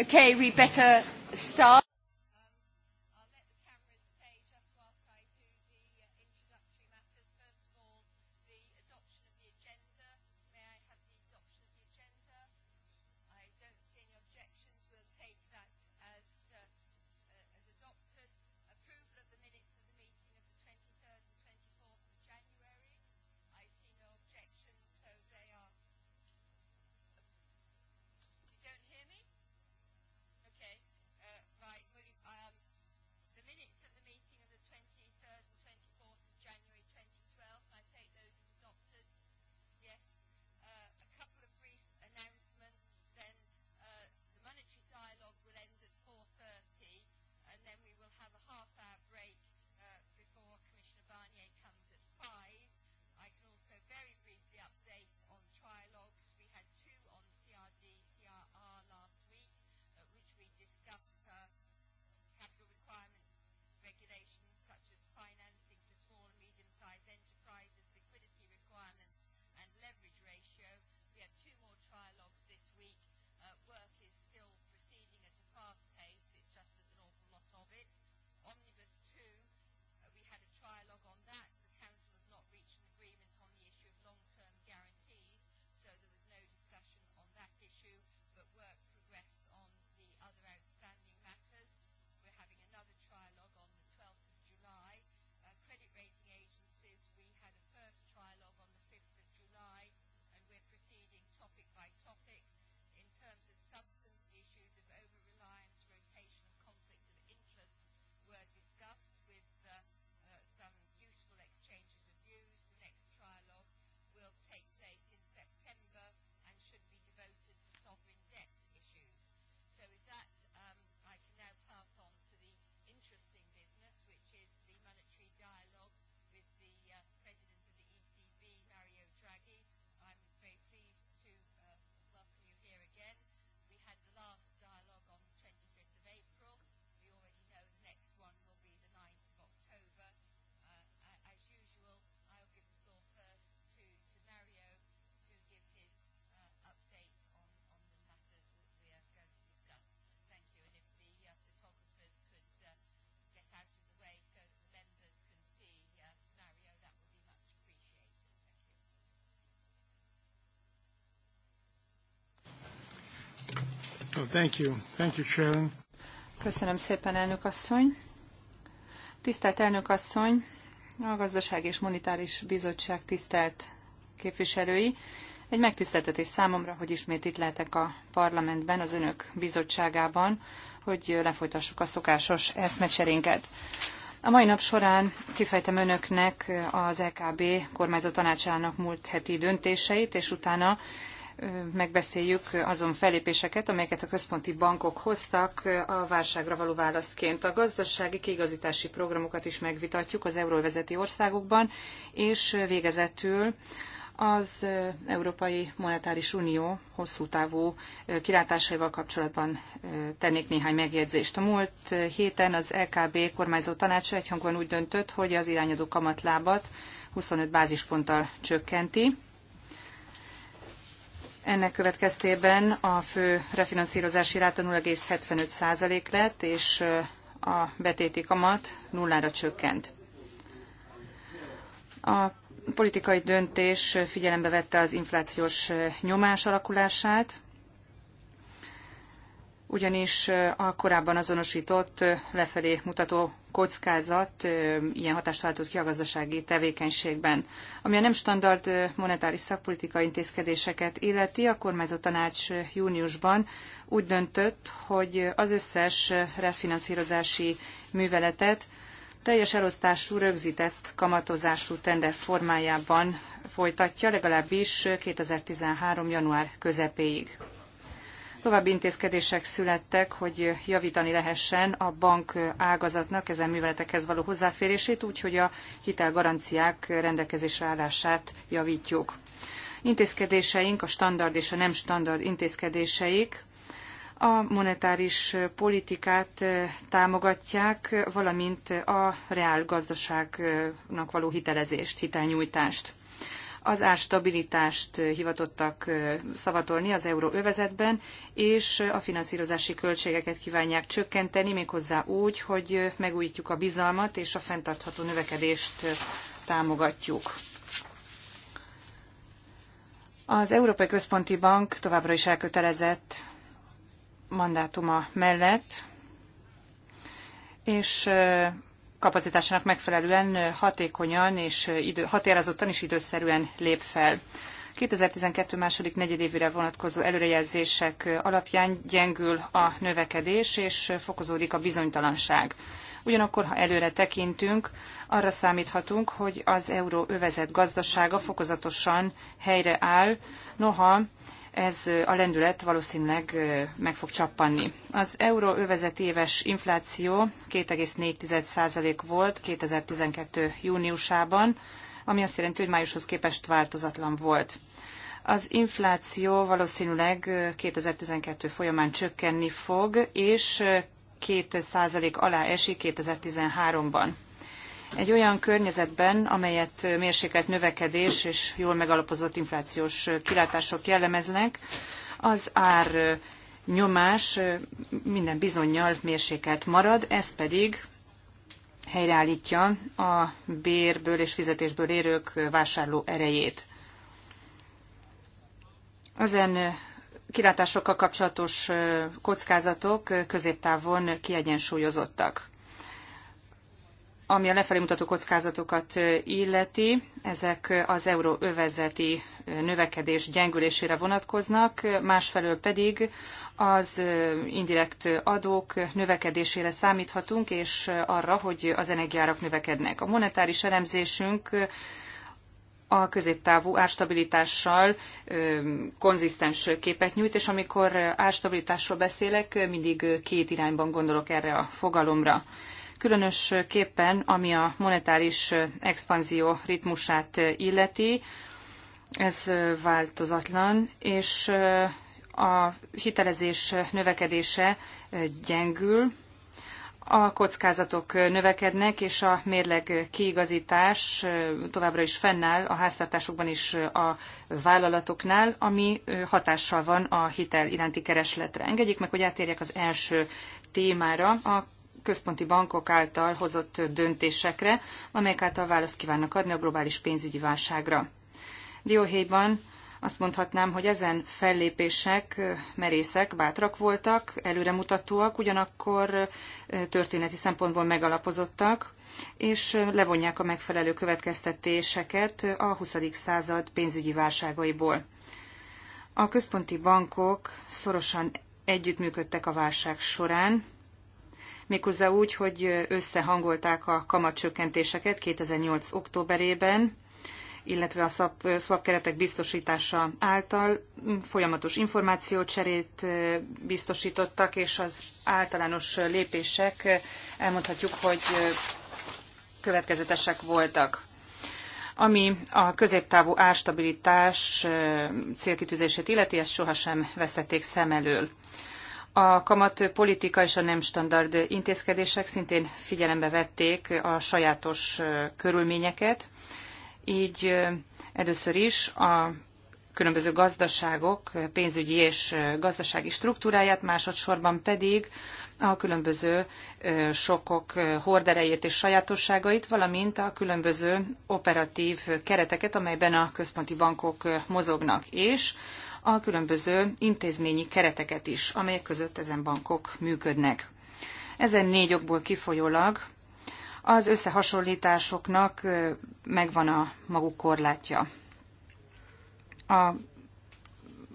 Okay, we better start. Oh, thank you. Thank you, Sharon. Köszönöm szépen, elnök asszony. Tisztelt elnök asszony, a Gazdaság és Monetáris Bizottság tisztelt képviselői. Egy megtiszteltetés számomra, hogy ismét itt lehetek a parlamentben, az önök bizottságában, hogy lefolytassuk a szokásos eszmecserénket. A mai nap során kifejtem önöknek az LKB e kormányzó tanácsának múlt heti döntéseit, és utána megbeszéljük azon fellépéseket, amelyeket a központi bankok hoztak a válságra való válaszként. A gazdasági kiigazítási programokat is megvitatjuk az euróvezeti országokban, és végezetül az Európai Monetáris Unió hosszú távú kilátásaival kapcsolatban tennék néhány megjegyzést. A múlt héten az LKB kormányzó tanácsa egyhangúan úgy döntött, hogy az irányadó kamatlábat 25 bázisponttal csökkenti ennek következtében a fő refinanszírozási ráta 0,75% lett, és a betéti kamat nullára csökkent. A politikai döntés figyelembe vette az inflációs nyomás alakulását, ugyanis a korábban azonosított lefelé mutató kockázat ilyen hatást váltott ki a gazdasági tevékenységben. Ami a nem standard monetáris szakpolitikai intézkedéseket illeti, a kormányzó tanács júniusban úgy döntött, hogy az összes refinanszírozási műveletet teljes elosztású, rögzített kamatozású tender formájában folytatja, legalábbis 2013. január közepéig. További intézkedések születtek, hogy javítani lehessen a bank ágazatnak ezen műveletekhez való hozzáférését, úgy, hogy a hitelgaranciák rendelkezésre állását javítjuk. Intézkedéseink, a standard és a nem standard intézkedéseik a monetáris politikát támogatják, valamint a reálgazdaságnak való hitelezést, hitelnyújtást az árstabilitást hivatottak szavatolni az euróövezetben, és a finanszírozási költségeket kívánják csökkenteni, méghozzá úgy, hogy megújítjuk a bizalmat és a fenntartható növekedést támogatjuk. Az Európai Központi Bank továbbra is elkötelezett mandátuma mellett, és kapacitásának megfelelően hatékonyan és idő, határozottan és időszerűen lép fel. 2012 második negyedévére vonatkozó előrejelzések alapján gyengül a növekedés és fokozódik a bizonytalanság. Ugyanakkor, ha előre tekintünk, arra számíthatunk, hogy az euróövezet gazdasága fokozatosan helyreáll, noha ez a lendület valószínűleg meg fog csappanni. Az euróövezet éves infláció 2,4% volt 2012. júniusában, ami azt jelenti, hogy májushoz képest változatlan volt. Az infláció valószínűleg 2012 folyamán csökkenni fog, és 2% alá esik 2013-ban. Egy olyan környezetben, amelyet mérsékelt növekedés és jól megalapozott inflációs kilátások jellemeznek, az ár nyomás minden bizonyal mérsékelt marad, ez pedig helyreállítja a bérből és fizetésből érők vásárló erejét. Ezen kilátásokkal kapcsolatos kockázatok középtávon kiegyensúlyozottak ami a lefelé mutató kockázatokat illeti, ezek az euróövezeti növekedés gyengülésére vonatkoznak, másfelől pedig az indirekt adók növekedésére számíthatunk, és arra, hogy az energiárak növekednek. A monetáris elemzésünk a középtávú árstabilitással konzisztens képet nyújt, és amikor árstabilitásról beszélek, mindig két irányban gondolok erre a fogalomra különösképpen ami a monetáris expanzió ritmusát illeti, ez változatlan, és a hitelezés növekedése gyengül, a kockázatok növekednek, és a mérleg kiigazítás továbbra is fennáll a háztartásokban is a vállalatoknál, ami hatással van a hitel iránti keresletre. Engedjék meg, hogy átérjek az első témára, a központi bankok által hozott döntésekre, amelyek által választ kívánnak adni a globális pénzügyi válságra. Dióhéjban azt mondhatnám, hogy ezen fellépések merészek, bátrak voltak, előremutatóak, ugyanakkor történeti szempontból megalapozottak, és levonják a megfelelő következtetéseket a 20. század pénzügyi válságaiból. A központi bankok szorosan együttműködtek a válság során, méghozzá úgy, hogy összehangolták a kamatcsökkentéseket 2008. októberében, illetve a swap keretek biztosítása által folyamatos információcserét biztosítottak, és az általános lépések elmondhatjuk, hogy következetesek voltak ami a középtávú árstabilitás célkitűzését illeti, ezt sohasem vesztették szem elől. A kamat politika és a nem standard intézkedések szintén figyelembe vették a sajátos körülményeket, így először is a különböző gazdaságok pénzügyi és gazdasági struktúráját, másodszorban pedig a különböző sokok horderejét és sajátosságait, valamint a különböző operatív kereteket, amelyben a központi bankok mozognak. És a különböző intézményi kereteket is, amelyek között ezen bankok működnek. Ezen négy okból kifolyólag az összehasonlításoknak megvan a maguk korlátja. A,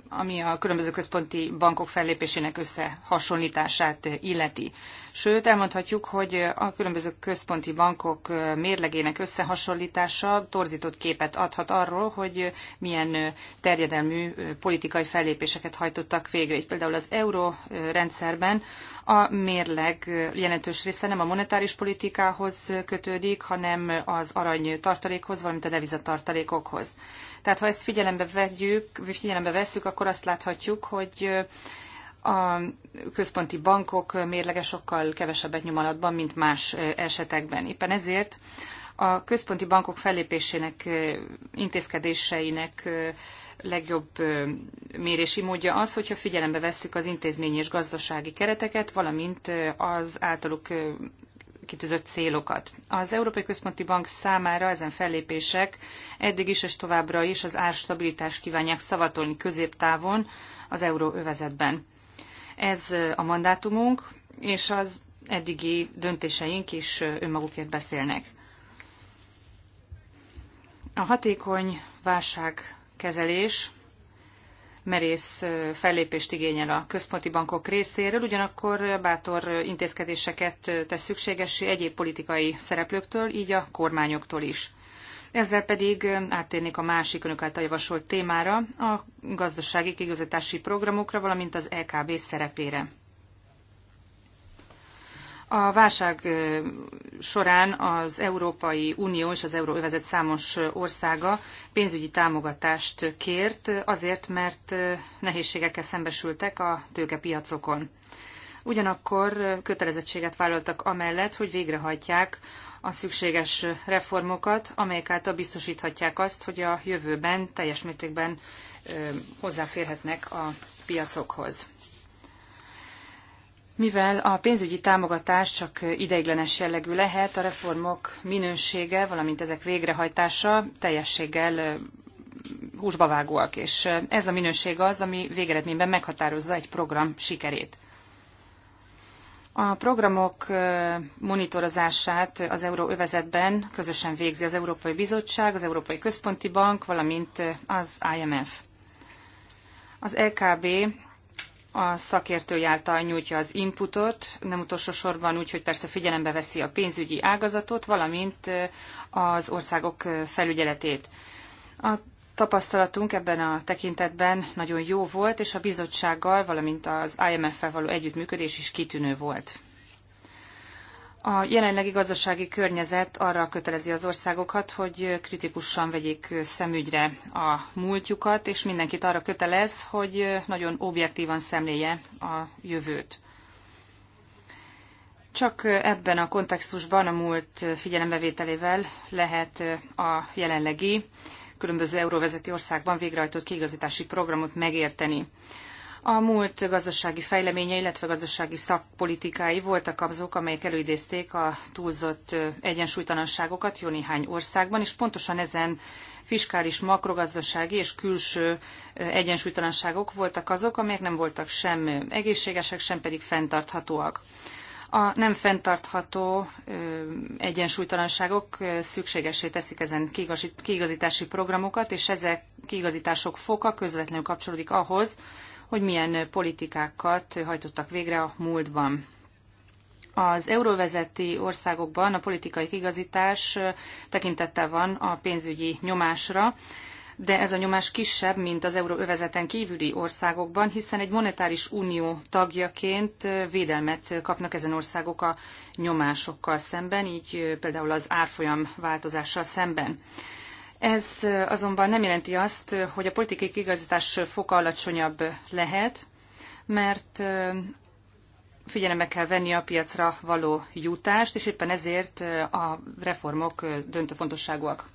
ami a különböző központi bankok fellépésének összehasonlítását illeti. Sőt, elmondhatjuk, hogy a különböző központi bankok mérlegének összehasonlítása torzított képet adhat arról, hogy milyen terjedelmű politikai fellépéseket hajtottak végre. Így például az euró rendszerben a mérleg jelentős része nem a monetáris politikához kötődik, hanem az arany tartalékhoz, valamint a devizatartalékokhoz. Tehát ha ezt figyelembe, vegyük, figyelembe vesszük, akkor azt láthatjuk, hogy a központi bankok mérlege sokkal kevesebbet nyom alatban, mint más esetekben. Éppen ezért a központi bankok fellépésének, intézkedéseinek legjobb mérési módja az, hogyha figyelembe vesszük az intézményi és gazdasági kereteket, valamint az általuk kitűzött célokat. Az Európai Központi Bank számára ezen fellépések eddig is és továbbra is az árstabilitást kívánják szavatolni középtávon az euróövezetben. Ez a mandátumunk, és az eddigi döntéseink is önmagukért beszélnek. A hatékony válságkezelés merész fellépést igényel a központi bankok részéről, ugyanakkor bátor intézkedéseket tesz szükségessé egyéb politikai szereplőktől, így a kormányoktól is. Ezzel pedig áttérnék a másik önök által javasolt témára, a gazdasági kigazítási programokra, valamint az LKB e szerepére. A válság során az Európai Unió és az Euróövezet számos országa pénzügyi támogatást kért, azért, mert nehézségekkel szembesültek a tőkepiacokon. Ugyanakkor kötelezettséget vállaltak amellett, hogy végrehajtják a szükséges reformokat, amelyek által biztosíthatják azt, hogy a jövőben teljes mértékben hozzáférhetnek a piacokhoz. Mivel a pénzügyi támogatás csak ideiglenes jellegű lehet, a reformok minősége, valamint ezek végrehajtása teljességgel vágóak, és ez a minőség az, ami végeredményben meghatározza egy program sikerét. A programok monitorozását az euróövezetben közösen végzi az Európai Bizottság, az Európai Központi Bank, valamint az IMF. Az LKB a szakértői által nyújtja az inputot, nem utolsó sorban úgy, hogy persze figyelembe veszi a pénzügyi ágazatot, valamint az országok felügyeletét. A tapasztalatunk ebben a tekintetben nagyon jó volt, és a bizottsággal, valamint az IMF-fel való együttműködés is kitűnő volt. A jelenlegi gazdasági környezet arra kötelezi az országokat, hogy kritikusan vegyék szemügyre a múltjukat, és mindenkit arra kötelez, hogy nagyon objektívan szemléje a jövőt. Csak ebben a kontextusban a múlt figyelembevételével lehet a jelenlegi különböző euróvezeti országban végrehajtott kiigazítási programot megérteni. A múlt gazdasági fejleménye, illetve gazdasági szakpolitikái voltak azok, amelyek előidézték a túlzott egyensúlytalanságokat jó néhány országban, és pontosan ezen fiskális, makrogazdasági és külső egyensúlytalanságok voltak azok, amelyek nem voltak sem egészségesek, sem pedig fenntarthatóak. A nem fenntartható egyensúlytalanságok szükségesé teszik ezen kiigazítási programokat, és ezek kiigazítások foka közvetlenül kapcsolódik ahhoz, hogy milyen politikákat hajtottak végre a múltban. Az euróvezeti országokban a politikai igazítás tekintettel van a pénzügyi nyomásra, de ez a nyomás kisebb, mint az euróövezeten kívüli országokban, hiszen egy monetáris unió tagjaként védelmet kapnak ezen országok a nyomásokkal szemben, így például az árfolyam változással szemben. Ez azonban nem jelenti azt, hogy a politikai igazítás foka alacsonyabb lehet, mert figyelembe kell venni a piacra való jutást, és éppen ezért a reformok döntő fontosságúak.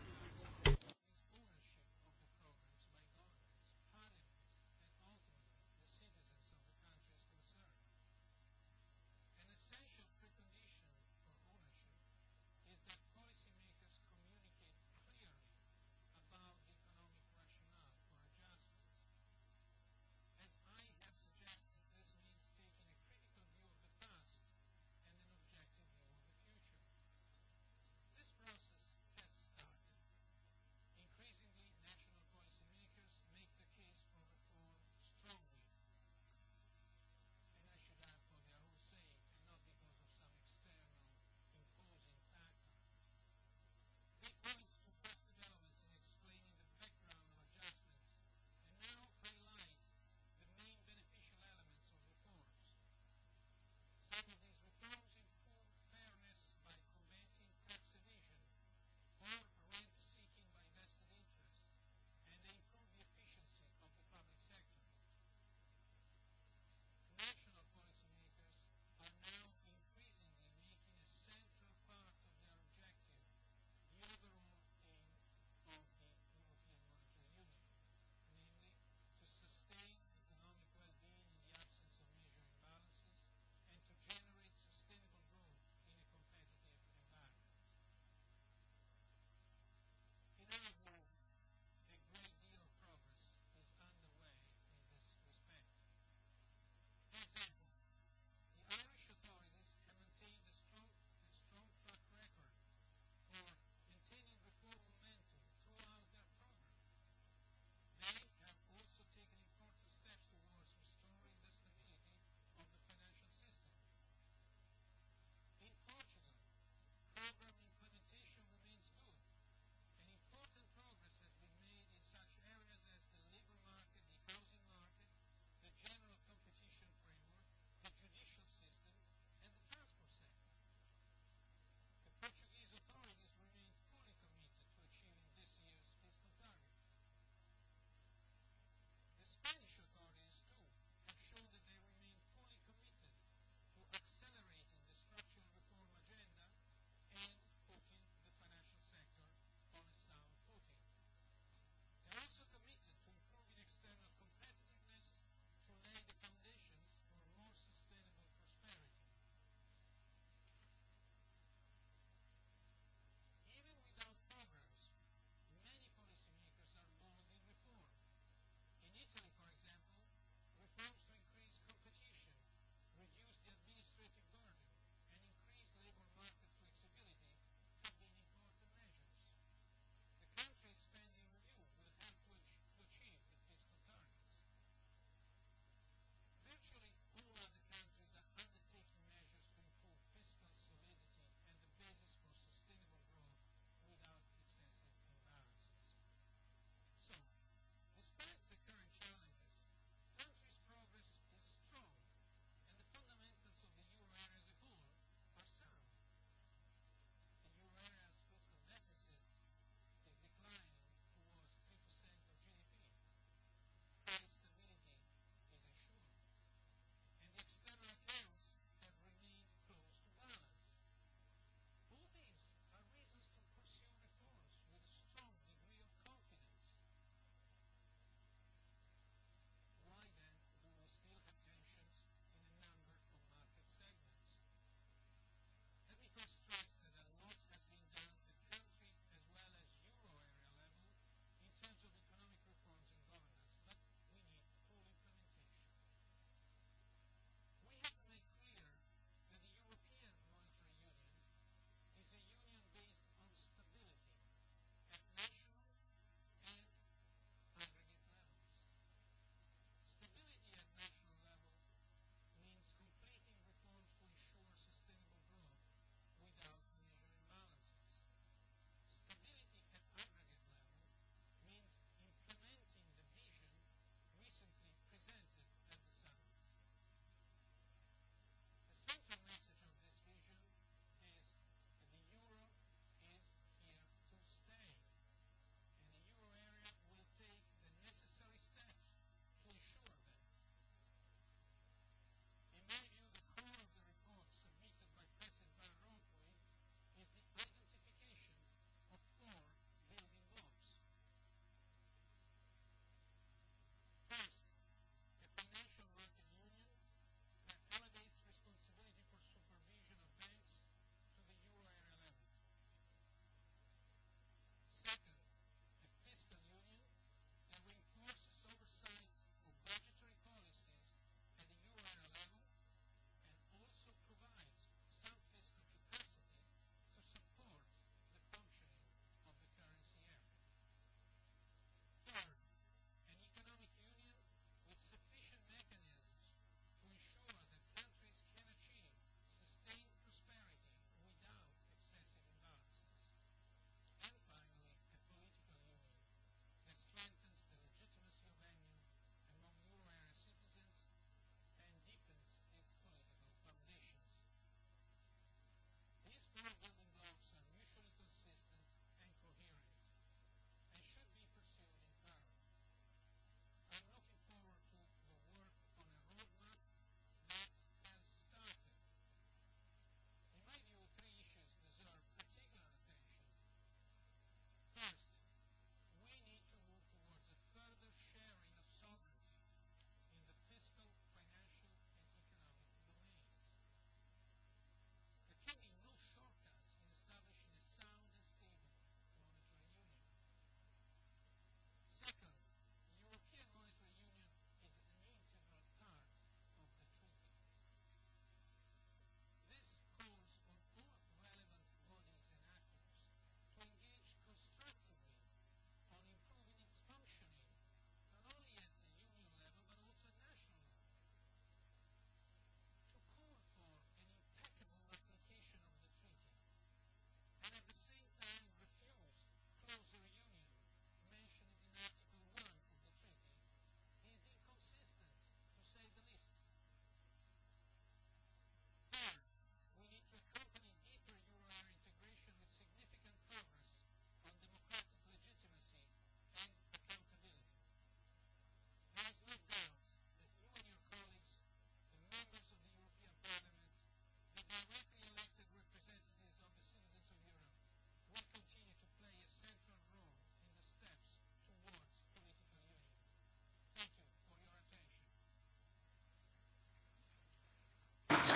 Thank you.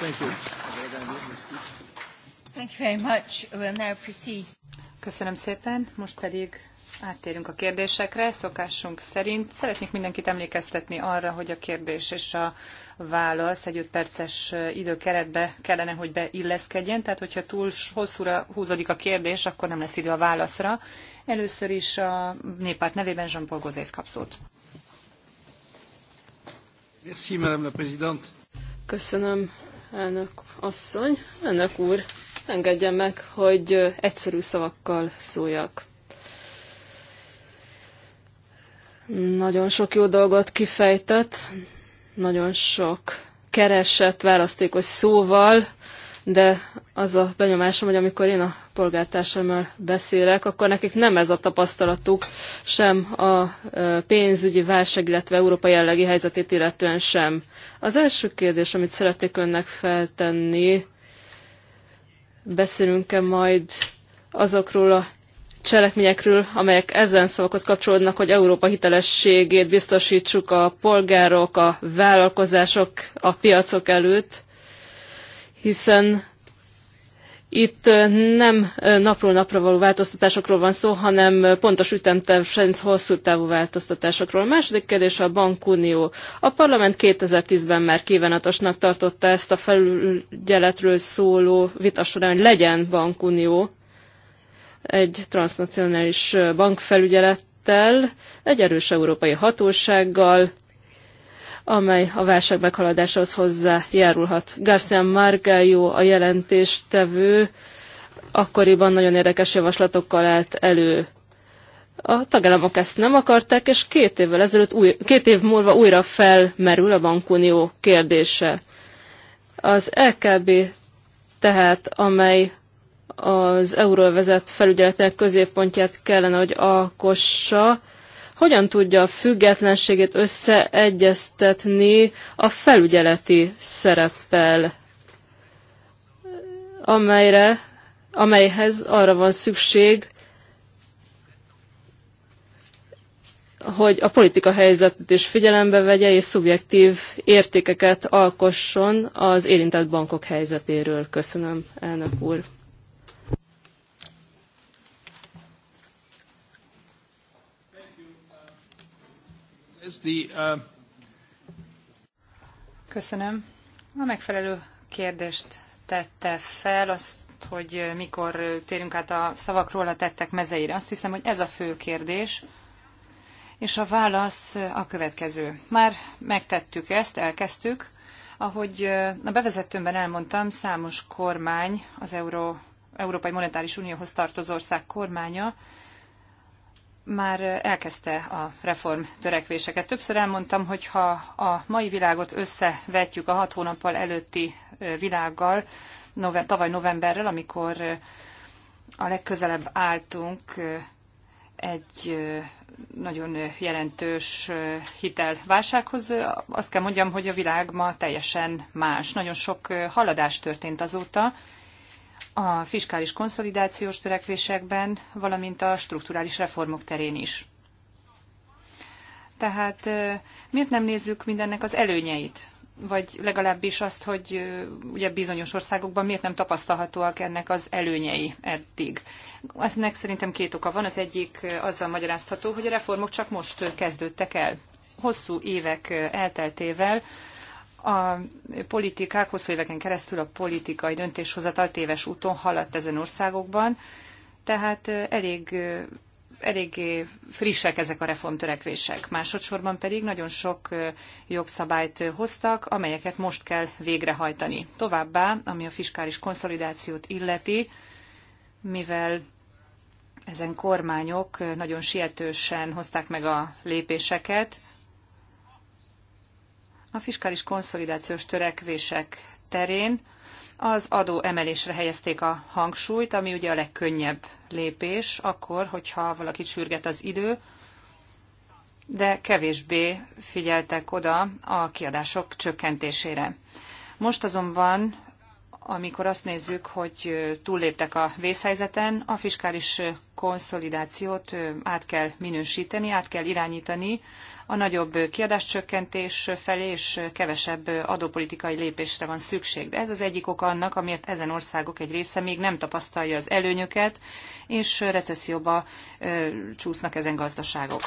Thank you. Thank you very much. We'll now proceed. Köszönöm szépen. Most pedig áttérünk a kérdésekre. Szokásunk szerint szeretnék mindenkit emlékeztetni arra, hogy a kérdés és a válasz egy 5 perces eh, időkeretbe kellene, hogy beilleszkedjen. Tehát, hogyha túl hosszúra húzódik a kérdés, akkor nem lesz idő a válaszra. Először is a néppárt nevében Jean-Paul Gozész kap szót. Merci, Madame la Présidente. Köszönöm, elnök asszony, elnök úr, engedje meg, hogy egyszerű szavakkal szóljak. Nagyon sok jó dolgot kifejtett, nagyon sok keresett választékos szóval, de az a benyomásom, hogy amikor én a polgártársammal beszélek, akkor nekik nem ez a tapasztalatuk, sem a pénzügyi válság, illetve Európai jellegi helyzetét illetően sem. Az első kérdés, amit szeretnék önnek feltenni, beszélünk-e majd azokról a cselekményekről, amelyek ezen szavakhoz kapcsolódnak, hogy Európa hitelességét biztosítsuk a polgárok, a vállalkozások, a piacok előtt hiszen itt nem napról napra való változtatásokról van szó, hanem pontos ütemterv szerint hosszú távú változtatásokról. A második kérdés a bankunió. A parlament 2010-ben már kívánatosnak tartotta ezt a felügyeletről szóló vita során, hogy legyen bankunió egy transnacionális bankfelügyelettel, egy erős európai hatósággal, amely a válság meghaladásához hozzájárulhat. García Margallo a jelentéstevő akkoriban nagyon érdekes javaslatokkal állt elő. A tagállamok ezt nem akarták, és két évvel ezelőtt, új, két év múlva újra felmerül a bankunió kérdése. Az LKB e tehát, amely az euróvezet felügyeletek középpontját kellene, hogy alkossa, hogyan tudja a függetlenségét összeegyeztetni a felügyeleti szereppel, amelyre, amelyhez arra van szükség, hogy a politika helyzetet is figyelembe vegye, és szubjektív értékeket alkosson az érintett bankok helyzetéről. Köszönöm, elnök úr. Uh, Köszönöm. A megfelelő kérdést tette fel, azt, hogy mikor térünk át a szavakról a tettek mezeire. Azt hiszem, hogy ez a fő kérdés. És a válasz a következő. Már megtettük ezt, elkezdtük. Ahogy a bevezetőmben elmondtam, számos kormány, az Euró, Európai Monetáris Unióhoz tartozó ország kormánya már elkezdte a reform törekvéseket. Többször elmondtam, hogy ha a mai világot összevetjük a hat hónappal előtti világgal, tavaly novemberrel, amikor a legközelebb álltunk egy nagyon jelentős hitelválsághoz. Azt kell mondjam, hogy a világ ma teljesen más. Nagyon sok haladás történt azóta, a fiskális konszolidációs törekvésekben, valamint a strukturális reformok terén is. Tehát miért nem nézzük mindennek az előnyeit? Vagy legalábbis azt, hogy ugye bizonyos országokban miért nem tapasztalhatóak ennek az előnyei eddig. Aznek szerintem két oka van. Az egyik azzal magyarázható, hogy a reformok csak most kezdődtek el. Hosszú évek elteltével a politikák hosszú éveken keresztül a politikai döntéshozatal téves úton haladt ezen országokban, tehát elég eléggé frissek ezek a reformtörekvések. Másodszorban pedig nagyon sok jogszabályt hoztak, amelyeket most kell végrehajtani. Továbbá, ami a fiskális konszolidációt illeti, mivel ezen kormányok nagyon sietősen hozták meg a lépéseket, a fiskális konszolidációs törekvések terén az adó emelésre helyezték a hangsúlyt, ami ugye a legkönnyebb lépés, akkor, hogyha valaki sürget az idő, de kevésbé figyeltek oda a kiadások csökkentésére. Most azonban amikor azt nézzük, hogy túlléptek a vészhelyzeten, a fiskális konszolidációt át kell minősíteni, át kell irányítani a nagyobb kiadáscsökkentés felé, és kevesebb adópolitikai lépésre van szükség. De ez az egyik oka annak, amiért ezen országok egy része még nem tapasztalja az előnyöket, és recesszióba csúsznak ezen gazdaságok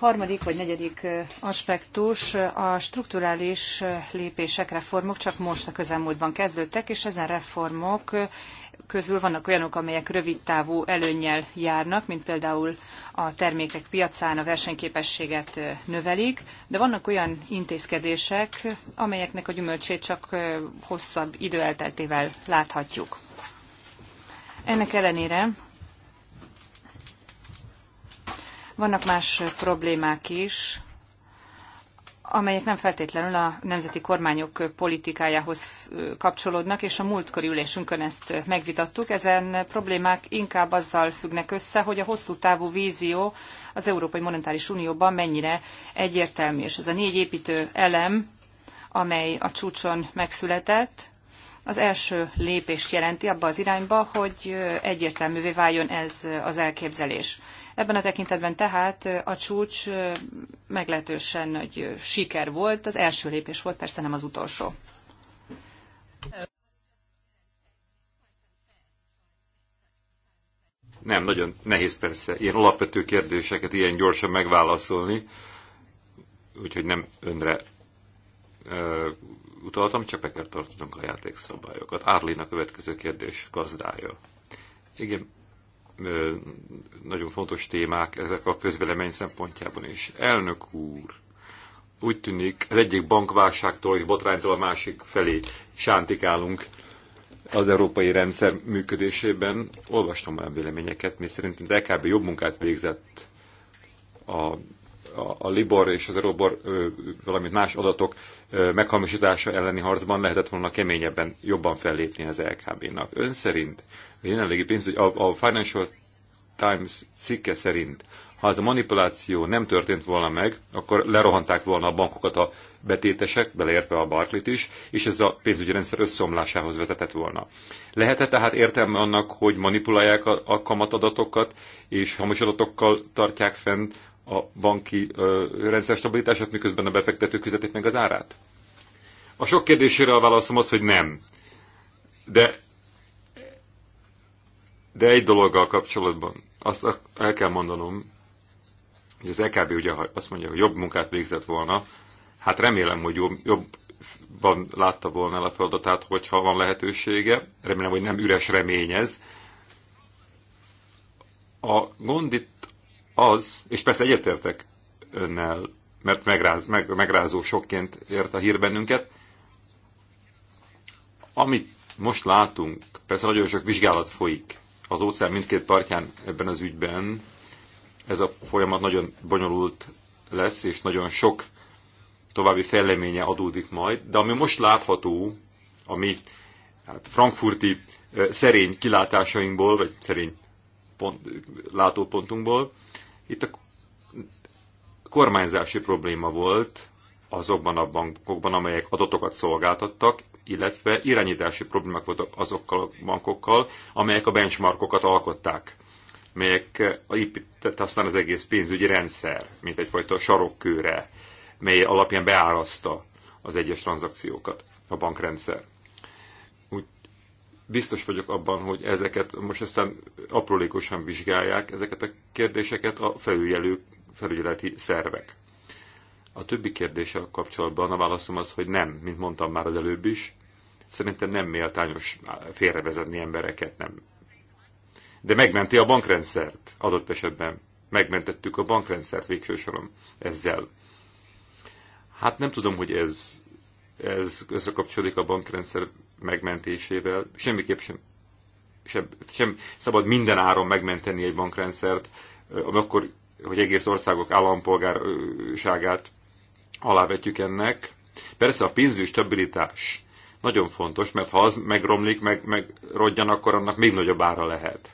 harmadik vagy negyedik aspektus, a strukturális lépések, reformok csak most a közelmúltban kezdődtek, és ezen reformok közül vannak olyanok, amelyek rövid távú előnnyel járnak, mint például a termékek piacán a versenyképességet növelik, de vannak olyan intézkedések, amelyeknek a gyümölcsét csak hosszabb idő elteltével láthatjuk. Ennek ellenére Vannak más problémák is, amelyek nem feltétlenül a nemzeti kormányok politikájához kapcsolódnak, és a múltkori ülésünkön ezt megvitattuk. Ezen problémák inkább azzal függnek össze, hogy a hosszú távú vízió az Európai Monetáris Unióban mennyire egyértelmű. És ez a négy építő elem, amely a csúcson megszületett, az első lépést jelenti abba az irányba, hogy egyértelművé váljon ez az elképzelés. Ebben a tekintetben tehát a csúcs meglehetősen nagy siker volt, az első lépés volt, persze nem az utolsó. Nem, nagyon nehéz persze ilyen alapvető kérdéseket ilyen gyorsan megválaszolni, úgyhogy nem önre uh, utaltam, csak be kell tartanunk a játékszabályokat. Árlina következő kérdés gazdája. Igen, nagyon fontos témák ezek a közvelemény szempontjában is. Elnök úr, úgy tűnik az egyik bankválságtól és botránytól a másik felé sántikálunk az európai rendszer működésében. Olvastam olyan véleményeket, mi szerint az LKB jobb munkát végzett a, a, a Libor és az Euróbor valamint más adatok meghamisítása elleni harcban lehetett volna keményebben, jobban fellépni az LKB-nak. Ön szerint, a jelenlegi hogy a, a Financial Times cikke szerint, ha ez a manipuláció nem történt volna meg, akkor lerohanták volna a bankokat a betétesek, beleértve a Barclit is, és ez a pénzügyi rendszer összeomlásához vetetett volna. Lehet-e tehát értelme annak, hogy manipulálják a, a kamatadatokat, és hamis adatokkal tartják fenn a banki rendszer stabilitását, miközben a befektetők fizetik meg az árát? A sok kérdésére a válaszom az, hogy nem. De, de egy dologgal kapcsolatban azt el kell mondanom, hogy az EKB ugye azt mondja, hogy jobb munkát végzett volna, hát remélem, hogy jobb, jobban látta volna el a feladatát, hogyha van lehetősége. Remélem, hogy nem üres reményez. A gond itt az, és persze egyetértek önnel, mert megráz, meg, megrázó sokként ért a hír bennünket, amit most látunk, persze nagyon sok vizsgálat folyik az óceán mindkét partján ebben az ügyben, ez a folyamat nagyon bonyolult lesz, és nagyon sok további fejleménye adódik majd, de ami most látható, ami hát frankfurti szerény kilátásainkból, vagy szerény pont, látópontunkból, itt a kormányzási probléma volt azokban a bankokban, amelyek adatokat szolgáltattak, illetve irányítási problémák voltak azokkal a bankokkal, amelyek a benchmarkokat alkották, melyek épített aztán az egész pénzügyi rendszer, mint egyfajta sarokkőre, mely alapján beáraszta az egyes tranzakciókat a bankrendszer biztos vagyok abban, hogy ezeket most aztán aprólékosan vizsgálják, ezeket a kérdéseket a felügyelő, felügyeleti szervek. A többi a kapcsolatban a válaszom az, hogy nem, mint mondtam már az előbb is, szerintem nem méltányos félrevezetni embereket, nem. De megmenti a bankrendszert adott esetben. Megmentettük a bankrendszert végső soron ezzel. Hát nem tudom, hogy ez, ez összekapcsolódik a bankrendszer megmentésével. Semmiképp sem, sem, sem szabad minden áron megmenteni egy bankrendszert, akkor, hogy egész országok állampolgárságát alávetjük ennek. Persze a pénzügyi stabilitás nagyon fontos, mert ha az megromlik, meg, megrodjan, akkor annak még nagyobb ára lehet.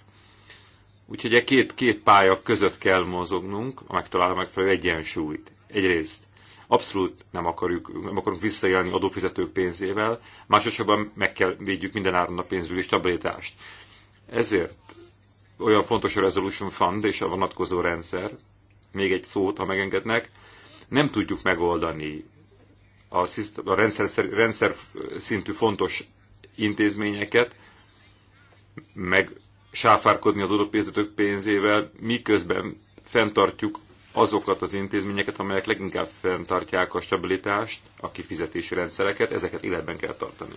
Úgyhogy a e két, két pálya között kell mozognunk, megtalálva megfelelő egyensúlyt. Egyrészt Abszolút nem, akarjuk, nem akarunk visszaélni adófizetők pénzével, másosabban meg kell védjük minden áron a pénzügyi stabilitást. Ezért olyan fontos a Resolution Fund és a vonatkozó rendszer, még egy szót, ha megengednek, nem tudjuk megoldani a, a rendszer, rendszer szintű fontos intézményeket, meg sáfárkodni az adópénzetők pénzével, miközben fenntartjuk azokat az intézményeket, amelyek leginkább fenntartják a stabilitást, a kifizetési rendszereket, ezeket életben kell tartani.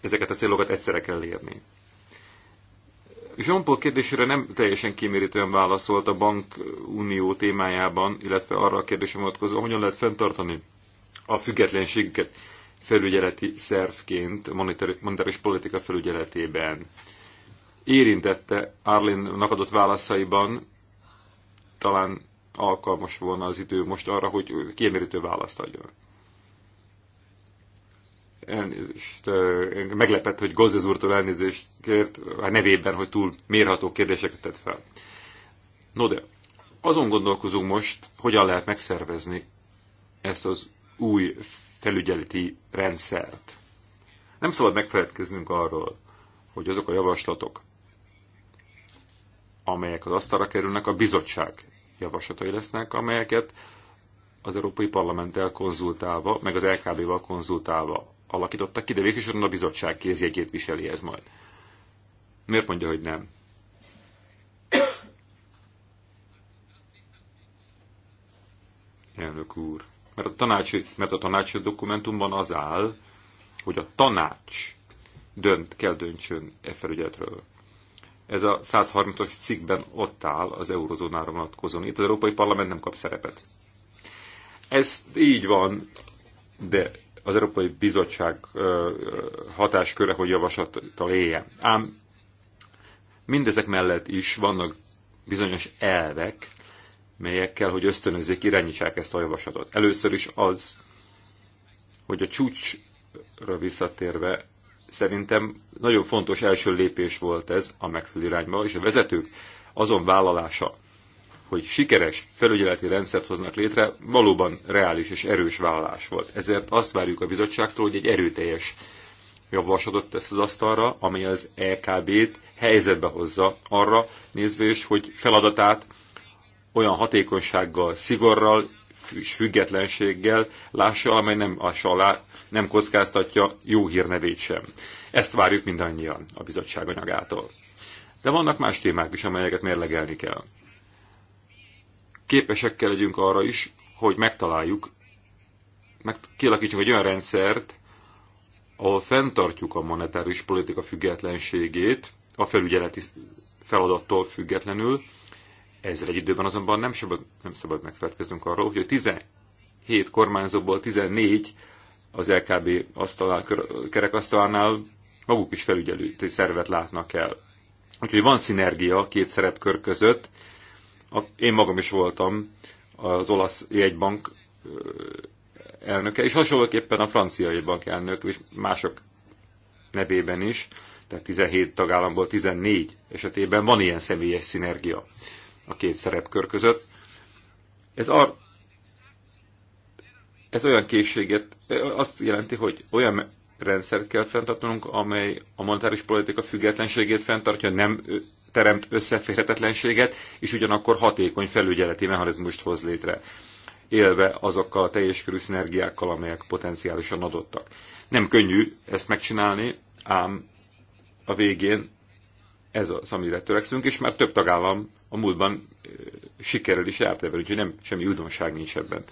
Ezeket a célokat egyszerre kell érni. Jean-Paul kérdésére nem teljesen kimérítően válaszolt a bankunió témájában, illetve arra a kérdésre vonatkozóan, hogyan lehet fenntartani a függetlenségüket felügyeleti szervként, monetáris politika felügyeletében. Érintette Arlin adott válaszaiban, talán alkalmas volna az idő most arra, hogy kiemérítő választ adjon. Elnézést, meglepett, hogy Gozzez úrtól elnézést kért a nevében, hogy túl mérható kérdéseket tett fel. No de, azon gondolkozunk most, hogyan lehet megszervezni ezt az új felügyeleti rendszert. Nem szabad megfeledkeznünk arról, hogy azok a javaslatok, amelyek az asztalra kerülnek, a bizottság javaslatai lesznek, amelyeket az Európai Parlamenttel konzultálva, meg az LKB-val konzultálva alakítottak ki, de végsősorban a bizottság kézjegyét viseli ez majd. Miért mondja, hogy nem? Elnök úr. Mert a, tanácsi, mert a tanácsi dokumentumban az áll, hogy a tanács dönt, kell döntsön e felügyetről. Ez a 130 as cikkben ott áll az eurozónára vonatkozóan. Itt az Európai Parlament nem kap szerepet. Ez így van, de az Európai Bizottság hatásköre, hogy javaslattal élje. Ám mindezek mellett is vannak bizonyos elvek, melyekkel, hogy ösztönözzék, irányítsák ezt a javaslatot. Először is az, hogy a csúcsra visszatérve Szerintem nagyon fontos első lépés volt ez a megfelelő irányba, és a vezetők azon vállalása, hogy sikeres felügyeleti rendszert hoznak létre, valóban reális és erős vállalás volt. Ezért azt várjuk a bizottságtól, hogy egy erőteljes javaslatot tesz az asztalra, ami az EKB-t helyzetbe hozza arra nézve is, hogy feladatát olyan hatékonysággal, szigorral és függetlenséggel lássa, amely nem, a alá, nem kockáztatja jó hírnevét sem. Ezt várjuk mindannyian a bizottság anyagától. De vannak más témák is, amelyeket mérlegelni kell. Képesek kell legyünk arra is, hogy megtaláljuk, meg kialakítsunk egy olyan rendszert, ahol fenntartjuk a monetáris politika függetlenségét, a felügyeleti feladattól függetlenül, ezzel egy időben azonban nem szabad, nem szabad megfelelkezünk arról, hogy a 17 kormányzóból 14 az LKB asztalál, kerekasztalánál maguk is felügyelő szervet látnak el. Úgyhogy van szinergia a két szerepkör között. Én magam is voltam az olasz jegybank elnöke, és hasonlóképpen a francia jegybank elnök, és mások nevében is, tehát 17 tagállamból 14 esetében van ilyen személyes szinergia a két szerepkör között. Ez, ar, ez olyan készséget, azt jelenti, hogy olyan rendszert kell fenntartanunk, amely a monetáris politika függetlenségét fenntartja, nem teremt összeférhetetlenséget, és ugyanakkor hatékony felügyeleti mechanizmust hoz létre, élve azokkal a teljes körű szinergiákkal, amelyek potenciálisan adottak. Nem könnyű ezt megcsinálni, ám a végén ez az, amire törekszünk, és már több tagállam a múltban sikerrel is járt ebben, úgyhogy nem, semmi újdonság nincs ebben.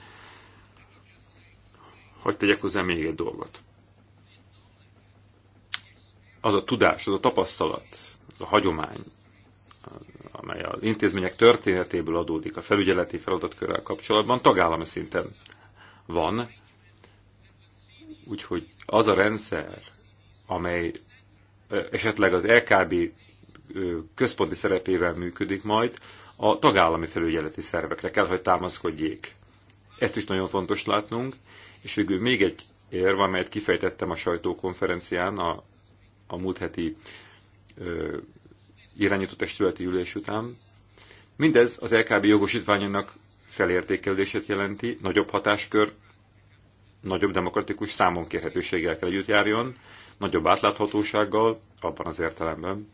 Hogy tegyek hozzá még egy dolgot. Az a tudás, az a tapasztalat, az a hagyomány, amely az intézmények történetéből adódik a felügyeleti feladatkörrel kapcsolatban, tagállami szinten van. Úgyhogy az a rendszer, amely esetleg az LKB központi szerepével működik majd, a tagállami felügyeleti szervekre kell, hogy támaszkodjék. Ezt is nagyon fontos látnunk, és végül még egy érv, amelyet kifejtettem a sajtókonferencián a, a múlt heti ö, irányító testületi ülés után. Mindez az LKB jogosítványának felértékelését jelenti, nagyobb hatáskör, nagyobb demokratikus számonkérhetőséggel kell együtt járjon, nagyobb átláthatósággal, abban az értelemben,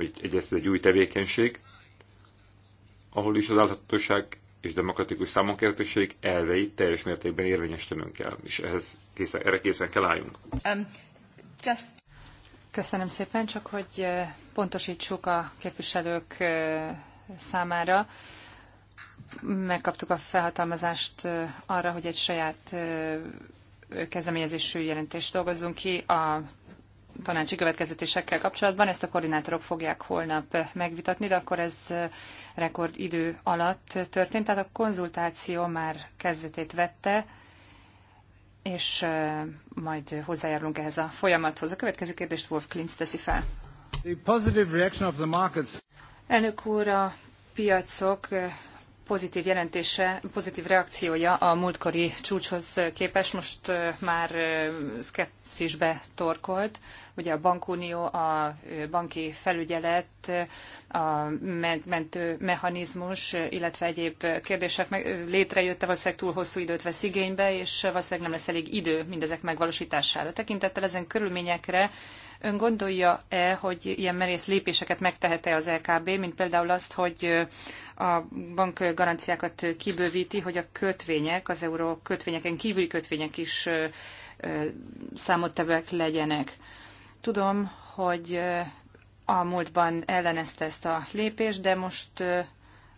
hogy egy ez egy új tevékenység, ahol is az állhatóság és demokratikus számonkértőség elveit teljes mértékben érvényesítenünk kell, és ehhez készen, erre készen kell álljunk. Um, just... Köszönöm szépen, csak hogy pontosítsuk a képviselők számára. Megkaptuk a felhatalmazást arra, hogy egy saját kezdeményezésű jelentést dolgozzunk ki a tanácsi következetésekkel kapcsolatban. Ezt a koordinátorok fogják holnap megvitatni, de akkor ez rekordidő alatt történt, tehát a konzultáció már kezdetét vette, és majd hozzájárulunk ehhez a folyamathoz. A következő kérdést Wolf Klintz teszi fel. The positive reaction of the markets. Elnök úr, a piacok pozitív jelentése, pozitív reakciója a múltkori csúcshoz képest most már szkepszisbe torkolt. Ugye a bankunió, a banki felügyelet, a mentő mechanizmus, illetve egyéb kérdések meg, létrejötte, valószínűleg túl hosszú időt vesz igénybe, és valószínűleg nem lesz elég idő mindezek megvalósítására. Tekintettel ezen körülményekre Ön gondolja-e, hogy ilyen merész lépéseket megtehet-e az LKB, mint például azt, hogy a bank garanciákat kibővíti, hogy a kötvények, az euró kötvényeken kívüli kötvények is számottevek legyenek. Tudom, hogy a múltban ellenezte ezt a lépést, de most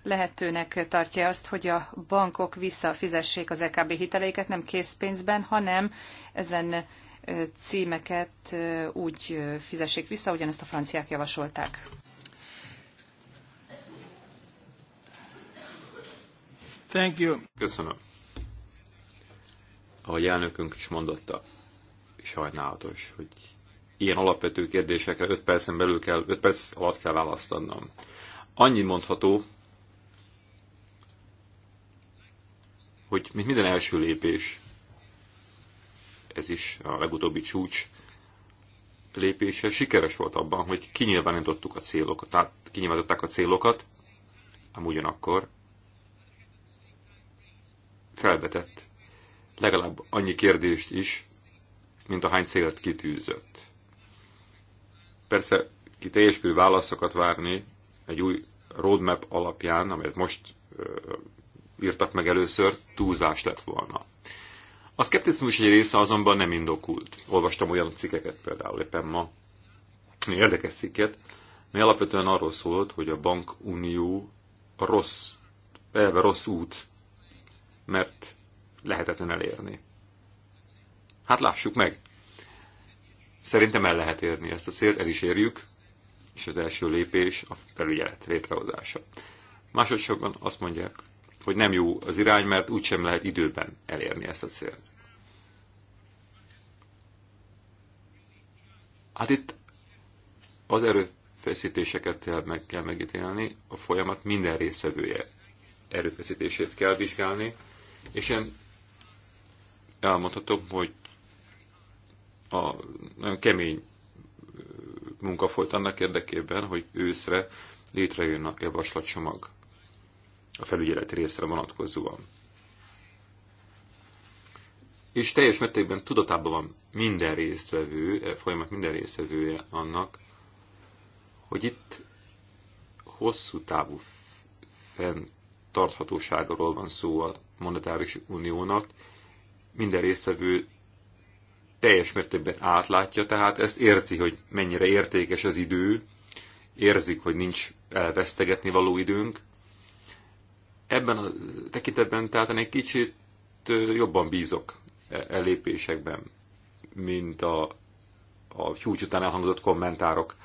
lehetőnek tartja azt, hogy a bankok visszafizessék az EKB hiteleiket nem készpénzben, hanem ezen címeket úgy fizessék vissza, ahogyan ezt a franciák javasolták. Thank you. Köszönöm. Ahogy elnökünk is mondotta, sajnálatos, hogy ilyen alapvető kérdésekre 5 percen belül kell, 5 perc alatt kell választ adnom. Annyi mondható, hogy mint minden első lépés, ez is a legutóbbi csúcs lépése sikeres volt abban, hogy kinyilvánítottuk a célokat, tehát kinyilvánították a célokat, ám ugyanakkor felvetett legalább annyi kérdést is, mint a hány célt kitűzött. Persze ki teljes válaszokat várni egy új roadmap alapján, amelyet most ö, írtak meg először, túlzás lett volna. A szkepticizmus egy része azonban nem indokult. Olvastam olyan cikkeket például éppen ma, érdekes cikket, mi alapvetően arról szólt, hogy a bankunió rossz, elve rossz út, mert lehetetlen elérni. Hát lássuk meg. Szerintem el lehet érni ezt a célt, el is érjük, és az első lépés a felügyelet létrehozása. Másodszorban azt mondják, hogy nem jó az irány, mert úgysem lehet időben elérni ezt a célt. Hát itt az erőfeszítéseket meg kell megítélni, a folyamat minden résztvevője erőfeszítését kell vizsgálni, és én elmondhatom, hogy a nagyon kemény munka folyt annak érdekében, hogy őszre létrejön a javaslatcsomag a felügyeleti részre vonatkozóan. És teljes mértékben tudatában van minden résztvevő, e, folyamat minden résztvevője annak, hogy itt hosszú távú fenntarthatóságról van szó a monetáris uniónak, minden résztvevő teljes mértékben átlátja, tehát ezt érzi, hogy mennyire értékes az idő, érzik, hogy nincs elvesztegetni való időnk, Ebben a tekintetben tehát egy kicsit jobban bízok elépésekben, e mint a, a csúcs után elhangzott kommentárok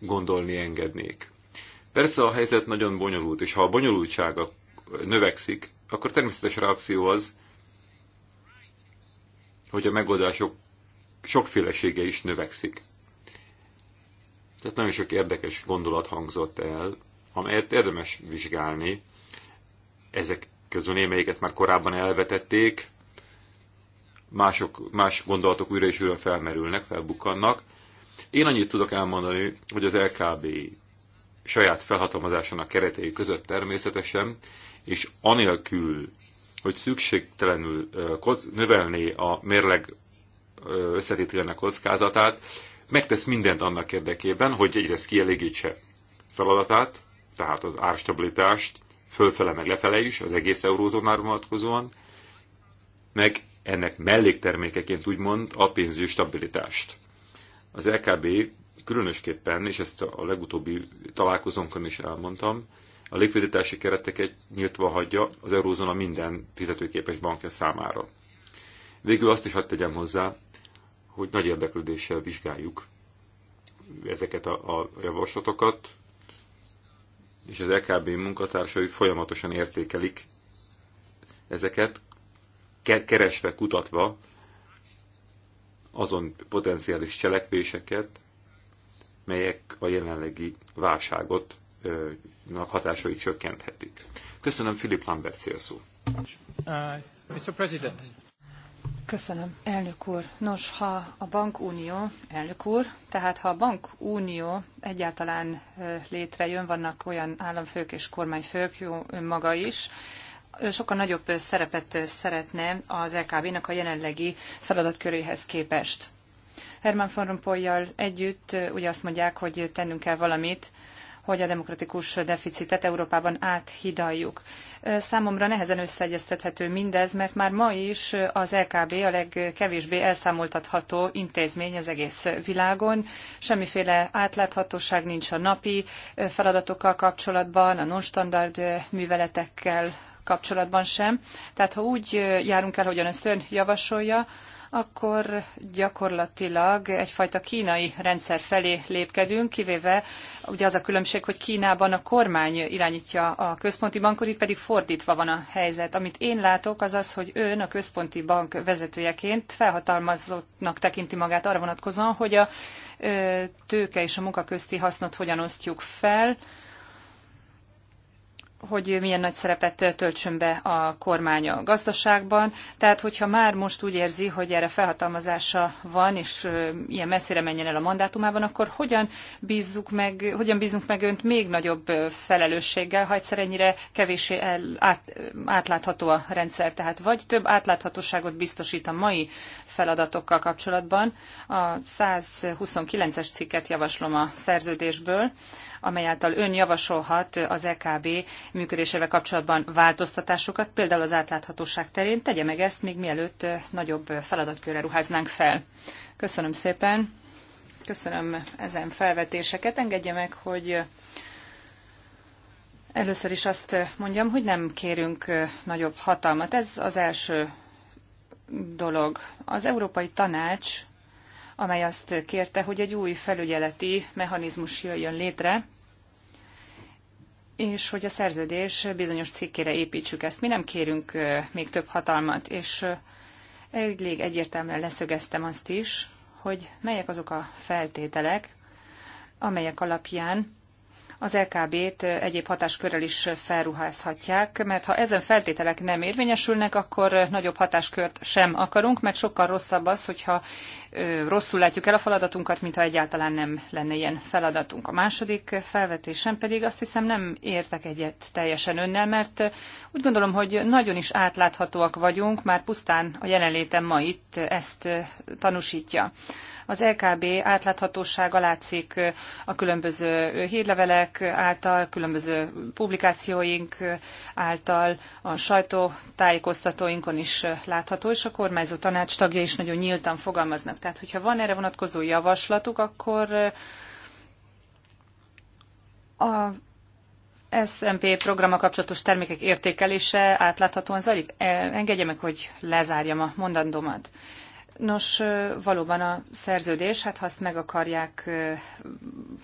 gondolni engednék. Persze a helyzet nagyon bonyolult, és ha a bonyolultsága növekszik, akkor természetes reakció az, hogy a megoldások sokfélesége is növekszik. Tehát nagyon sok érdekes gondolat hangzott el amelyet érdemes vizsgálni. Ezek közül némelyiket már korábban elvetették, mások, más gondolatok újra és újra felmerülnek, felbukkannak. Én annyit tudok elmondani, hogy az LKB saját felhatalmazásának keretei között természetesen, és anélkül, hogy szükségtelenül növelné a mérleg összetételnek kockázatát, megtesz mindent annak érdekében, hogy egyrészt kielégítse feladatát, tehát az árstabilitást, fölfele meg lefele is, az egész eurózónára vonatkozóan, meg ennek melléktermékeként úgymond a pénzügyi stabilitást. Az LKB különösképpen, és ezt a legutóbbi találkozónkon is elmondtam, a likviditási kereteket nyitva hagyja az eurózóna minden fizetőképes bankja számára. Végül azt is hadd tegyem hozzá, hogy nagy érdeklődéssel vizsgáljuk ezeket a, a javaslatokat, és az EKB munkatársai folyamatosan értékelik ezeket, keresve, kutatva azon potenciális cselekvéseket, melyek a jelenlegi válságot hatásait csökkenthetik. Köszönöm, Philip Lambert, szélszó. Uh, Mr. President, Köszönöm, elnök úr. Nos, ha a bankunió, elnök úr, tehát ha a bankunió egyáltalán létrejön, vannak olyan államfők és kormányfők, jó önmaga is, sokkal nagyobb szerepet szeretne az LKB-nak a jelenlegi feladatköréhez képest. Herman van rompuy együtt ugye azt mondják, hogy tennünk kell valamit hogy a demokratikus deficitet Európában áthidaljuk. Számomra nehezen összeegyeztethető mindez, mert már ma is az LKB a legkevésbé elszámoltatható intézmény az egész világon. Semmiféle átláthatóság nincs a napi feladatokkal kapcsolatban, a non-standard műveletekkel kapcsolatban sem. Tehát ha úgy járunk el, hogyan ezt ön javasolja, akkor gyakorlatilag egyfajta kínai rendszer felé lépkedünk, kivéve ugye az a különbség, hogy Kínában a kormány irányítja a központi bankot, itt pedig fordítva van a helyzet. Amit én látok, az az, hogy ön a központi bank vezetőjeként felhatalmazottnak tekinti magát arra vonatkozóan, hogy a tőke és a munka közti hasznot hogyan osztjuk fel, hogy milyen nagy szerepet töltsön be a kormány a gazdaságban. Tehát, hogyha már most úgy érzi, hogy erre felhatalmazása van, és ilyen messzire menjen el a mandátumában, akkor hogyan bízzuk meg, hogyan bízunk meg önt még nagyobb felelősséggel, ha egyszer ennyire kevésé át, átlátható a rendszer? Tehát vagy több átláthatóságot biztosít a mai feladatokkal kapcsolatban. A 129-es cikket javaslom a szerződésből, amely által ön javasolhat az EKB működésével kapcsolatban változtatásokat, például az átláthatóság terén. Tegye meg ezt, még mielőtt nagyobb feladatkörre ruháznánk fel. Köszönöm szépen. Köszönöm ezen felvetéseket. Engedje meg, hogy Először is azt mondjam, hogy nem kérünk nagyobb hatalmat. Ez az első dolog. Az Európai Tanács, amely azt kérte, hogy egy új felügyeleti mechanizmus jöjjön létre, és hogy a szerződés bizonyos cikkére építsük ezt. Mi nem kérünk még több hatalmat, és elég egyértelműen leszögeztem azt is, hogy melyek azok a feltételek, amelyek alapján az LKB-t egyéb hatáskörrel is felruházhatják, mert ha ezen feltételek nem érvényesülnek, akkor nagyobb hatáskört sem akarunk, mert sokkal rosszabb az, hogyha rosszul látjuk el a feladatunkat, mint egyáltalán nem lenne ilyen feladatunk. A második felvetésem pedig azt hiszem nem értek egyet teljesen önnel, mert úgy gondolom, hogy nagyon is átláthatóak vagyunk, már pusztán a jelenlétem ma itt ezt tanúsítja. Az LKB átláthatósága látszik a különböző hírlevelek által, különböző publikációink által, a sajtótájékoztatóinkon is látható, és a kormányzó tanács tagja is nagyon nyíltan fogalmaznak. Tehát, hogyha van erre vonatkozó javaslatuk, akkor a SMP programmal kapcsolatos termékek értékelése átláthatóan zajlik? E, engedje meg, hogy lezárjam a mondandómat. Nos, valóban a szerződés, hát ha azt meg akarják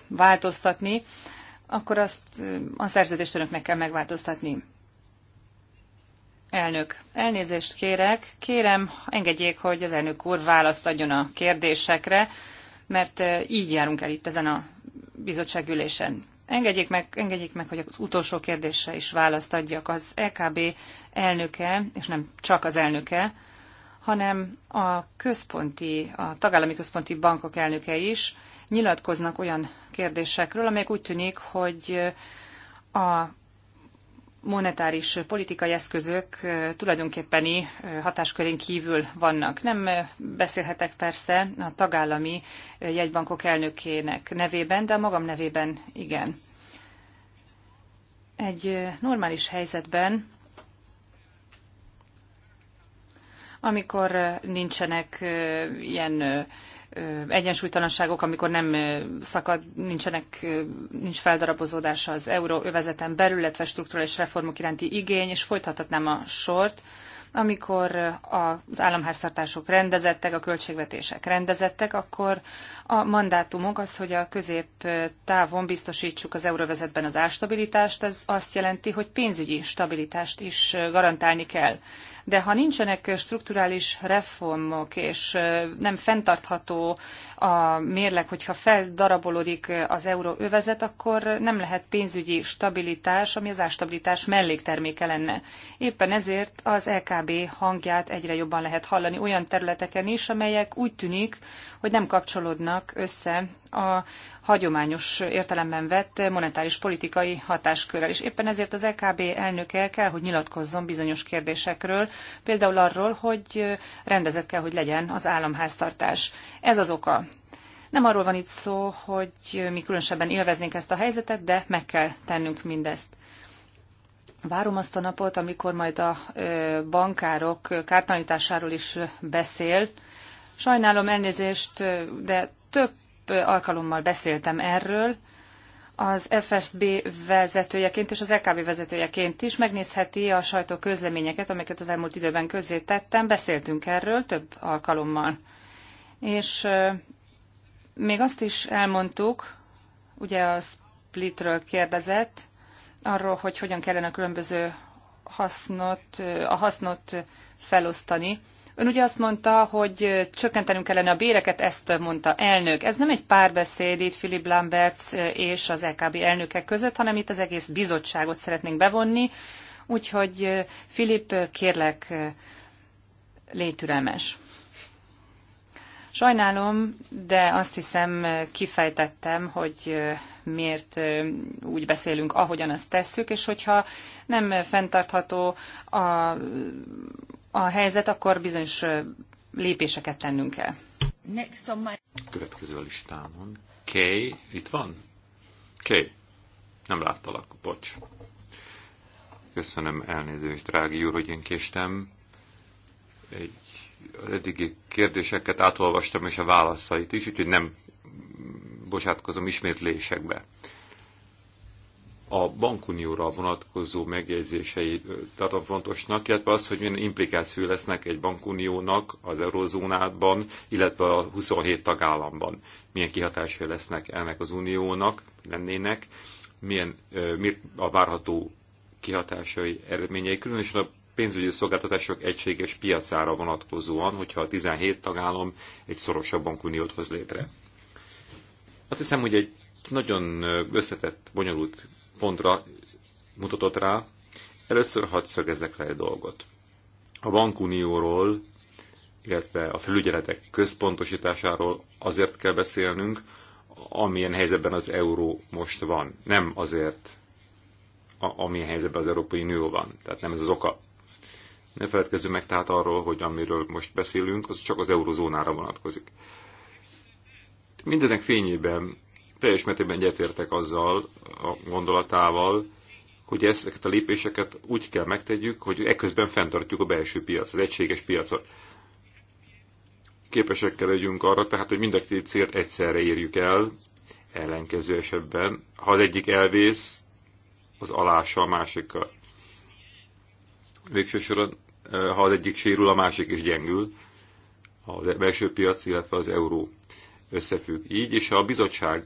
változtatni, akkor azt a szerződést önöknek kell megváltoztatni. Elnök, elnézést kérek. Kérem, engedjék, hogy az elnök úr választ adjon a kérdésekre, mert így járunk el itt ezen a bizottságülésen. Engedjék meg, engedjék meg, hogy az utolsó kérdésre is választ adjak. Az LKB e elnöke, és nem csak az elnöke, hanem a központi, a tagállami központi bankok elnöke is nyilatkoznak olyan kérdésekről, amelyek úgy tűnik, hogy a monetáris politikai eszközök tulajdonképpeni hatáskörén kívül vannak. Nem beszélhetek persze a tagállami jegybankok elnökének nevében, de a magam nevében igen. Egy normális helyzetben amikor nincsenek ilyen egyensúlytalanságok, amikor nem szakad, nincsenek, nincs feldarabozódása az euróövezeten belül, illetve strukturális reformok iránti igény, és folytathatnám a sort, amikor az államháztartások rendezettek, a költségvetések rendezettek, akkor a mandátumok az, hogy a távon biztosítsuk az euróvezetben az ástabilitást, ez azt jelenti, hogy pénzügyi stabilitást is garantálni kell de ha nincsenek strukturális reformok, és nem fenntartható a mérleg, hogyha feldarabolódik az euróövezet, akkor nem lehet pénzügyi stabilitás, ami az ástabilitás mellékterméke lenne. Éppen ezért az LKB hangját egyre jobban lehet hallani olyan területeken is, amelyek úgy tűnik, hogy nem kapcsolódnak össze a hagyományos értelemben vett monetáris politikai hatáskörrel. És éppen ezért az EKB elnöke kell, hogy nyilatkozzon bizonyos kérdésekről, például arról, hogy rendezett kell, hogy legyen az államháztartás. Ez az oka. Nem arról van itt szó, hogy mi különösebben élveznénk ezt a helyzetet, de meg kell tennünk mindezt. Várom azt a napot, amikor majd a bankárok kártalanításáról is beszél. Sajnálom elnézést, de több alkalommal beszéltem erről, az FSB vezetőjeként és az LKB vezetőjeként is megnézheti a sajtó közleményeket, amiket az elmúlt időben közzé tettem. Beszéltünk erről több alkalommal. És még azt is elmondtuk, ugye a splitről kérdezett, arról, hogy hogyan kellene a különböző hasznot, a hasznot felosztani Ön ugye azt mondta, hogy csökkentenünk kellene a béreket, ezt mondta elnök. Ez nem egy párbeszéd itt Philip Lamberts és az LKB e elnökek között, hanem itt az egész bizottságot szeretnénk bevonni. Úgyhogy Filip, kérlek, légy türelmes. Sajnálom, de azt hiszem kifejtettem, hogy miért úgy beszélünk, ahogyan azt tesszük, és hogyha nem fenntartható a, a helyzet, akkor bizonyos lépéseket tennünk kell. Next on my... Következő a listámon. Kay, itt van? Kay, nem láttalak, bocs. Köszönöm elnézést, drági úr, hogy én késtem. Egy, az eddigi kérdéseket átolvastam, és a válaszait is, úgyhogy nem bocsátkozom ismétlésekbe a bankunióra vonatkozó megjegyzései tartom fontosnak, illetve az, hogy milyen implikációi lesznek egy bankuniónak az eurozónában, illetve a 27 tagállamban. Milyen kihatásai lesznek ennek az uniónak, lennének, milyen a várható kihatásai, eredményei, különösen a pénzügyi szolgáltatások egységes piacára vonatkozóan, hogyha a 17 tagállam egy szorosabb bankuniót hoz létre. Azt hiszem, hogy egy nagyon összetett, bonyolult pontra mutatott rá. Először hadd szögezzek le egy dolgot. A bankunióról, illetve a felügyeletek központosításáról azért kell beszélnünk, amilyen helyzetben az euró most van. Nem azért, a, amilyen helyzetben az Európai Unió van. Tehát nem ez az oka. Ne feledkezzünk meg tehát arról, hogy amiről most beszélünk, az csak az eurozónára vonatkozik. Mindenek fényében teljes mértékben egyetértek azzal a gondolatával, hogy ezeket a lépéseket úgy kell megtegyük, hogy ekközben fenntartjuk a belső piacot, az egységes piacot. Képesek kell legyünk arra, tehát, hogy mind a két célt egyszerre érjük el, ellenkező esetben. Ha az egyik elvész, az alása a másikkal. Végső soron, eh, ha az egyik sérül, a másik is gyengül, a belső piac, illetve az euró összefügg így, és a bizottság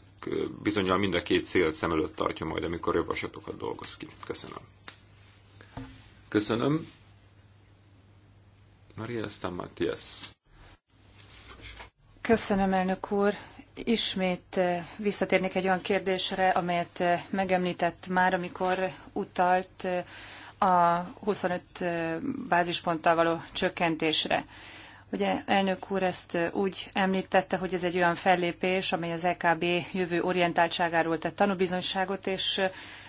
bizonyal mind a két célt szem előtt tartja majd, amikor javaslatokat dolgoz ki. Köszönöm. Köszönöm. Maria Stamatias. Köszönöm, elnök úr. Ismét eh, visszatérnék egy olyan kérdésre, amelyet eh, megemlített már, amikor utalt eh, a 25 bázisponttal való csökkentésre. Ugye elnök úr ezt úgy említette, hogy ez egy olyan fellépés, amely az EKB jövő orientáltságáról tett tanúbizonyságot, és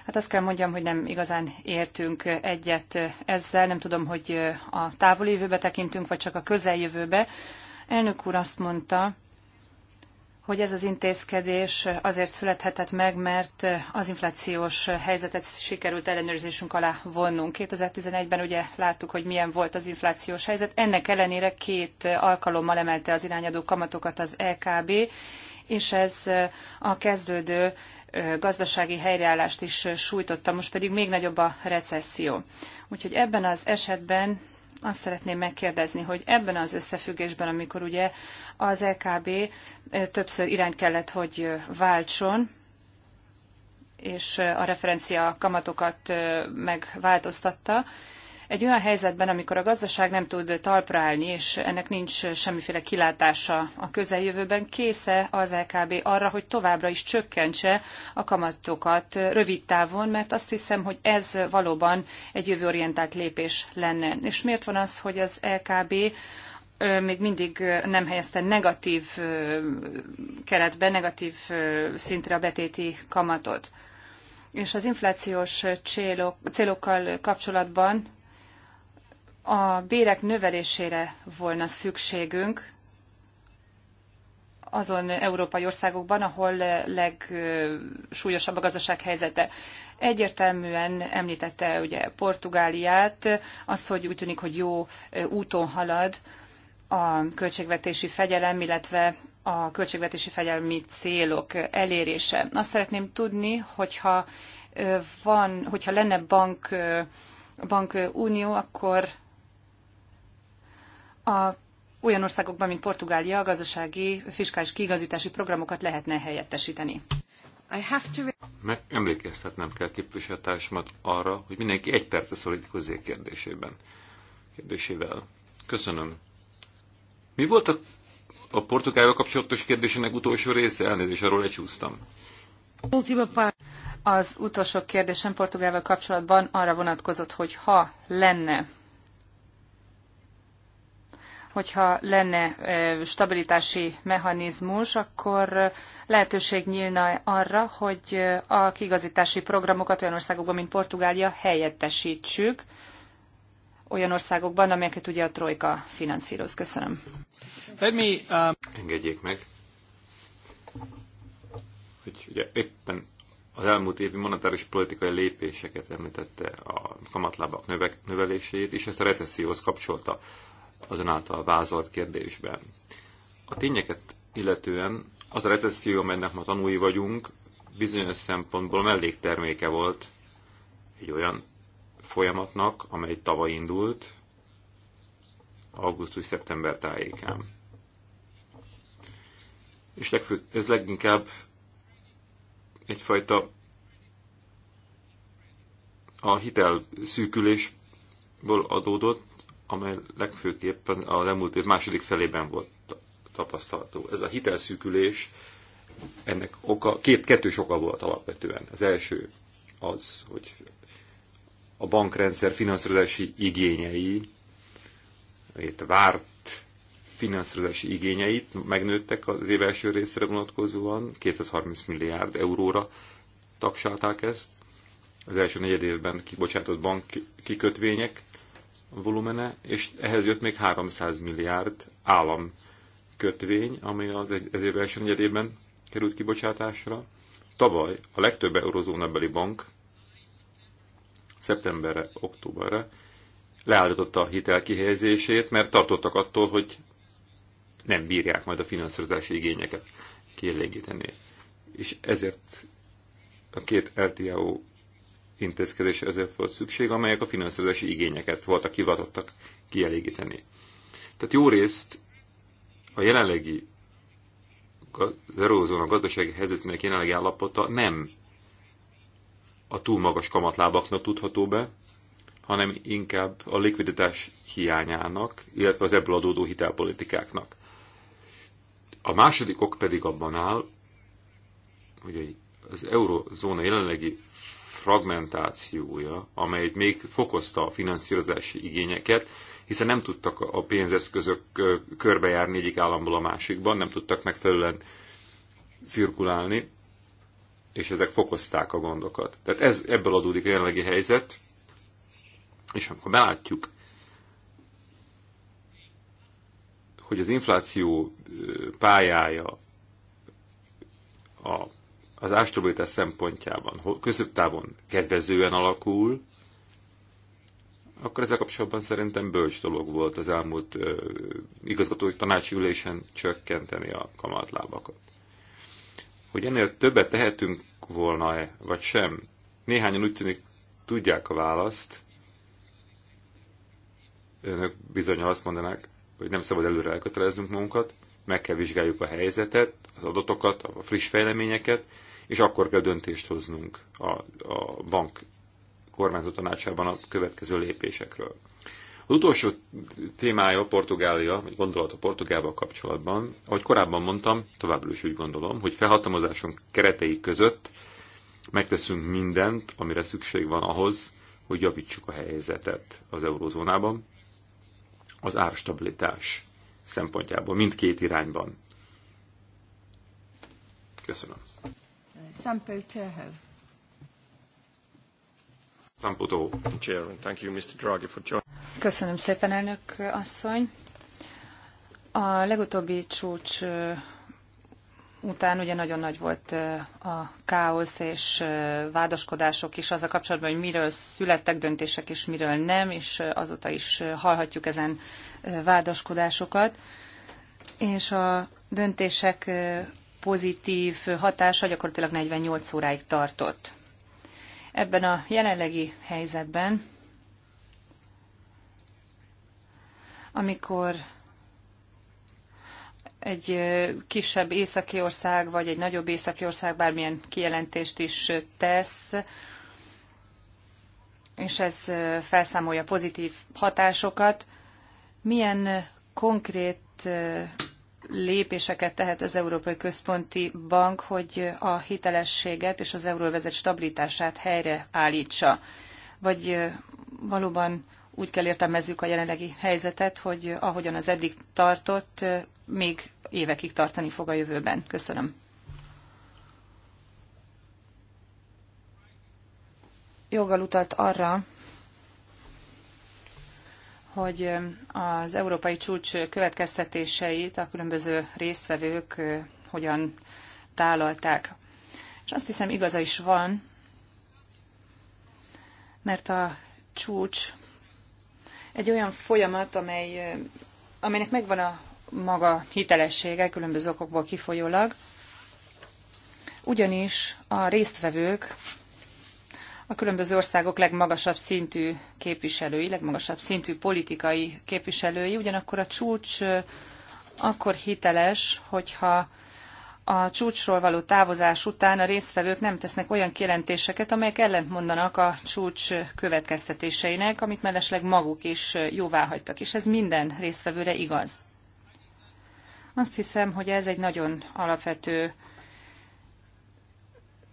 hát azt kell mondjam, hogy nem igazán értünk egyet ezzel. Nem tudom, hogy a távoli jövőbe tekintünk, vagy csak a közeljövőbe. Elnök úr azt mondta, hogy ez az intézkedés azért születhetett meg, mert az inflációs helyzetet sikerült ellenőrzésünk alá vonnunk. 2011-ben ugye láttuk, hogy milyen volt az inflációs helyzet. Ennek ellenére két alkalommal emelte az irányadó kamatokat az EKB, és ez a kezdődő gazdasági helyreállást is sújtotta, most pedig még nagyobb a recesszió. Úgyhogy ebben az esetben azt szeretném megkérdezni, hogy ebben az összefüggésben, amikor ugye az LKB e eh, többször irányt kellett, hogy eh, váltson, és eh, a referencia kamatokat megváltoztatta, egy olyan helyzetben, amikor a gazdaság nem tud talpra állni, és ennek nincs semmiféle kilátása a közeljövőben, késze az LKB arra, hogy továbbra is csökkentse a kamatokat rövid távon, mert azt hiszem, hogy ez valóban egy jövőorientált lépés lenne. És miért van az, hogy az LKB még mindig nem helyezte negatív keretbe, negatív szintre a betéti kamatot. És az inflációs célokkal kapcsolatban a bérek növelésére volna szükségünk azon európai országokban, ahol legsúlyosabb a gazdaság helyzete. Egyértelműen említette ugye Portugáliát, azt, hogy úgy tűnik, hogy jó úton halad a költségvetési fegyelem, illetve a költségvetési fegyelmi célok elérése. Azt szeretném tudni, hogyha, van, hogyha lenne bank, bankunió, akkor a olyan országokban, mint Portugália, a gazdasági fiskális kiigazítási programokat lehetne helyettesíteni. I have to... Meg emlékeztetnem kell képviselőtársamat arra, hogy mindenki egy percre szorítkozzék kérdésében. Kérdésével. Köszönöm. Mi volt a, a portugálra kapcsolatos kérdésének utolsó része? Elnézést, arról lecsúsztam. Az utolsó kérdésem Portugálval kapcsolatban arra vonatkozott, hogy ha lenne hogyha lenne stabilitási mechanizmus, akkor lehetőség nyílna arra, hogy a kigazítási programokat olyan országokban, mint Portugália helyettesítsük, olyan országokban, amelyeket ugye a Trojka finanszíroz. Köszönöm. Um, Engedjék meg, hogy ugye éppen az elmúlt évi monetáris politikai lépéseket említette a kamatlábak növelését, és ezt a recesszióhoz kapcsolta az ön által vázolt kérdésben. A tényeket illetően az a recesszió, amelynek ma tanúi vagyunk, bizonyos szempontból mellékterméke volt egy olyan folyamatnak, amely tavaly indult, augusztus-szeptember tájékán. És legfő, ez leginkább egyfajta a hitel szűkülésből adódott, amely legfőképpen a elmúlt év második felében volt tapasztalható. Ez a hitelszűkülés, ennek oka, két, kettős oka volt alapvetően. Az első az, hogy a bankrendszer finanszírozási igényei, itt várt finanszírozási igényeit megnőttek az év első részre vonatkozóan, 230 milliárd euróra tagsálták ezt. Az első negyed évben kibocsátott bank kikötvények volumene, és ehhez jött még 300 milliárd állam kötvény, ami az ezért első negyedében került kibocsátásra. Tavaly a legtöbb eurozónabeli bank szeptemberre, októberre leállította a hitel kihelyezését, mert tartottak attól, hogy nem bírják majd a finanszírozási igényeket kielégíteni. És ezért a két LTO intézkedés ezért volt szükség, amelyek a finanszírozási igényeket voltak kivatottak kielégíteni. Tehát jó részt a jelenlegi az eurózóna gazdasági helyzetének jelenlegi állapota nem a túl magas kamatlábaknak tudható be, hanem inkább a likviditás hiányának, illetve az ebből adódó hitelpolitikáknak. A második ok pedig abban áll, hogy az eurozóna jelenlegi fragmentációja, amely még fokozta a finanszírozási igényeket, hiszen nem tudtak a pénzeszközök körbejárni egyik államból a másikban, nem tudtak megfelelően cirkulálni, és ezek fokozták a gondokat. Tehát ez, ebből adódik a jelenlegi helyzet, és amikor belátjuk, hogy az infláció pályája a az ástabilitás szempontjában középtávon kedvezően alakul, akkor ezzel kapcsolatban szerintem bölcs dolog volt az elmúlt ö, igazgatói tanácsülésen csökkenteni a kamatlábakat. Hogy ennél többet tehetünk volna-e, vagy sem, néhányan úgy tűnik tudják a választ, önök bizonyal azt mondanák, hogy nem szabad előre elköteleznünk magunkat, meg kell vizsgáljuk a helyzetet, az adatokat, a friss fejleményeket, és akkor kell döntést hoznunk a, a bank kormányzó tanácsában a következő lépésekről. Az utolsó témája a Portugália, vagy gondolat a Portugálval kapcsolatban, ahogy korábban mondtam, továbbra is úgy gondolom, hogy felhatalmazásunk keretei között megteszünk mindent, amire szükség van ahhoz, hogy javítsuk a helyzetet az eurózónában, az árstabilitás szempontjából, mindkét irányban. Köszönöm. Sampo Terho. Samputo, Chair, and thank you, Mr. Draghi, for joining. Köszönöm szépen, elnök asszony. A legutóbbi csúcs után ugye nagyon nagy volt a káosz és vádaskodások is az a kapcsolatban, hogy miről születtek döntések és miről nem, és azóta is hallhatjuk ezen vádaskodásokat. És a döntések pozitív hatása gyakorlatilag 48 óráig tartott. Ebben a jelenlegi helyzetben, amikor egy kisebb északi ország, vagy egy nagyobb északi ország bármilyen kijelentést is tesz, és ez felszámolja pozitív hatásokat, milyen konkrét lépéseket tehet az Európai Központi Bank, hogy a hitelességet és az euróvezet stabilitását helyreállítsa, Vagy valóban úgy kell értelmezzük a jelenlegi helyzetet, hogy ahogyan az eddig tartott, még évekig tartani fog a jövőben. Köszönöm. Joggal utalt arra, hogy az európai csúcs következtetéseit a különböző résztvevők hogyan tálalták. És azt hiszem igaza is van, mert a csúcs egy olyan folyamat, amely, amelynek megvan a maga hitelessége különböző okokból kifolyólag, ugyanis a résztvevők a különböző országok legmagasabb szintű képviselői, legmagasabb szintű politikai képviselői, ugyanakkor a csúcs akkor hiteles, hogyha a csúcsról való távozás után a résztvevők nem tesznek olyan kijelentéseket, amelyek ellentmondanak a csúcs következtetéseinek, amit mellesleg maguk is jóváhagytak, és ez minden résztvevőre igaz. Azt hiszem, hogy ez egy nagyon alapvető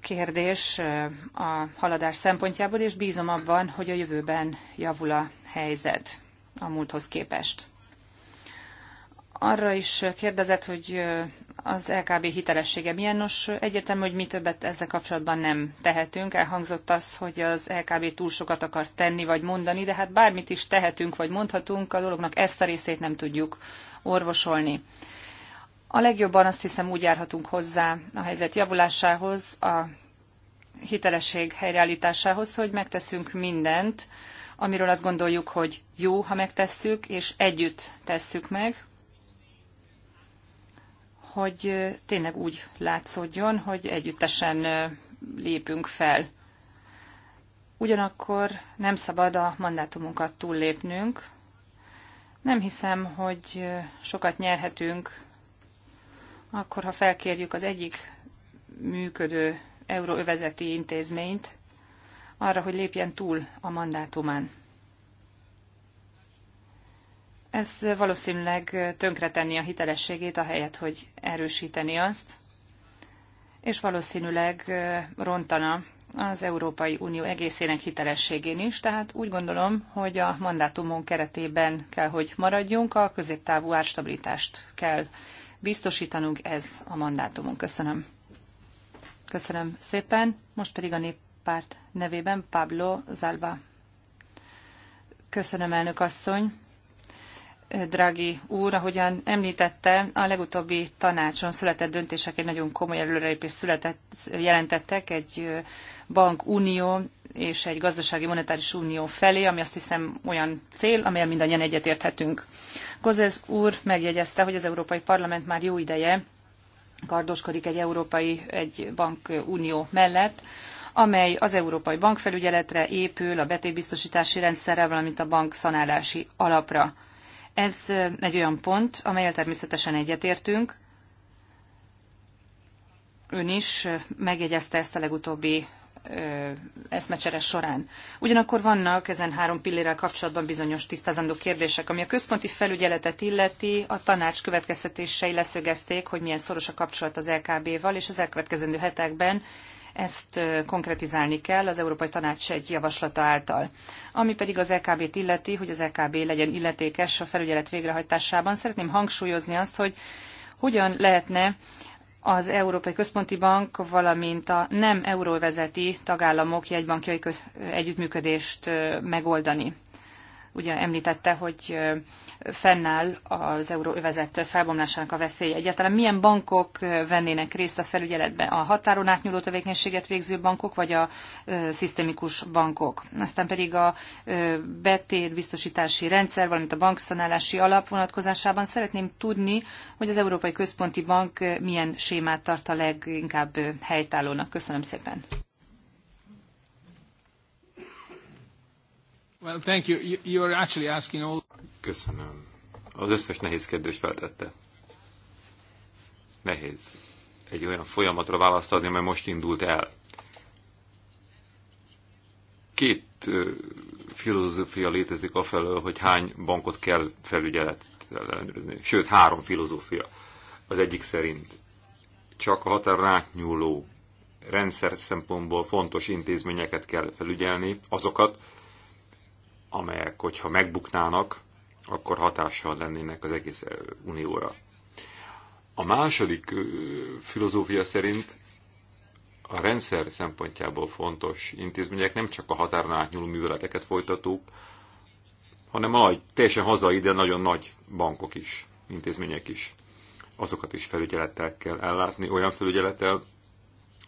kérdés a haladás szempontjából, és bízom abban, hogy a jövőben javul a helyzet a múlthoz képest. Arra is kérdezett, hogy az LKB hitelessége milyen. Nos, egyértelmű, hogy mi többet ezzel kapcsolatban nem tehetünk. Elhangzott az, hogy az LKB túl sokat akar tenni vagy mondani, de hát bármit is tehetünk vagy mondhatunk, a dolognak ezt a részét nem tudjuk orvosolni. A legjobban azt hiszem úgy járhatunk hozzá a helyzet javulásához, a hitelesség helyreállításához, hogy megteszünk mindent, amiről azt gondoljuk, hogy jó, ha megtesszük, és együtt tesszük meg, hogy tényleg úgy látszódjon, hogy együttesen lépünk fel. Ugyanakkor nem szabad a mandátumunkat túllépnünk. Nem hiszem, hogy sokat nyerhetünk akkor ha felkérjük az egyik működő euróövezeti intézményt arra, hogy lépjen túl a mandátumán. Ez valószínűleg tönkretenni a hitelességét, ahelyett, hogy erősíteni azt, és valószínűleg rontana az Európai Unió egészének hitelességén is, tehát úgy gondolom, hogy a mandátumon keretében kell, hogy maradjunk, a középtávú árstabilitást kell biztosítanunk ez a mandátumunk. Köszönöm. Köszönöm szépen. Most pedig a néppárt nevében Pablo Zalba. Köszönöm, elnök asszony. Drági úr, ahogyan említette, a legutóbbi tanácson született döntések egy nagyon komoly előrelépés született, jelentettek, egy bankunió és egy gazdasági monetáris unió felé, ami azt hiszem olyan cél, amelyen mindannyian egyetérthetünk. Gozes úr megjegyezte, hogy az Európai Parlament már jó ideje kardoskodik egy európai egy bankunió mellett, amely az európai bankfelügyeletre épül, a betétbiztosítási rendszerre, valamint a szanálási alapra. Ez egy olyan pont, amelyel természetesen egyetértünk. Ön is megjegyezte ezt a legutóbbi eszmecsere során. Ugyanakkor vannak ezen három pillérrel kapcsolatban bizonyos tisztázandó kérdések, ami a központi felügyeletet illeti, a tanács következtetései leszögezték, hogy milyen szoros a kapcsolat az LKB-val, és az elkövetkezendő hetekben ezt konkretizálni kell az Európai Tanács egy javaslata által. Ami pedig az LKB-t illeti, hogy az LKB legyen illetékes a felügyelet végrehajtásában, szeretném hangsúlyozni azt, hogy hogyan lehetne az Európai Központi Bank, valamint a nem euróvezeti tagállamok jegybankjai együttműködést megoldani ugye említette, hogy fennáll az euróövezet felbomlásának a veszélye. Egyáltalán milyen bankok vennének részt a felügyeletben? A határon átnyúló tevékenységet végző bankok, vagy a szisztemikus bankok? Aztán pedig a betétbiztosítási rendszer, valamint a bankszanálási alap vonatkozásában szeretném tudni, hogy az Európai Központi Bank milyen sémát tart a leginkább helytállónak. Köszönöm szépen. Well, thank you. You are actually asking all... Köszönöm. Az összes nehéz kérdést feltette. Nehéz egy olyan folyamatra választ adni, amely most indult el. Két ö, filozófia létezik afelől, hogy hány bankot kell felügyelet ellenőrizni. Sőt, három filozófia. Az egyik szerint csak a határon átnyúló rendszer szempontból fontos intézményeket kell felügyelni, azokat, amelyek, hogyha megbuknának, akkor hatással lennének az egész eh, unióra. A második eh, filozófia szerint a rendszer szempontjából fontos intézmények nem csak a határon átnyúló műveleteket folytatók, hanem a nagy, teljesen hazai, de nagyon nagy bankok is, intézmények is. Azokat is felügyelettel kell ellátni, olyan felügyelettel,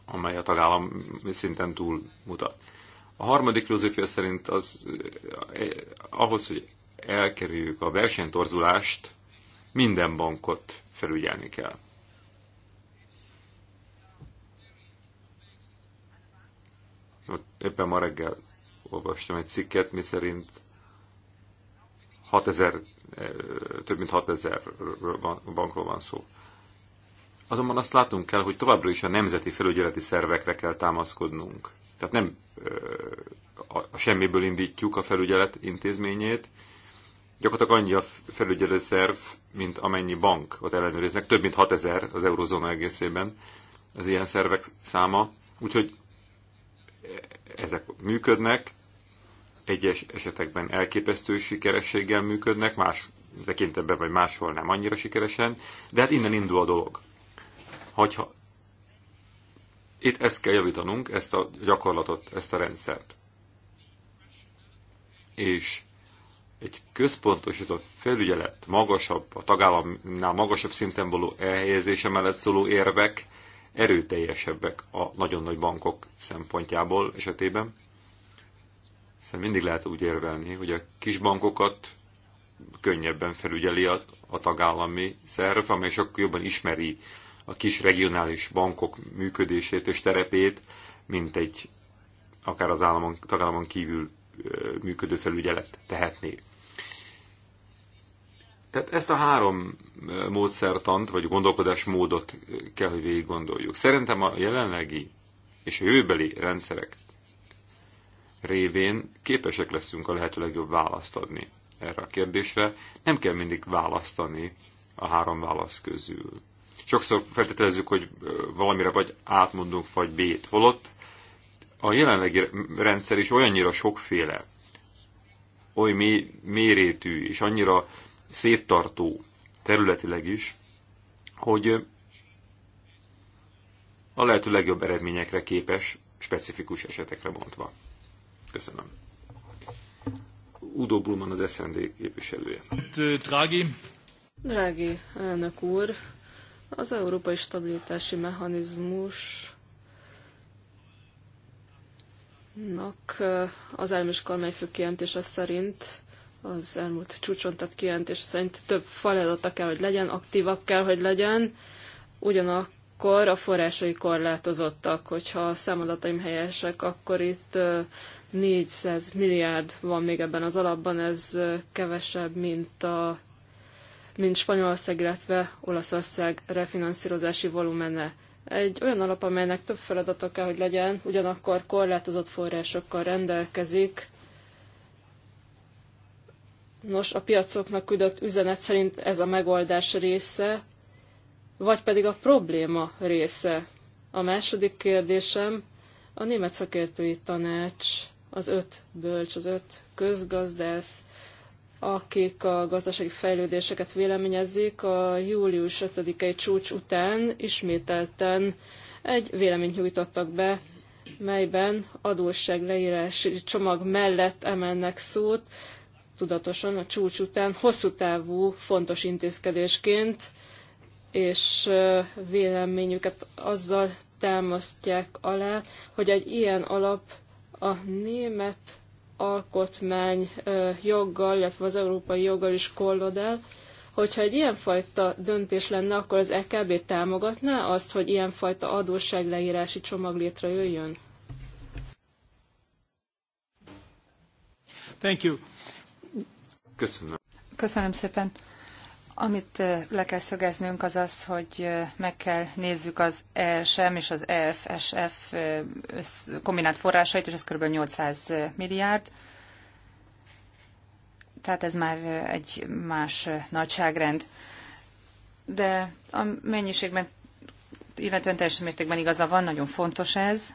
amely a tagállam szinten túl mutat. A harmadik filozófia szerint az eh, eh, ahhoz, hogy elkerüljük a versenytorzulást, minden bankot felügyelni kell. Éppen ma reggel olvastam egy cikket, mi szerint 6000, eh, több mint 6000 bankról van szó. Azonban azt látunk kell, hogy továbbra is a nemzeti felügyeleti szervekre kell támaszkodnunk. Tehát nem a semmiből indítjuk a felügyelet intézményét. Gyakorlatilag annyi a felügyelő szerv, mint amennyi bank ott ellenőriznek. Több mint 6000 az eurozóna egészében az ilyen szervek száma. Úgyhogy ezek működnek, egyes esetekben elképesztő sikerességgel működnek, más tekintetben vagy máshol nem annyira sikeresen, de hát innen indul a dolog. Hogyha itt ezt kell javítanunk, ezt a gyakorlatot, ezt a rendszert. És egy központosított felügyelet magasabb, a tagállamnál magasabb szinten való elhelyezése mellett szóló érvek erőteljesebbek a nagyon nagy bankok szempontjából esetében. Hiszen mindig lehet úgy érvelni, hogy a kis bankokat könnyebben felügyeli a, a tagállami szerv, amely sokkal jobban ismeri a kis regionális bankok működését és terepét, mint egy akár az államon, tagállamon kívül működő felügyelet tehetné. Tehát ezt a három módszertant, vagy gondolkodásmódot kell, hogy végig gondoljuk. Szerintem a jelenlegi és a jövőbeli rendszerek révén képesek leszünk a lehető legjobb választ adni erre a kérdésre. Nem kell mindig választani a három válasz közül. Sokszor feltételezzük, hogy valamire vagy átmondunk, vagy B-t. Holott a jelenlegi rendszer is olyannyira sokféle, oly mély, mérétű és annyira széttartó területileg is, hogy a lehető legjobb eredményekre képes, specifikus esetekre bontva. Köszönöm. Udo Bluman az SZND képviselője. Drági. Drági elnök úr, az európai stabilitási mechanizmusnak az elmés és kormányfő kijelentése szerint az elmúlt csúcson, tett kijelentés szerint több feladata kell, hogy legyen, aktívak kell, hogy legyen, ugyanakkor a forrásai korlátozottak. Hogyha a számadataim helyesek, akkor itt 400 milliárd van még ebben az alapban, ez kevesebb, mint a mint Spanyolország, illetve Olaszország refinanszírozási volumene. Egy olyan alap, amelynek több feladata kell, hogy legyen, ugyanakkor korlátozott forrásokkal rendelkezik. Nos, a piacoknak küldött üzenet szerint ez a megoldás része, vagy pedig a probléma része. A második kérdésem, a német szakértői tanács, az öt bölcs, az öt közgazdász, akik a gazdasági fejlődéseket véleményezik, a július 5-i csúcs után ismételten egy véleményt nyújtottak be, melyben adósság leírási csomag mellett emelnek szót, tudatosan a csúcs után hosszú távú fontos intézkedésként, és véleményüket azzal támasztják alá, hogy egy ilyen alap a német alkotmány joggal, illetve az európai joggal is kollod el. Hogyha egy ilyenfajta döntés lenne, akkor az EKB támogatná azt, hogy ilyenfajta adósságleírási csomag létrejöjjön? Thank you. Köszönöm. Köszönöm szépen. Amit le kell szögeznünk az az, hogy meg kell nézzük az ESM és az EFSF kombinált forrásait, és ez kb. 800 milliárd. Tehát ez már egy más nagyságrend. De a mennyiségben, illetően teljes mértékben igaza van, nagyon fontos ez.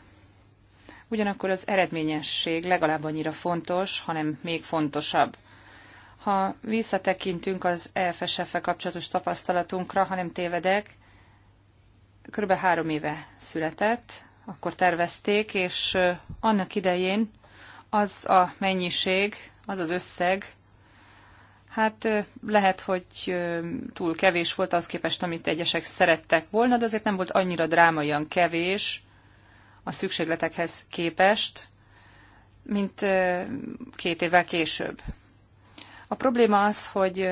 Ugyanakkor az eredményesség legalább annyira fontos, hanem még fontosabb – ha visszatekintünk az efsf kapcsolatos tapasztalatunkra, ha nem tévedek, kb. három éve született, akkor tervezték, és annak idején az a mennyiség, az az összeg, hát lehet, hogy túl kevés volt az képest, amit egyesek szerettek volna, de azért nem volt annyira drámaian kevés a szükségletekhez képest, mint két évvel később. A probléma az, hogy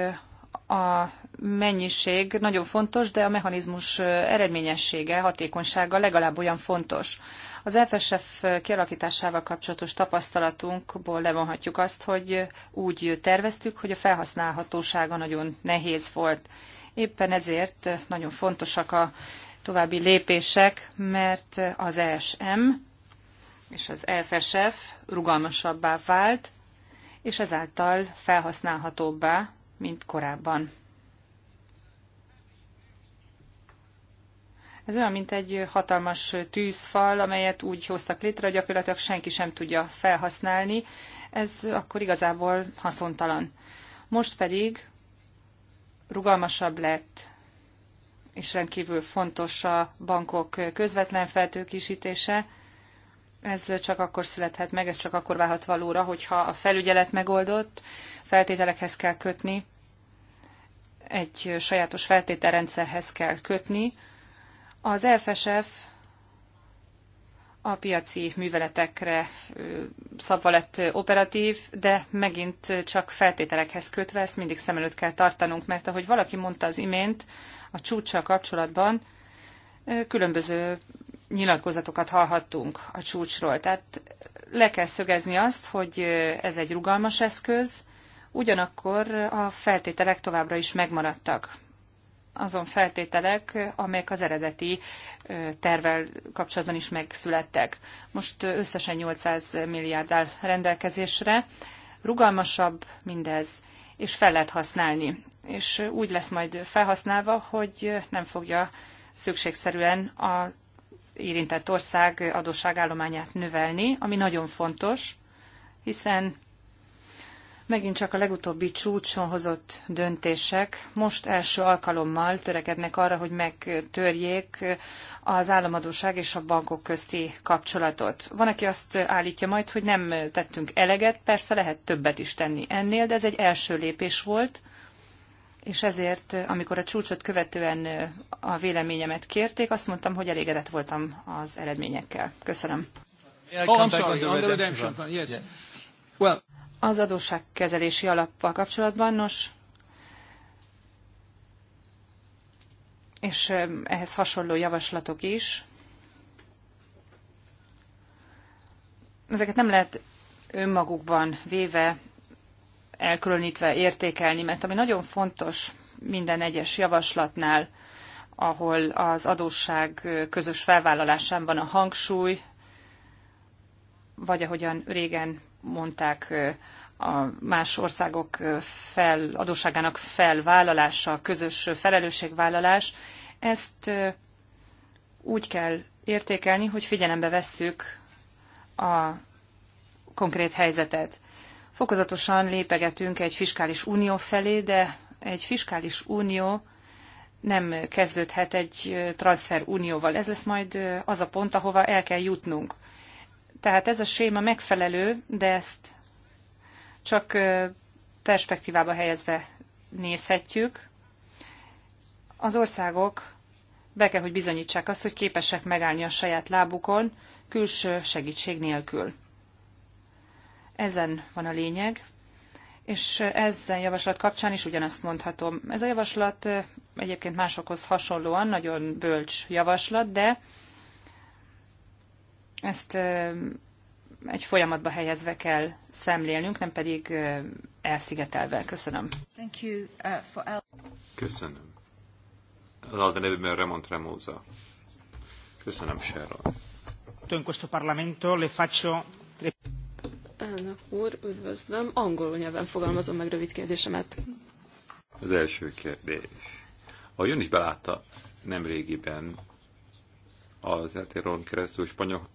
a mennyiség nagyon fontos, de a mechanizmus eredményessége, hatékonysága legalább olyan fontos. Az FSF kialakításával kapcsolatos tapasztalatunkból levonhatjuk azt, hogy úgy terveztük, hogy a felhasználhatósága nagyon nehéz volt. Éppen ezért nagyon fontosak a további lépések, mert az ESM és az FSF rugalmasabbá vált, és ezáltal felhasználhatóbbá, mint korábban. Ez olyan, mint egy hatalmas tűzfal, amelyet úgy hoztak létre, hogy gyakorlatilag senki sem tudja felhasználni. Ez akkor igazából haszontalan. Most pedig rugalmasabb lett, és rendkívül fontos a bankok közvetlen feltőkisítése, ez csak akkor születhet meg, ez csak akkor válhat valóra, hogyha a felügyelet megoldott, feltételekhez kell kötni, egy sajátos feltételrendszerhez kell kötni. Az FSF a piaci műveletekre szabva lett operatív, de megint csak feltételekhez kötve ezt mindig szem előtt kell tartanunk, mert ahogy valaki mondta az imént a csúcsa kapcsolatban, különböző nyilatkozatokat hallhattunk a csúcsról. Tehát le kell szögezni azt, hogy ez egy rugalmas eszköz, ugyanakkor a feltételek továbbra is megmaradtak. Azon feltételek, amelyek az eredeti tervel kapcsolatban is megszülettek. Most összesen 800 milliárd áll rendelkezésre. Rugalmasabb mindez, és fel lehet használni. És úgy lesz majd felhasználva, hogy nem fogja szükségszerűen a érintett ország adósságállományát növelni, ami nagyon fontos, hiszen megint csak a legutóbbi csúcson hozott döntések most első alkalommal törekednek arra, hogy megtörjék az államadóság és a bankok közti kapcsolatot. Van, aki azt állítja majd, hogy nem tettünk eleget, persze lehet többet is tenni ennél, de ez egy első lépés volt, és ezért, amikor a csúcsot követően a véleményemet kérték, azt mondtam, hogy elégedett voltam az eredményekkel. Köszönöm. Az adósságkezelési alappal kapcsolatban, nos, és ehhez hasonló javaslatok is. Ezeket nem lehet önmagukban véve elkülönítve értékelni, mert ami nagyon fontos minden egyes javaslatnál, ahol az adósság közös felvállalásán van a hangsúly, vagy ahogyan régen mondták, a más országok fel, adósságának felvállalása, közös felelősségvállalás, ezt úgy kell értékelni, hogy figyelembe vesszük a konkrét helyzetet. Fokozatosan lépegetünk egy fiskális unió felé, de egy fiskális unió nem kezdődhet egy transfer unióval. Ez lesz majd az a pont, ahova el kell jutnunk. Tehát ez a séma megfelelő, de ezt csak perspektívába helyezve nézhetjük. Az országok be kell, hogy bizonyítsák azt, hogy képesek megállni a saját lábukon, külső segítség nélkül. Ezen van a lényeg, és ezen javaslat kapcsán is ugyanazt mondhatom. Ez a javaslat egyébként másokhoz hasonlóan nagyon bölcs javaslat, de ezt egy folyamatba helyezve kell szemlélnünk, nem pedig elszigetelve. Köszönöm. Thank you, uh, for Al- Köszönöm. Lalda nevében Remont Remóza. Köszönöm, Sharon. In questo Parlamento le faccio Elnök úr, üdvözlöm. Angol nyelven fogalmazom meg rövid kérdésemet. Az első kérdés. Ahogy ön is belátta nemrégiben az eltéron keresztül spanyol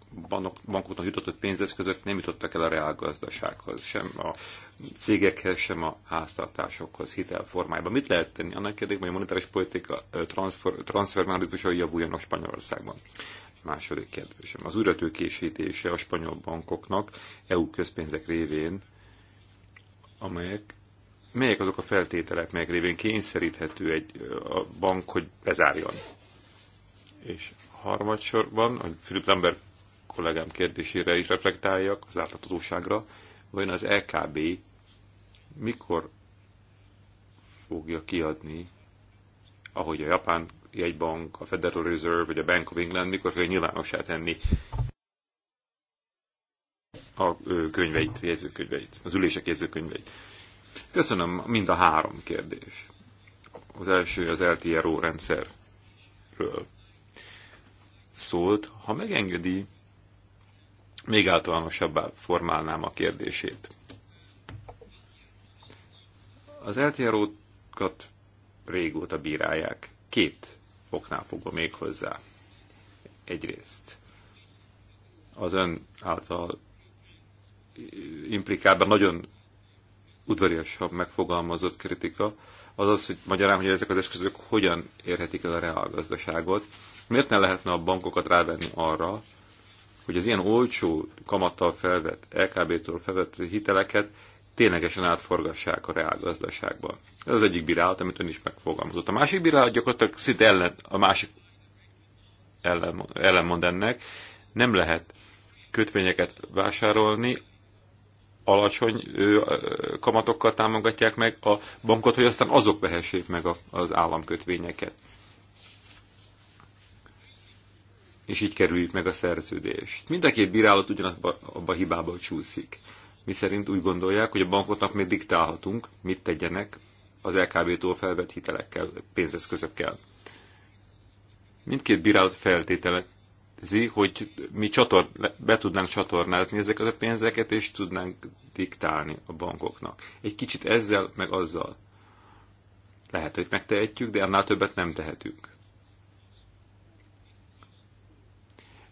bankoknak jutott pénzeszközök nem jutottak el a reálgazdasághoz, sem a cégekhez, sem a háztartásokhoz hitelformájában. Mit lehet tenni annak érdekében, hogy a monetáris politika transfer, transfermechanizmusai javuljanak Spanyolországban? Második kérdésem. Az újratőkésítése a spanyol bankoknak EU közpénzek révén, amelyek melyek azok a feltételek, melyek révén kényszeríthető egy a bank, hogy bezárjon? És harmadsorban, hogy Philip Lambert kollégám kérdésére is reflektáljak, az átláthatóságra, vajon az LKB mikor fogja kiadni, ahogy a japán jegybank, a Federal Reserve vagy a Bank of England mikor fogja nyilvánossá tenni a könyveit, jegyzőkönyveit, az ülések jegyzőkönyveit. Köszönöm mind a három kérdés. Az első az LTRO rendszerről szólt. Ha megengedi, még általánosabbá formálnám a kérdését. Az LTRO-kat régóta bírálják. Két oknál fogva még hozzá. Egyrészt az ön által implikálban nagyon udvariasabb megfogalmazott kritika, az az, hogy magyarán, hogy ezek az eszközök hogyan érhetik el a reálgazdaságot. Miért ne lehetne a bankokat rávenni arra, hogy az ilyen olcsó kamattal felvett, lkb től felvett hiteleket ténylegesen átforgassák a reálgazdaságba. Ez az egyik bírálat, amit ön is megfogalmazott. A másik bírálat gyakorlatilag szinte ellen, a másik ellen, mond ennek, nem lehet kötvényeket vásárolni, alacsony kamatokkal támogatják meg a bankot, hogy aztán azok vehessék meg az államkötvényeket. És így kerüljük meg a szerződést. Mind a két bírálat ugyanabba a hibába csúszik miszerint úgy gondolják, hogy a bankoknak még diktálhatunk, mit tegyenek az LKB-tól felvett hitelekkel, pénzeszközökkel. Mindkét bírálat feltételezi, hogy mi csator, be tudnánk csatornázni ezeket a pénzeket, és tudnánk diktálni a bankoknak. Egy kicsit ezzel, meg azzal. Lehet, hogy megtehetjük, de annál többet nem tehetünk.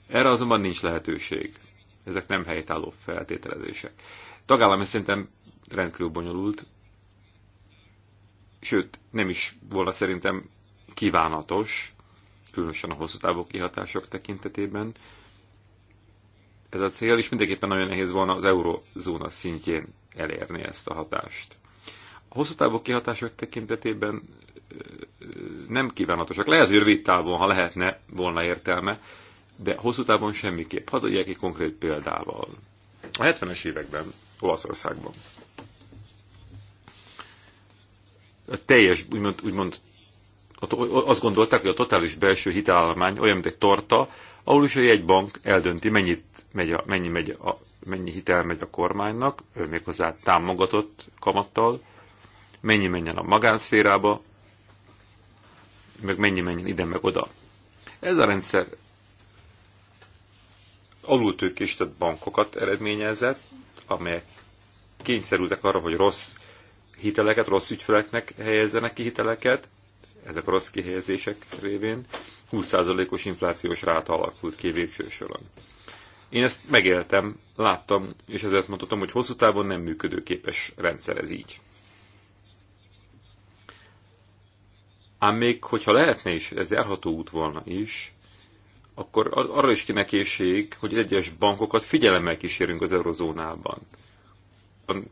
Erre azonban nincs lehetőség. Ezek nem helytálló feltételezések. Tagállami szerintem rendkívül bonyolult, sőt, nem is volna szerintem kívánatos, különösen a hosszú távú kihatások tekintetében. Ez a cél is mindenképpen nagyon nehéz volna az eurozóna szintjén elérni ezt a hatást. A hosszú távú kihatások tekintetében nem kívánatosak. Lehet, hogy rövid távon, ha lehetne volna értelme, de hosszú távon semmiképp. Hadd adják egy konkrét példával. A 70-es években Olaszországban a teljes, úgymond, úgymond azt gondolták, hogy a totális belső hitelállomány olyan, mint egy torta, ahol is egy bank eldönti, mennyit megy a, mennyi, megy a, mennyi hitel megy a kormánynak, ő méghozzá támogatott kamattal, mennyi menjen a magánszférába, meg mennyi menjen ide, meg oda. Ez a rendszer alultőkésített bankokat eredményezett, amelyek kényszerültek arra, hogy rossz hiteleket, rossz ügyfeleknek helyezzenek ki hiteleket, ezek a rossz kihelyezések révén 20%-os inflációs ráta alakult ki végső soron. Én ezt megéltem, láttam, és ezért mondhatom, hogy hosszú távon nem működőképes rendszer ez így. Ám még hogyha lehetne is, ez járható út volna is, akkor arra is kinekészség, hogy egyes bankokat figyelemmel kísérünk az eurozónában.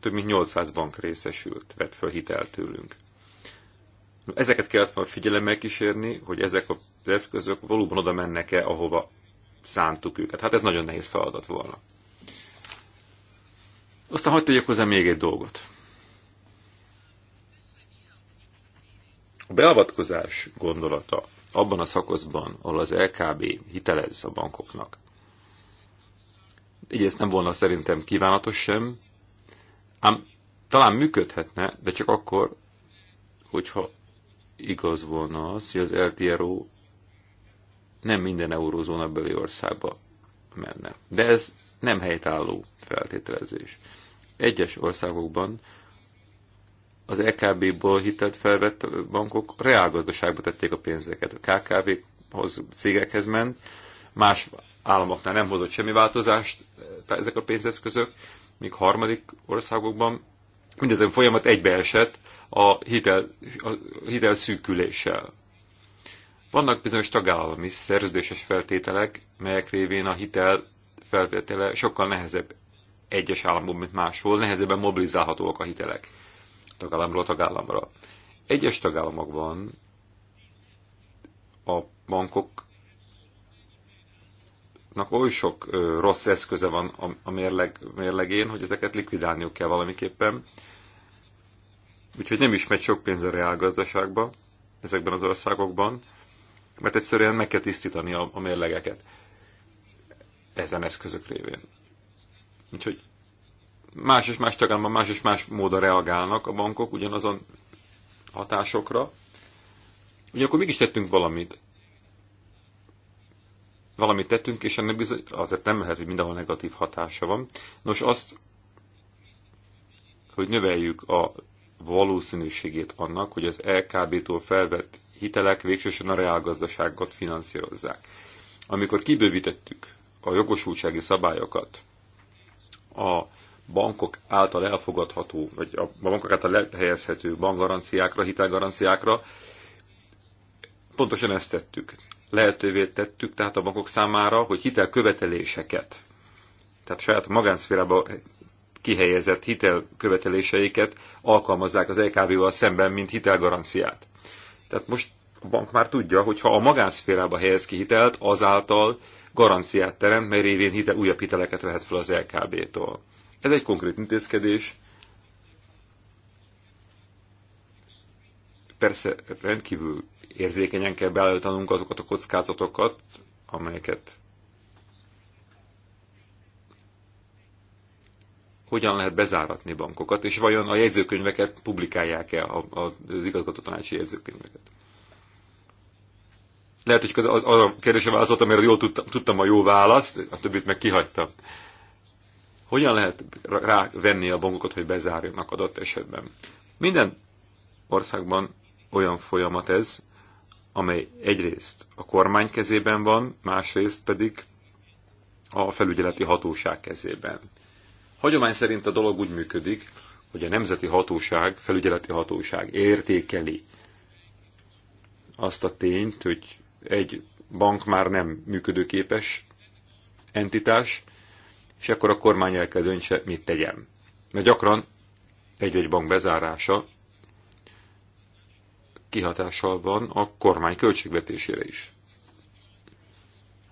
Több mint 800 bank részesült, vett fel hitelt tőlünk. Ezeket kellett volna figyelemmel kísérni, hogy ezek az eszközök valóban oda mennek-e, ahova szántuk őket. Hát ez nagyon nehéz feladat volna. Aztán hagyd tegyek hozzá még egy dolgot. A beavatkozás gondolata abban a szakaszban, ahol az LKB hitelez a bankoknak. ezt nem volna szerintem kívánatos sem, ám talán működhetne, de csak akkor, hogyha igaz volna az, hogy az LTRO nem minden eurózóna beli országba menne. De ez nem helytálló feltételezés. Egyes országokban az EKB-ból hitelt felvett bankok reálgazdaságba tették a pénzeket. A KKV-hoz, cégekhez ment, más államoknál nem hozott semmi változást eh, ezek a pénzeszközök, míg harmadik országokban mindezen folyamat egybeesett a hitel, a hitel szűküléssel. Vannak bizonyos tagállami szerződéses feltételek, melyek révén a hitel feltétele sokkal nehezebb egyes államokban, mint máshol, nehezebben mobilizálhatóak a hitelek tagállamról tagállamra. Egyes tagállamokban a bankoknak oly sok ö, rossz eszköze van a, a mérleg, mérlegén, hogy ezeket likvidálniuk kell valamiképpen. Úgyhogy nem is megy sok pénz a reálgazdaságba ezekben az országokban, mert egyszerűen meg kell tisztítani a, a mérlegeket ezen eszközök révén. Úgyhogy más és más tagállamban más és más módon reagálnak a bankok ugyanazon hatásokra. Ugyanakkor mégis tettünk valamit. Valamit tettünk, és ennek bizony, azért nem lehet, hogy mindenhol negatív hatása van. Nos, azt, hogy növeljük a valószínűségét annak, hogy az LKB-tól felvett hitelek végsősorban a reálgazdaságot finanszírozzák. Amikor kibővítettük a jogosultsági szabályokat a bankok által elfogadható, vagy a bankok által lehelyezhető bankgaranciákra, hitelgaranciákra, pontosan ezt tettük. Lehetővé tettük tehát a bankok számára, hogy hitelköveteléseket, tehát saját magánszférába kihelyezett hitelköveteléseiket alkalmazzák az lkb e val szemben, mint hitelgaranciát. Tehát most a bank már tudja, hogy ha a magánszférába helyez ki hitelt, azáltal garanciát teremt, mely révén hitel, újabb hiteleket vehet fel az LKB-tól. E ez egy konkrét intézkedés, persze rendkívül érzékenyen kell beállítanunk azokat a kockázatokat, amelyeket hogyan lehet bezáratni bankokat, és vajon a jegyzőkönyveket publikálják-e az igazgató tanácsi jegyzőkönyveket. Lehet, hogy az a az volt, mert jól tudtam, tudtam a jó választ, a többit meg kihagytam. Hogyan lehet rávenni a bankokat, hogy bezárjanak adott esetben? Minden országban olyan folyamat ez, amely egyrészt a kormány kezében van, másrészt pedig a felügyeleti hatóság kezében. Hagyomány szerint a dolog úgy működik, hogy a nemzeti hatóság, felügyeleti hatóság értékeli azt a tényt, hogy egy bank már nem működőképes entitás, és akkor a kormány el kell döntse, mit tegyen. Mert gyakran egy-egy bank bezárása kihatással van a kormány költségvetésére is.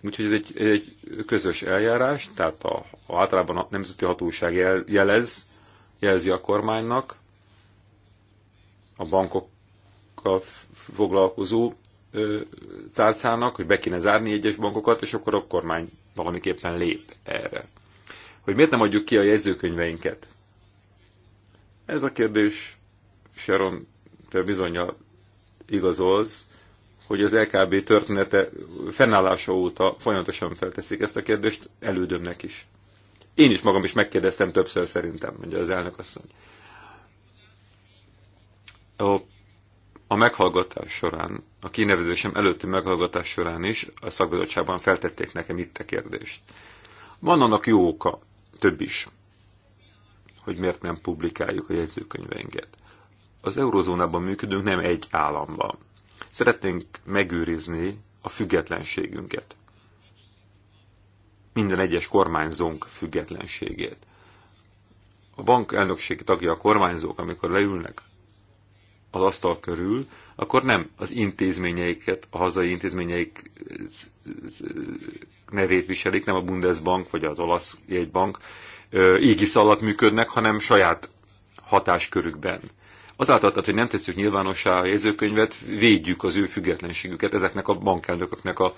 Úgyhogy ez egy, egy közös eljárás, tehát a, a általában a nemzeti hatóság jel, jelez, jelzi a kormánynak, a bankokkal foglalkozó ö, cárcának, hogy be kéne zárni egyes bankokat, és akkor a kormány valamiképpen lép erre hogy miért nem adjuk ki a jegyzőkönyveinket. Ez a kérdés, Sharon, te bizonyja igazolsz, hogy az LKB története fennállása óta folyamatosan felteszik ezt a kérdést elődömnek is. Én is magam is megkérdeztem többször szerintem, mondja az elnök asszony. A, a meghallgatás során, a kinevezésem előtti meghallgatás során is a szakbizottságban feltették nekem itt a kérdést. Van annak jó oka, több is, hogy miért nem publikáljuk a jegyzőkönyveinket. Az eurozónában működünk, nem egy államban. Szeretnénk megőrizni a függetlenségünket. Minden egyes kormányzónk függetlenségét. A bank elnökségi tagja a kormányzók, amikor leülnek az asztal körül, akkor nem az intézményeiket, a hazai intézményeik nevét viselik, nem a Bundesbank vagy az olasz jegybank égisz alatt működnek, hanem saját hatáskörükben. Azáltal, tehát, hogy nem tesszük nyilvánossá a jegyzőkönyvet, védjük az ő függetlenségüket, ezeknek a bankelnököknek a,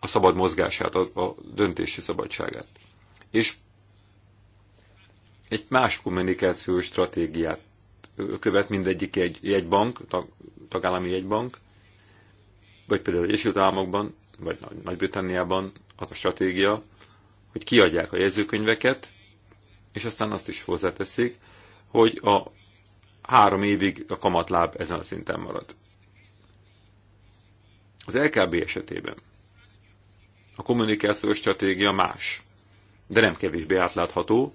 a szabad mozgását, a, a döntési szabadságát. És egy más kommunikációs stratégiát követ mindegyik egy jegybank, tag, tagállami jegybank, vagy például az Egyesült Államokban vagy Nagy-Britanniában az a stratégia, hogy kiadják a jegyzőkönyveket, és aztán azt is hozzáteszik, hogy a három évig a kamatláb ezen a szinten marad. Az LKB esetében a kommunikációs stratégia más, de nem kevésbé átlátható,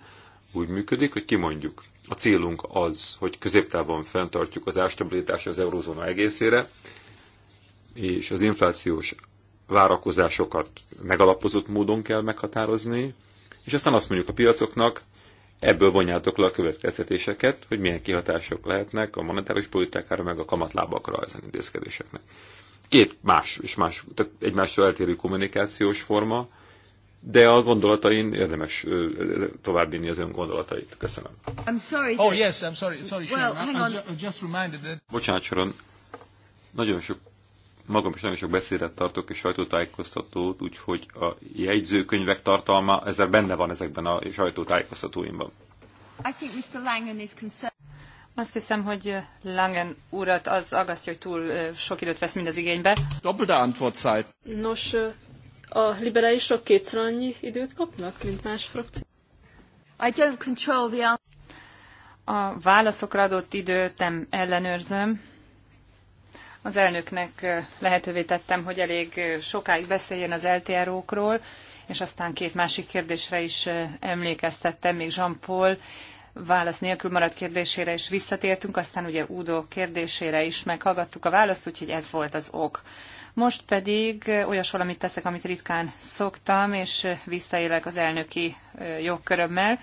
úgy működik, hogy kimondjuk. A célunk az, hogy középtávon fenntartjuk az árstabilitást az eurozóna egészére, és az inflációs várakozásokat megalapozott módon kell meghatározni, és aztán azt mondjuk a piacoknak, ebből vonjátok le a következtetéseket, hogy milyen kihatások lehetnek a monetáris politikára, meg a kamatlábakra ezen intézkedéseknek. Két más és más, tehát egymástól eltérő kommunikációs forma, de a gondolatain érdemes továbbvinni az ön gondolatait. Köszönöm. I'm sorry. Oh yes, I'm sorry. Sorry, well, hang on. I'm just reminded that... Bocsánat, Sharon. Nagyon sok magam is nagyon sok beszédet tartok és sajtótájékoztatót, úgyhogy a jegyzőkönyvek tartalma ezzel benne van ezekben a sajtótájékoztatóimban. Azt hiszem, hogy Langen urat az agasztja, hogy túl sok időt vesz az igénybe. Antwortzeit. Nos, a liberálisok kétszer annyi időt kapnak, mint más frakció. I don't control the... A válaszokra adott időt nem ellenőrzöm. Az elnöknek lehetővé tettem, hogy elég sokáig beszéljen az LTRO-król, és aztán két másik kérdésre is emlékeztettem, még Jean-Paul válasz nélkül maradt kérdésére is visszatértünk, aztán ugye Udo kérdésére is meghallgattuk a választ, úgyhogy ez volt az ok. Most pedig olyas valamit teszek, amit ritkán szoktam, és visszaélek az elnöki jogkörömmel.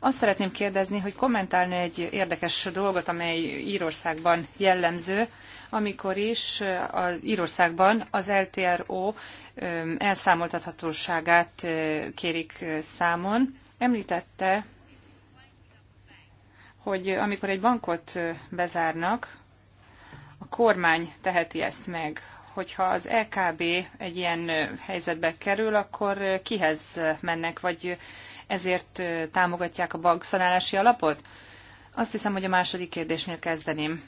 Azt szeretném kérdezni, hogy kommentálni egy érdekes dolgot, amely Írországban jellemző, amikor is eh, az Írországban az LTRO eh, elszámoltathatóságát eh, kérik számon. Említette, hogy amikor egy bankot bezárnak, a kormány teheti ezt meg. Hogyha az LKB egy ilyen helyzetbe kerül, akkor kihez mennek, vagy ezért támogatják a bankszanálási alapot? Azt hiszem, hogy a második kérdésnél kezdeném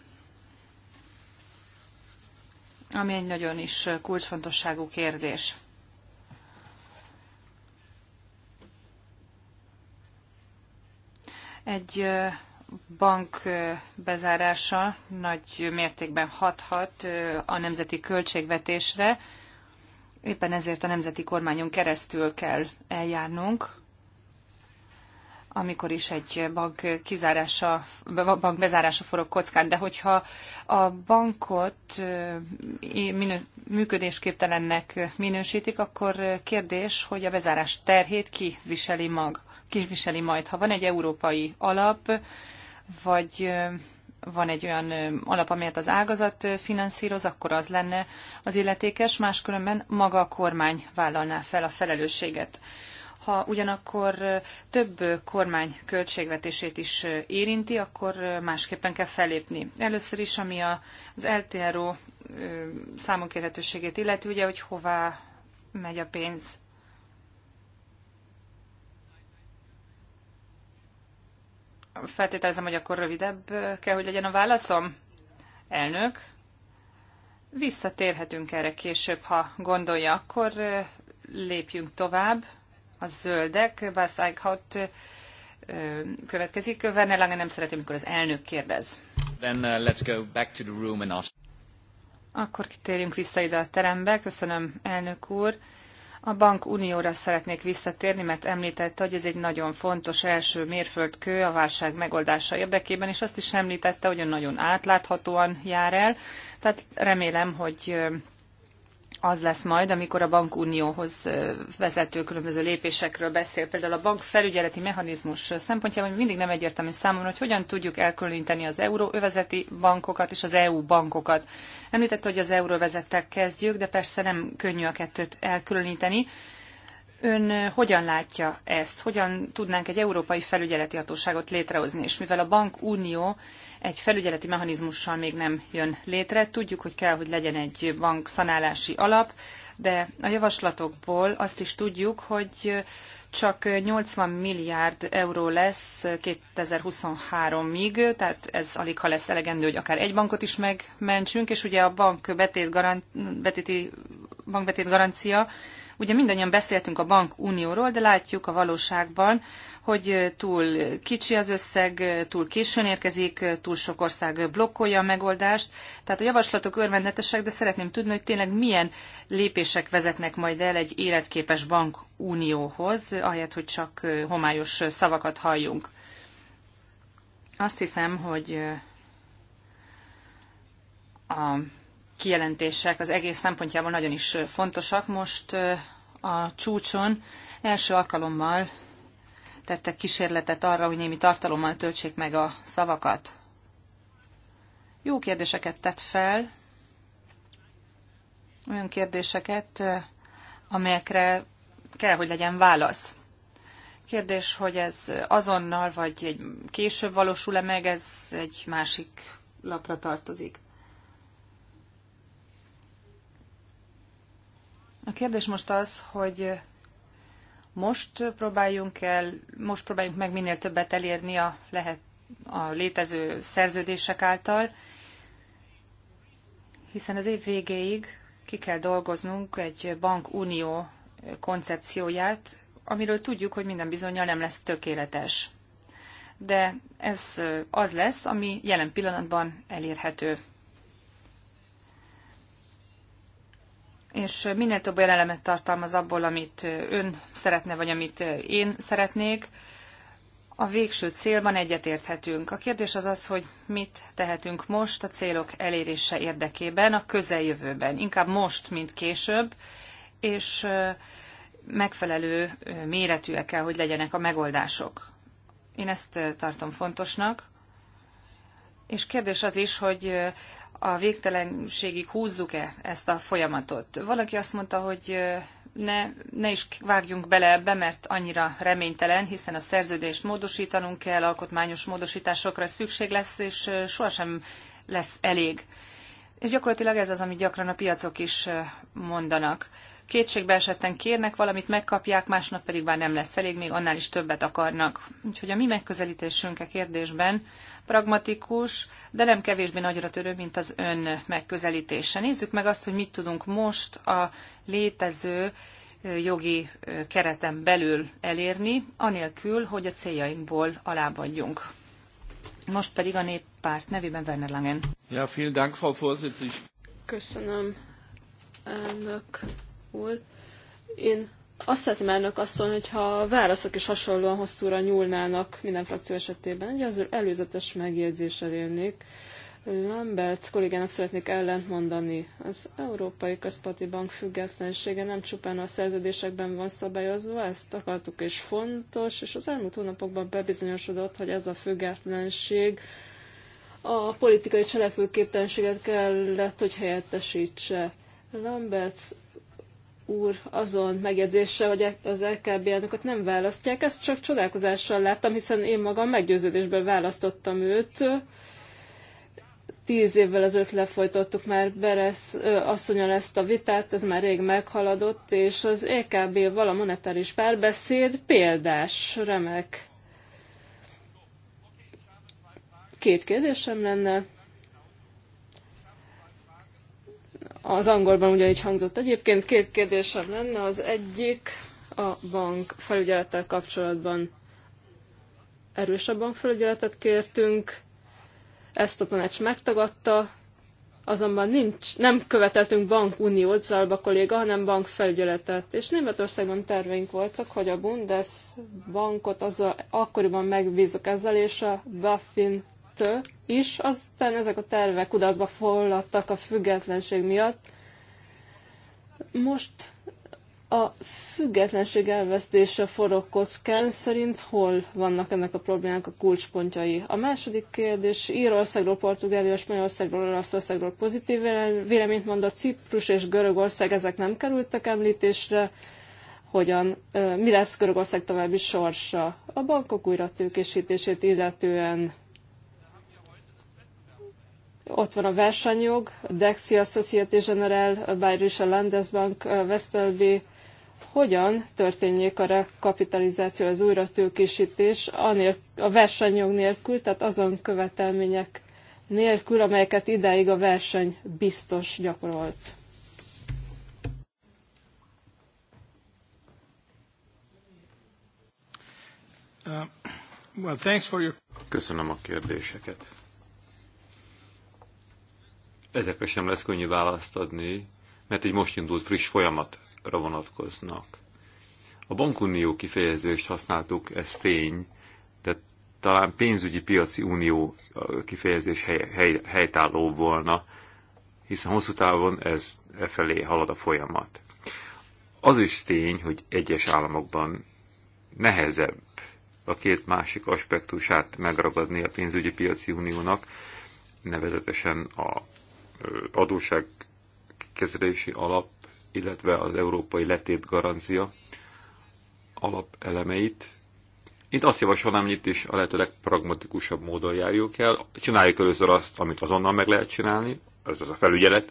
ami egy nagyon is kulcsfontosságú kérdés. Egy bank bezárása nagy mértékben hathat a nemzeti költségvetésre, éppen ezért a nemzeti kormányon keresztül kell eljárnunk amikor is egy bank, kizárása, bank bezárása forog kockán, de hogyha a bankot működésképtelennek minősítik, akkor kérdés, hogy a bezárás terhét ki viseli, mag, ki viseli majd. Ha van egy európai alap, vagy van egy olyan alap, amelyet az ágazat finanszíroz, akkor az lenne az illetékes, máskülönben maga a kormány vállalná fel a felelősséget. Ha ugyanakkor több kormány költségvetését is érinti, akkor másképpen kell fellépni. Először is, ami az LTRO számon kérhetőségét illeti, ugye, hogy hová megy a pénz. Feltételezem, hogy akkor rövidebb kell, hogy legyen a válaszom. Elnök, visszatérhetünk erre később, ha gondolja, akkor lépjünk tovább a zöldek, Bas Eichhout következik. Werner Lange nem szereti, amikor az elnök kérdez. Then uh, let's go back to the room and ask. Akkor kitérjünk vissza ide a terembe. Köszönöm, elnök úr. A bank unióra szeretnék visszatérni, mert említette, hogy ez egy nagyon fontos első mérföldkő a válság megoldása érdekében, és azt is említette, hogy nagyon átláthatóan jár el. Tehát remélem, hogy az lesz majd, amikor a bankunióhoz vezető különböző lépésekről beszél. Például a bank felügyeleti mechanizmus szempontjából mindig nem egyértelmű számomra, hogy hogyan tudjuk elkülöníteni az euróövezeti bankokat és az EU bankokat. Említette, hogy az euróvezettel kezdjük, de persze nem könnyű a kettőt elkülöníteni Ön eh, hogyan látja ezt? Hogyan tudnánk egy európai felügyeleti hatóságot létrehozni? És mivel a bankunió egy felügyeleti mechanizmussal még nem jön létre, tudjuk, hogy kell, hogy legyen egy bankszanálási alap, de a javaslatokból azt is tudjuk, hogy csak 80 milliárd euró lesz 2023-ig, tehát ez alig ha lesz elegendő, hogy akár egy bankot is megmentsünk, és ugye a bank betét garan- betéti, bankbetét garancia Ugye mindannyian beszéltünk a bankunióról, de látjuk a valóságban, hogy túl kicsi az összeg, túl későn érkezik, túl sok ország blokkolja a megoldást. Tehát a javaslatok örvendetesek, de szeretném tudni, hogy tényleg milyen lépések vezetnek majd el egy életképes bankunióhoz, ahelyett, hogy csak homályos szavakat halljunk. Azt hiszem, hogy a kijelentések az egész szempontjából nagyon is fontosak. Most a csúcson első alkalommal tettek kísérletet arra, hogy némi tartalommal töltsék meg a szavakat. Jó kérdéseket tett fel, olyan kérdéseket, amelyekre kell, hogy legyen válasz. Kérdés, hogy ez azonnal, vagy egy később valósul-e meg, ez egy másik lapra tartozik. A kérdés most az, hogy most próbáljunk el, most próbáljunk meg minél többet elérni a, lehet, a létező szerződések által, hiszen az év végéig ki kell dolgoznunk egy bankunió koncepcióját, amiről tudjuk, hogy minden bizonyal nem lesz tökéletes. De ez az lesz, ami jelen pillanatban elérhető. és minél több olyan elemet tartalmaz abból, amit ön szeretne, vagy amit én szeretnék, a végső célban egyetérthetünk. A kérdés az az, hogy mit tehetünk most a célok elérése érdekében a közeljövőben, inkább most, mint később, és megfelelő méretűek kell, hogy legyenek a megoldások. Én ezt tartom fontosnak. És kérdés az is, hogy a végtelenségig húzzuk-e ezt a folyamatot. Valaki azt mondta, hogy ne, ne is vágjunk bele ebbe, mert annyira reménytelen, hiszen a szerződést módosítanunk kell, alkotmányos módosításokra szükség lesz, és sohasem lesz elég. És gyakorlatilag ez az, amit gyakran a piacok is mondanak kétségbe esetten kérnek valamit, megkapják, másnap pedig már nem lesz elég, még annál is többet akarnak. Úgyhogy a mi megközelítésünk a kérdésben pragmatikus, de nem kevésbé nagyra törő, mint az ön megközelítése. Nézzük meg azt, hogy mit tudunk most a létező jogi kereten belül elérni, anélkül, hogy a céljainkból alábadjunk. Most pedig a néppárt nevében Werner Langen. Ja, vielen Dank, Frau Vorsitz. Köszönöm, elnök úr. Én azt szeretném elnök asszony, hogyha a válaszok is hasonlóan hosszúra nyúlnának minden frakció esetében, egy az előzetes megjegyzéssel élnék. Lambert kollégának szeretnék ellentmondani. Az Európai Központi Bank függetlensége nem csupán a szerződésekben van szabályozva, ezt akartuk és fontos, és az elmúlt hónapokban bebizonyosodott, hogy ez a függetlenség a politikai cselekvőképtelenséget kellett, hogy helyettesítse. Lamberts úr azon megjegyzése, hogy e- az LKB elnököt nem választják, ezt csak csodálkozással láttam, hiszen én magam meggyőződésből választottam őt. Tíz évvel ezelőtt lefolytottuk már Beres asszonyal ezt a vitát, ez már rég meghaladott, és az ekb vala monetáris párbeszéd példás, remek. Két kérdésem lenne. Az angolban ugyanígy hangzott egyébként. Két kérdésem lenne. Az egyik a bank felügyelettel kapcsolatban erősebb felügyeletet kértünk, ezt a tanács megtagadta, azonban nincs, nem követeltünk bankuniót, Zalba kolléga, hanem bankfelügyeletet. És Németországban terveink voltak, hogy a Bundesbankot az a, akkoriban megbízok ezzel, és a Buffin is, aztán ezek a tervek kudarcba forradtak a függetlenség miatt. Most a függetlenség elvesztése forog kockán, szerint hol vannak ennek a problémának a kulcspontjai? A második kérdés, Írországról, Portugália, Spanyolországról, Olaszországról pozitív véleményt mondott, Ciprus és Görögország, ezek nem kerültek említésre. Hogyan, mi lesz Görögország további sorsa? A bankok újra tőkésítését illetően ott van a versenyjog, a Dexia, Société General, a Bayerische Landesbank, a Vestelbi, hogyan történjék a rekapitalizáció, az újra tőkésítés a versenyjog nélkül, tehát azon követelmények nélkül, amelyeket ideig a verseny biztos gyakorolt. Uh, Köszönöm a kérdéseket ezekre sem lesz könnyű választ adni, mert egy most indult friss folyamatra vonatkoznak. A bankunió kifejezést használtuk, ez tény, de talán pénzügyi piaci unió kifejezés hely, hely, helytálló volna, hiszen hosszú távon ez e felé halad a folyamat. Az is tény, hogy egyes államokban nehezebb a két másik aspektusát megragadni a pénzügyi piaci uniónak, nevezetesen a adósságkezelési alap, illetve az európai letét garancia alapelemeit. Itt azt javasolnám, hogy itt is a lehető legpragmatikusabb módon járjuk el. Csináljuk először azt, amit azonnal meg lehet csinálni, ez az a felügyelet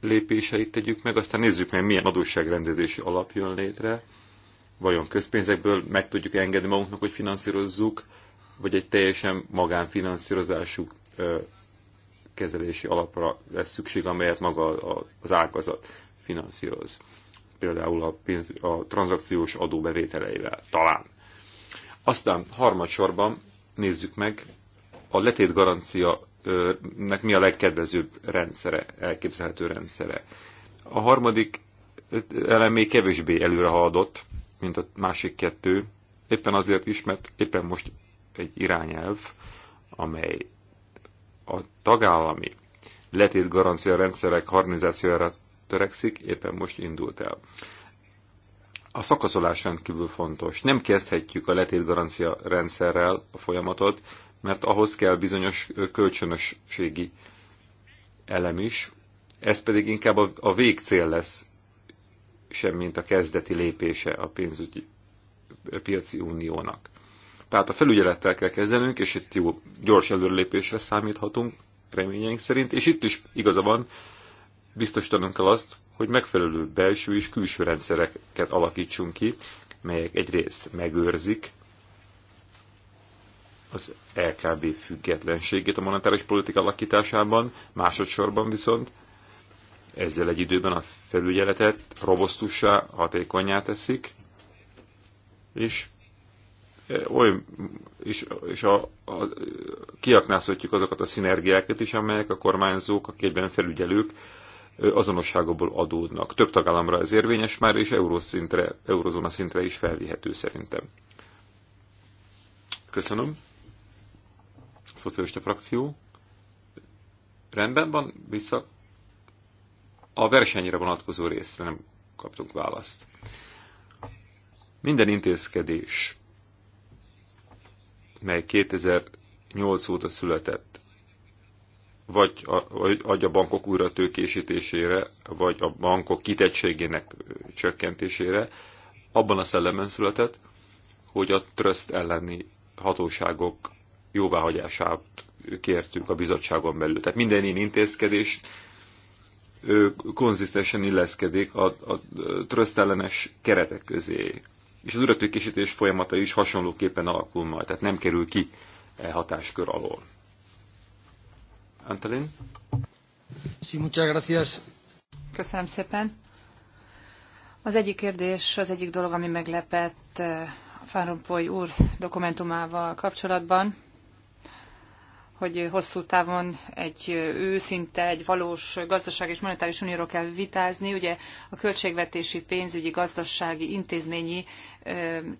lépéseit tegyük meg, aztán nézzük meg, milyen adósságrendezési alap jön létre, vajon közpénzekből meg tudjuk engedni magunknak, hogy finanszírozzuk, vagy egy teljesen magánfinanszírozású kezelési alapra lesz szükség, amelyet maga az ágazat finanszíroz. Például a, pénz, a tranzakciós adó bevételeivel talán. Aztán harmadsorban nézzük meg a letét garancia nek mi a legkedvezőbb rendszere, elképzelhető rendszere. A harmadik elem még kevésbé előre haladott, mint a másik kettő, éppen azért is, mert éppen most egy irányelv, amely a tagállami letét garancia rendszerek harmonizációjára törekszik, éppen most indult el. A szakaszolás rendkívül fontos. Nem kezdhetjük a letét garancia rendszerrel a folyamatot, mert ahhoz kell bizonyos kölcsönösségi elem is, ez pedig inkább a, a végcél lesz, semmint a kezdeti lépése a pénzügyi a piaci uniónak. Tehát a felügyelettel kell kezdenünk, és itt jó gyors előrelépésre számíthatunk, reményeink szerint, és itt is igaza van, biztosítanunk kell azt, hogy megfelelő belső és külső rendszereket alakítsunk ki, melyek egyrészt megőrzik az LKB függetlenségét a monetáris politika alakításában, másodszorban viszont ezzel egy időben a felügyeletet robosztussá, hatékonyá teszik, és oly, és, és a, a, kiaknázhatjuk azokat a szinergiákat is, amelyek a kormányzók, a kétben felügyelők azonosságából adódnak. Több tagállamra ez érvényes már, és euroszintre, eurozóna szintre is felvihető szerintem. Köszönöm. A szocialista frakció. Rendben van, vissza. A versenyre vonatkozó részre nem kaptunk választ. Minden intézkedés, mely 2008 óta született, vagy a, adja bankok újra tőkésítésére, vagy a bankok kitettségének csökkentésére, abban a szellemben született, hogy a tröszt elleni hatóságok jóváhagyását kértük a bizottságon belül. Tehát minden ilyen intézkedés konzisztensen illeszkedik a, a ellenes keretek közé és az öröktökésítés folyamata is hasonlóképpen alakul majd, tehát nem kerül ki e hatáskör alól. Antalin? Sí, muchas gracias. Köszönöm szépen. Az egyik kérdés, az egyik dolog, ami meglepett eh, Fáronpoly úr dokumentumával kapcsolatban, hogy hosszú távon egy őszinte, egy valós gazdaság és monetáris unióról kell vitázni. Ugye a költségvetési, pénzügyi, gazdasági, intézményi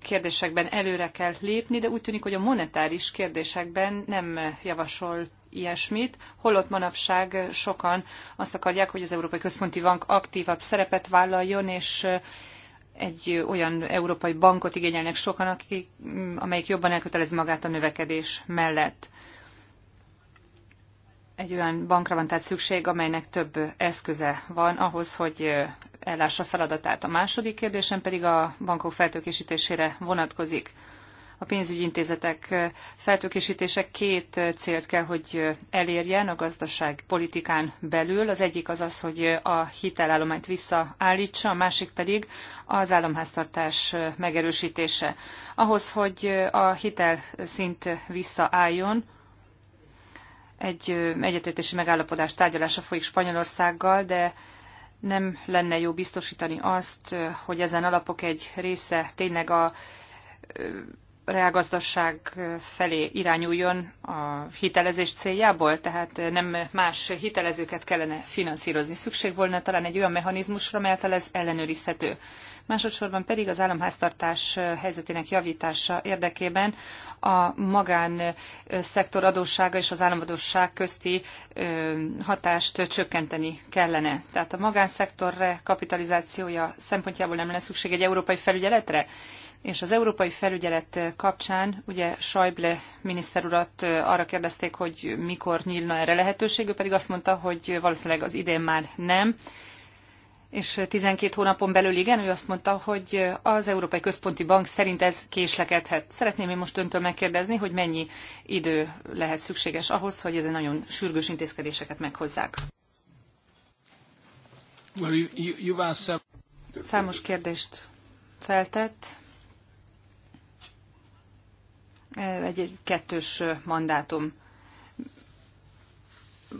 kérdésekben előre kell lépni, de úgy tűnik, hogy a monetáris kérdésekben nem javasol ilyesmit, holott manapság sokan azt akarják, hogy az Európai Központi Bank aktívabb szerepet vállaljon, és egy olyan európai bankot igényelnek sokan, akik, amelyik jobban elkötelez magát a növekedés mellett egy olyan bankra van tehát szükség, amelynek több eszköze van ahhoz, hogy ellássa feladatát. A második kérdésem pedig a bankok feltőkésítésére vonatkozik. A pénzügyintézetek feltőkésítése két célt kell, hogy elérjen a gazdaság politikán belül. Az egyik az az, hogy a hitelállományt visszaállítsa, a másik pedig az államháztartás megerősítése. Ahhoz, hogy a hitel szint visszaálljon, egy egyetértési megállapodás tárgyalása folyik Spanyolországgal, de nem lenne jó biztosítani azt, hogy ezen alapok egy része tényleg a reálgazdaság felé irányuljon a hitelezés céljából, tehát nem más hitelezőket kellene finanszírozni. Szükség volna talán egy olyan mechanizmusra, mely ez ellenőrizhető másodszorban pedig az államháztartás helyzetének javítása érdekében a magán szektor adóssága és az államadósság közti hatást csökkenteni kellene. Tehát a magánszektor kapitalizációja szempontjából nem lenne szükség egy európai felügyeletre? És az európai felügyelet kapcsán ugye Schäuble miniszter urat arra kérdezték, hogy mikor nyílna erre lehetőség, ő pedig azt mondta, hogy valószínűleg az idén már nem, és 12 hónapon belül igen, ő azt mondta, hogy az Európai Központi Bank szerint ez késlekedhet. Szeretném én most öntől megkérdezni, hogy mennyi idő lehet szükséges ahhoz, hogy ezen nagyon sürgős intézkedéseket meghozzák. Számos kérdést feltett. Egy, egy kettős mandátum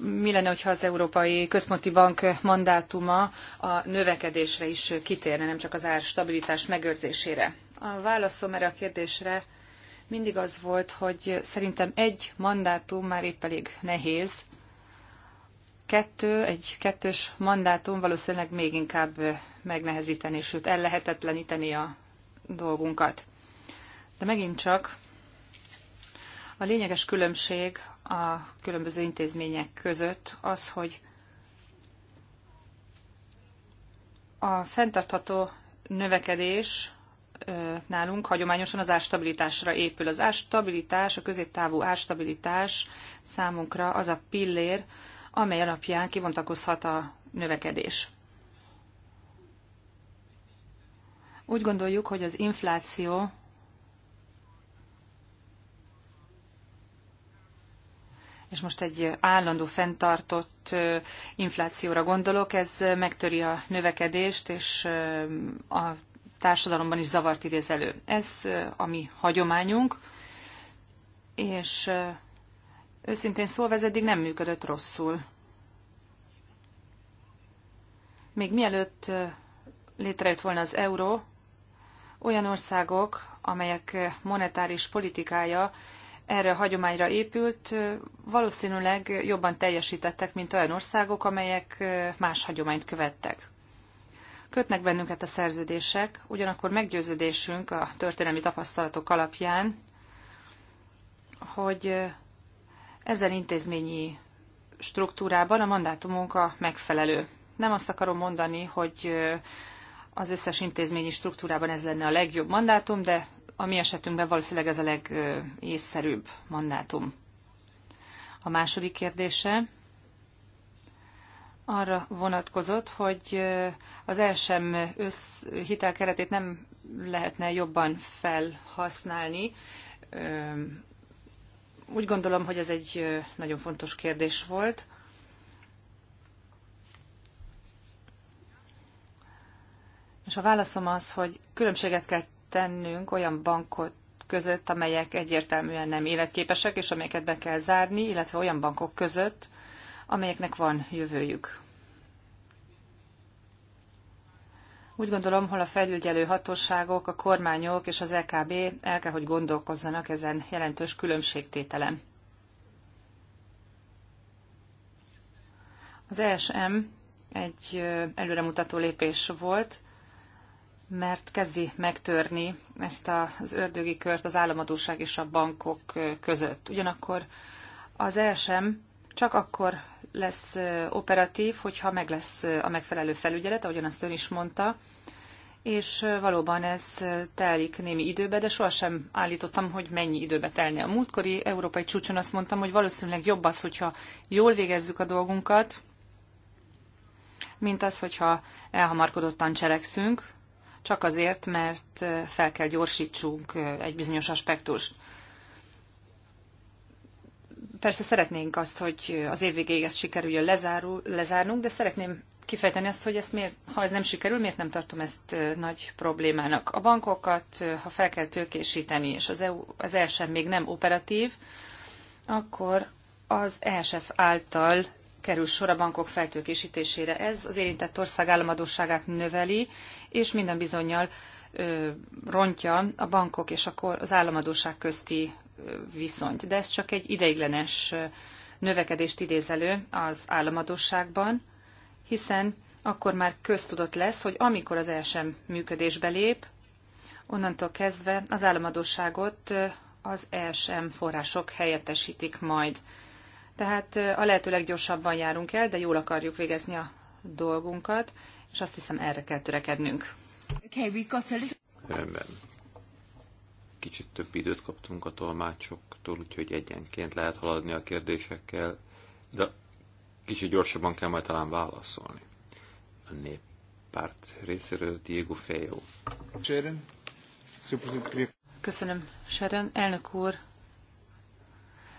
mi lenne, hogyha az Európai Központi Bank mandátuma a növekedésre is kitérne, nem csak az árstabilitás megőrzésére? A válaszom erre a kérdésre mindig az volt, hogy szerintem egy mandátum már épp elég nehéz, kettő, egy kettős mandátum valószínűleg még inkább megnehezíteni, sőt ellehetetleníteni a dolgunkat. De megint csak a lényeges különbség a különböző intézmények között az, hogy a fenntartható növekedés nálunk hagyományosan az árstabilitásra épül. Az árstabilitás, a középtávú árstabilitás számunkra az a pillér, amely alapján kivontakozhat a növekedés. Úgy gondoljuk, hogy az infláció és most egy állandó fenntartott inflációra gondolok, ez megtöri a növekedést, és a társadalomban is zavart idéz elő. Ez a mi hagyományunk, és őszintén szólva ez eddig nem működött rosszul. Még mielőtt létrejött volna az euró, olyan országok, amelyek monetáris politikája erre a hagyományra épült, valószínűleg jobban teljesítettek, mint olyan országok, amelyek más hagyományt követtek. Kötnek bennünket a szerződések, ugyanakkor meggyőződésünk a történelmi tapasztalatok alapján, hogy ezen intézményi struktúrában a mandátumunk a megfelelő. Nem azt akarom mondani, hogy az összes intézményi struktúrában ez lenne a legjobb mandátum, de a mi esetünkben valószínűleg ez a legészszerűbb mandátum. A második kérdése arra vonatkozott, hogy az ESM hitelkeretét keretét nem lehetne jobban felhasználni. Úgy gondolom, hogy ez egy nagyon fontos kérdés volt. És a válaszom az, hogy különbséget kell tennünk olyan bankok között, amelyek egyértelműen nem életképesek, és amelyeket be kell zárni, illetve olyan bankok között, amelyeknek van jövőjük. Úgy gondolom, hol a felügyelő hatóságok, a kormányok és az LKB e el kell, hogy gondolkozzanak ezen jelentős különbségtételen. Az ESM egy előremutató lépés volt, mert kezdi megtörni ezt az ördögi kört az államadóság és a bankok között. Ugyanakkor az ESM csak akkor lesz operatív, hogyha meg lesz a megfelelő felügyelet, ahogyan azt ön is mondta, és valóban ez telik némi időbe, de sohasem állítottam, hogy mennyi időbe telne. A múltkori európai csúcson azt mondtam, hogy valószínűleg jobb az, hogyha jól végezzük a dolgunkat, mint az, hogyha elhamarkodottan cselekszünk, csak azért, mert fel kell gyorsítsunk egy bizonyos aspektust. Persze szeretnénk azt, hogy az év végéig ezt sikerüljön lezárul, lezárnunk, de szeretném kifejteni azt, hogy ezt miért, ha ez nem sikerül, miért nem tartom ezt nagy problémának. A bankokat, ha fel kell tőkésíteni, és az, EU, az ESM még nem operatív, akkor az ESF által kerül sor a bankok feltőkésítésére. Ez az érintett ország államadóságát növeli, és minden bizonyal rontja a bankok és akkor az államadóság közti viszonyt. De ez csak egy ideiglenes növekedést idéz elő az államadóságban, hiszen akkor már köztudott lesz, hogy amikor az ESM működésbe lép, onnantól kezdve az államadóságot az ESM források helyettesítik majd. Tehát a lehető leggyorsabban járunk el, de jól akarjuk végezni a dolgunkat, és azt hiszem erre kell törekednünk. Okay, we got a little... Rendben. Kicsit több időt kaptunk a tolmácsoktól, úgyhogy egyenként lehet haladni a kérdésekkel, de kicsit gyorsabban kell majd talán válaszolni. A néppárt részéről Diego Fejo. Köszönöm, Sharon. Elnök úr,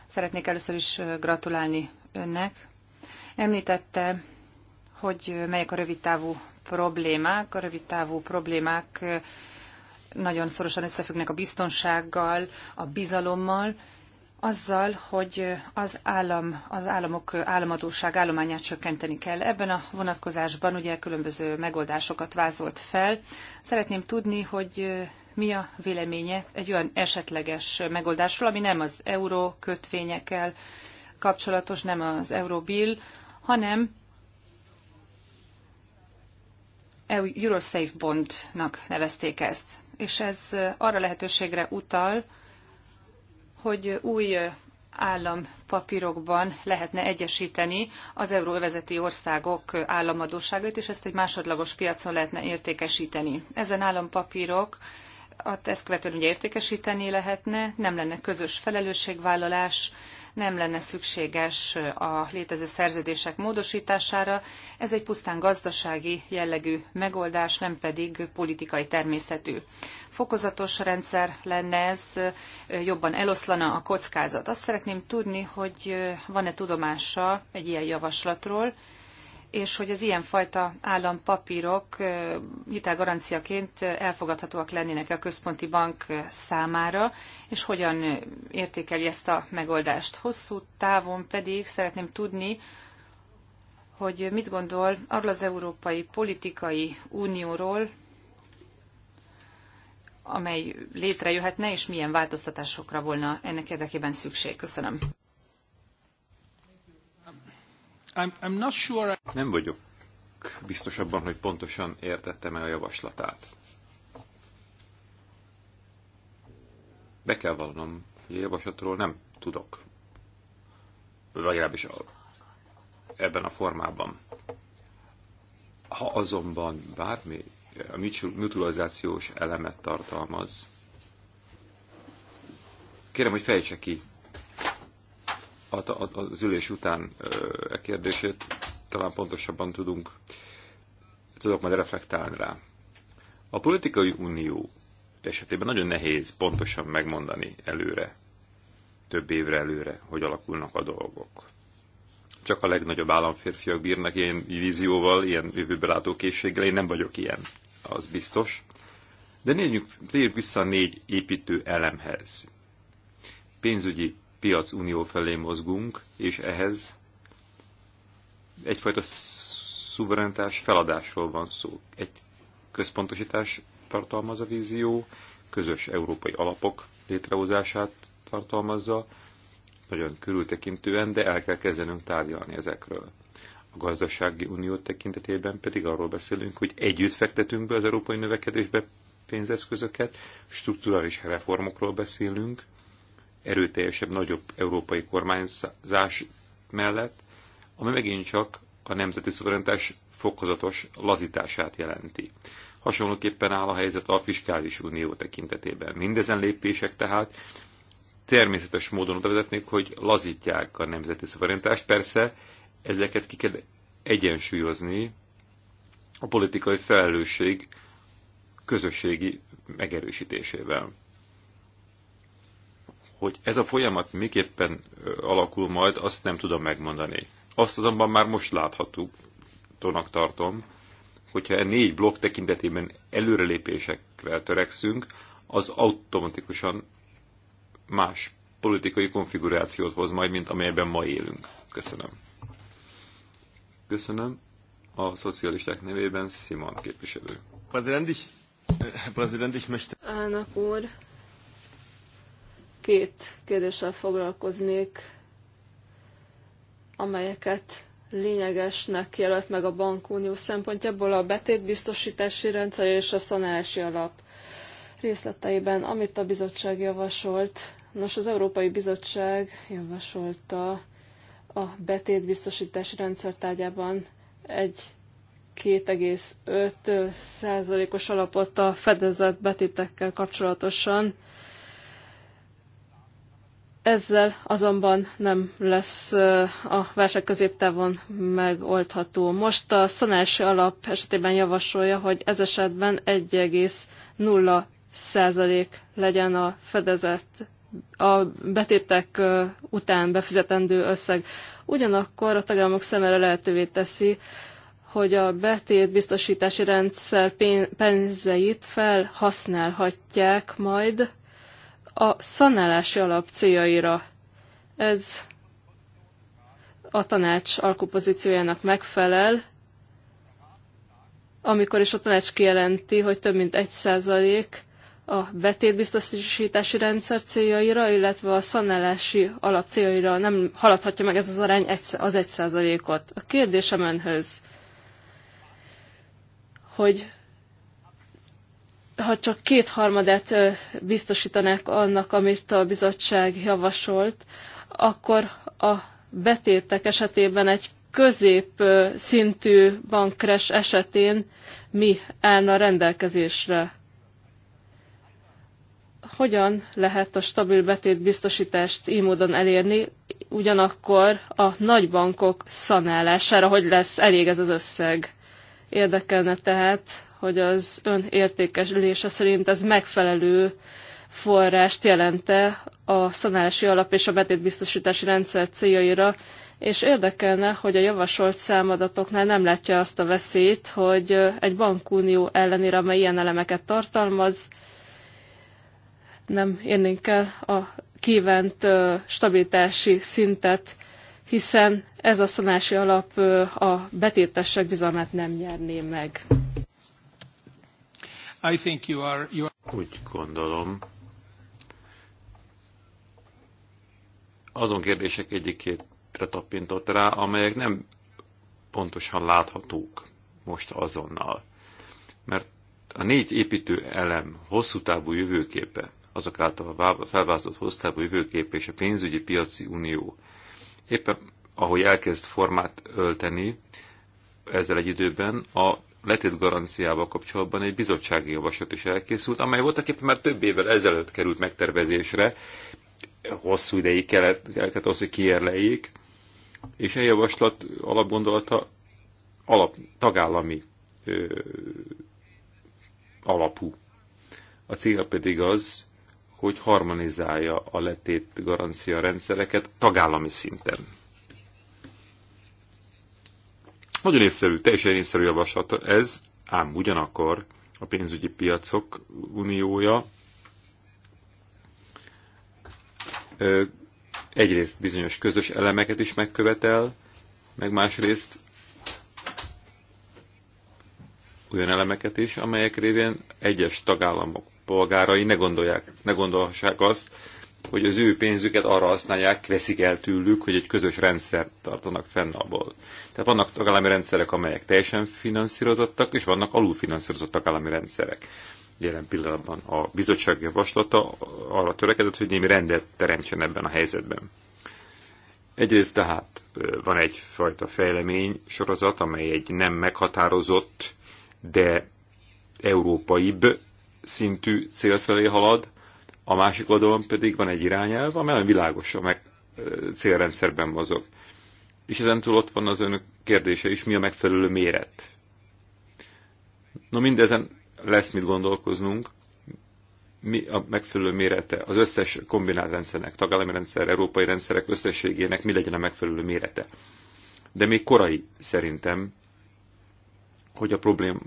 Szeretnék először is gratulálni önnek. Említette, hogy melyek a rövidtávú problémák. A rövidtávú problémák nagyon szorosan összefüggnek a biztonsággal, a bizalommal, azzal, hogy az, állam, az államok államadóság állományát csökkenteni kell. Ebben a vonatkozásban ugye különböző megoldásokat vázolt fel. Szeretném tudni, hogy mi a véleménye egy olyan esetleges megoldásról, ami nem az euró kötvényekkel kapcsolatos, nem az Eurobill, hanem Eurosafe Bondnak nevezték ezt. És ez arra lehetőségre utal, hogy új állampapírokban lehetne egyesíteni az euróövezeti országok államadóságait, és ezt egy másodlagos piacon lehetne értékesíteni. Ezen állampapírok ezt követően ugye értékesíteni lehetne, nem lenne közös felelősségvállalás, nem lenne szükséges a létező szerződések módosítására. Ez egy pusztán gazdasági jellegű megoldás, nem pedig politikai természetű. Fokozatos rendszer lenne ez, jobban eloszlana a kockázat. Azt szeretném tudni, hogy van-e tudomása egy ilyen javaslatról, és hogy az ilyenfajta állampapírok hitelgaranciaként elfogadhatóak lennének a központi bank számára, és hogyan értékeli ezt a megoldást. Hosszú távon pedig szeretném tudni, hogy mit gondol arról az Európai Politikai Unióról, amely létrejöhetne, és milyen változtatásokra volna ennek érdekében szükség. Köszönöm. I'm, I'm not sure... Nem vagyok biztos abban, hogy pontosan értettem-e a javaslatát. Be kell vallanom, hogy a javaslatról nem tudok. Legalábbis ebben a formában. Ha azonban bármi a mutualizációs elemet tartalmaz, kérem, hogy fejtse ki az ülés után e kérdését talán pontosabban tudunk, tudok majd reflektálni rá. A politikai unió esetében nagyon nehéz pontosan megmondani előre, több évre előre, hogy alakulnak a dolgok. Csak a legnagyobb államférfiak bírnak ilyen vízióval, ilyen látó készséggel, én nem vagyok ilyen, az biztos. De nézzük vissza a négy építő elemhez. Pénzügyi piacunió felé mozgunk, és ehhez egyfajta szuverenitás feladásról van szó. Egy központosítás tartalmaz a vízió, közös európai alapok létrehozását tartalmazza, nagyon körültekintően, de el kell kezdenünk tárgyalni ezekről. A gazdasági unió tekintetében pedig arról beszélünk, hogy együtt fektetünk be az európai növekedésbe pénzeszközöket, strukturális reformokról beszélünk, erőteljesebb, nagyobb európai kormányzás mellett, ami megint csak a nemzeti szuverenitás fokozatos lazítását jelenti. Hasonlóképpen áll a helyzet a fiskális unió tekintetében. Mindezen lépések tehát természetes módon oda vezetnék, hogy lazítják a nemzeti szuverenitást. Persze ezeket ki kell egyensúlyozni a politikai felelősség közösségi megerősítésével. Hogy ez a folyamat miképpen alakul majd, azt nem tudom megmondani. Azt azonban már most láthatjuk, tonak tartom, hogyha e négy blokk tekintetében előrelépésekre törekszünk, az automatikusan más politikai konfigurációt hoz majd, mint amelyben ma élünk. Köszönöm. Köszönöm. A szocialisták nevében Simon képviselő. Prezident, ich, äh, Prezident, ich möchte... Elnök úr, két kérdéssel foglalkoznék, amelyeket lényegesnek jelölt meg a bankunió szempontjából a betétbiztosítási rendszer és a szanálási alap részleteiben, amit a bizottság javasolt. Nos, az Európai Bizottság javasolta a betétbiztosítási rendszer tárgyában egy 2,5 százalékos alapot a fedezett betétekkel kapcsolatosan ezzel azonban nem lesz a válság középtávon megoldható. Most a szanási alap esetében javasolja, hogy ez esetben 1,0 százalék legyen a fedezett a betétek után befizetendő összeg. Ugyanakkor a tagállamok szemére lehetővé teszi, hogy a betét biztosítási rendszer pénzeit felhasználhatják majd a szanálási alap céljaira. Ez a tanács alkupozíciójának megfelel, amikor is a tanács kijelenti, hogy több mint 1 százalék a betétbiztosítási rendszer céljaira, illetve a szanálási alap céljaira nem haladhatja meg ez az arány az 1 százalékot. A kérdésem önhöz, hogy ha csak kétharmadát biztosítanák annak, amit a bizottság javasolt, akkor a betétek esetében egy közép szintű bankres esetén mi állna rendelkezésre? Hogyan lehet a stabil betét biztosítást így módon elérni, ugyanakkor a nagy bankok szanálására, hogy lesz elég ez az összeg? Érdekelne tehát, hogy az ön értékelése szerint ez megfelelő forrást jelente a szanálási alap és a betétbiztosítási rendszer céljaira, és érdekelne, hogy a javasolt számadatoknál nem látja azt a veszélyt, hogy egy bankunió ellenére, amely ilyen elemeket tartalmaz, nem érnénk el a kívánt stabilitási szintet, hiszen ez a szanási alap a betétesek bizalmát nem nyerné meg. I think you are, you are... Úgy gondolom, azon kérdések egyikétre tapintott rá, amelyek nem pontosan láthatók most azonnal. Mert a négy építő elem hosszú távú jövőképe, azok által felvázott hosszú távú jövőképe és a pénzügyi piaci unió éppen ahogy elkezd formát ölteni, ezzel egy időben a letét garanciával kapcsolatban egy bizottsági javaslat is elkészült, amely voltak már több évvel ezelőtt került megtervezésre, hosszú ideig kellett, kellett az, hogy kiérleljék, és egy javaslat alapgondolata alap, tagállami ö, alapú. A célja pedig az, hogy harmonizálja a letét garancia rendszereket tagállami szinten. Nagyon észszerű, teljesen észszerű javaslat ez, ám ugyanakkor a pénzügyi piacok uniója egyrészt bizonyos közös elemeket is megkövetel, meg másrészt olyan elemeket is, amelyek révén egyes tagállamok polgárai ne, gondolják, ne gondolhassák azt, hogy az ő pénzüket arra használják, veszik el tőlük, hogy egy közös rendszert tartanak fenn abból. Tehát vannak tagállami rendszerek, amelyek teljesen finanszírozottak, és vannak alulfinanszírozott tagállami rendszerek. Jelen pillanatban a bizottság javaslata arra törekedett, hogy némi rendet teremtsen ebben a helyzetben. Egyrészt tehát van egyfajta fejlemény sorozat, amely egy nem meghatározott, de európaibb szintű cél felé halad, a másik oldalon pedig van egy irányelv, amely világos a meg célrendszerben mozog. És ezen túl ott van az önök kérdése is, mi a megfelelő méret. No mindezen lesz mit gondolkoznunk, mi a megfelelő mérete az összes kombinált rendszernek, tagállami rendszer, európai rendszerek összességének mi legyen a megfelelő mérete. De még korai szerintem, hogy a problém,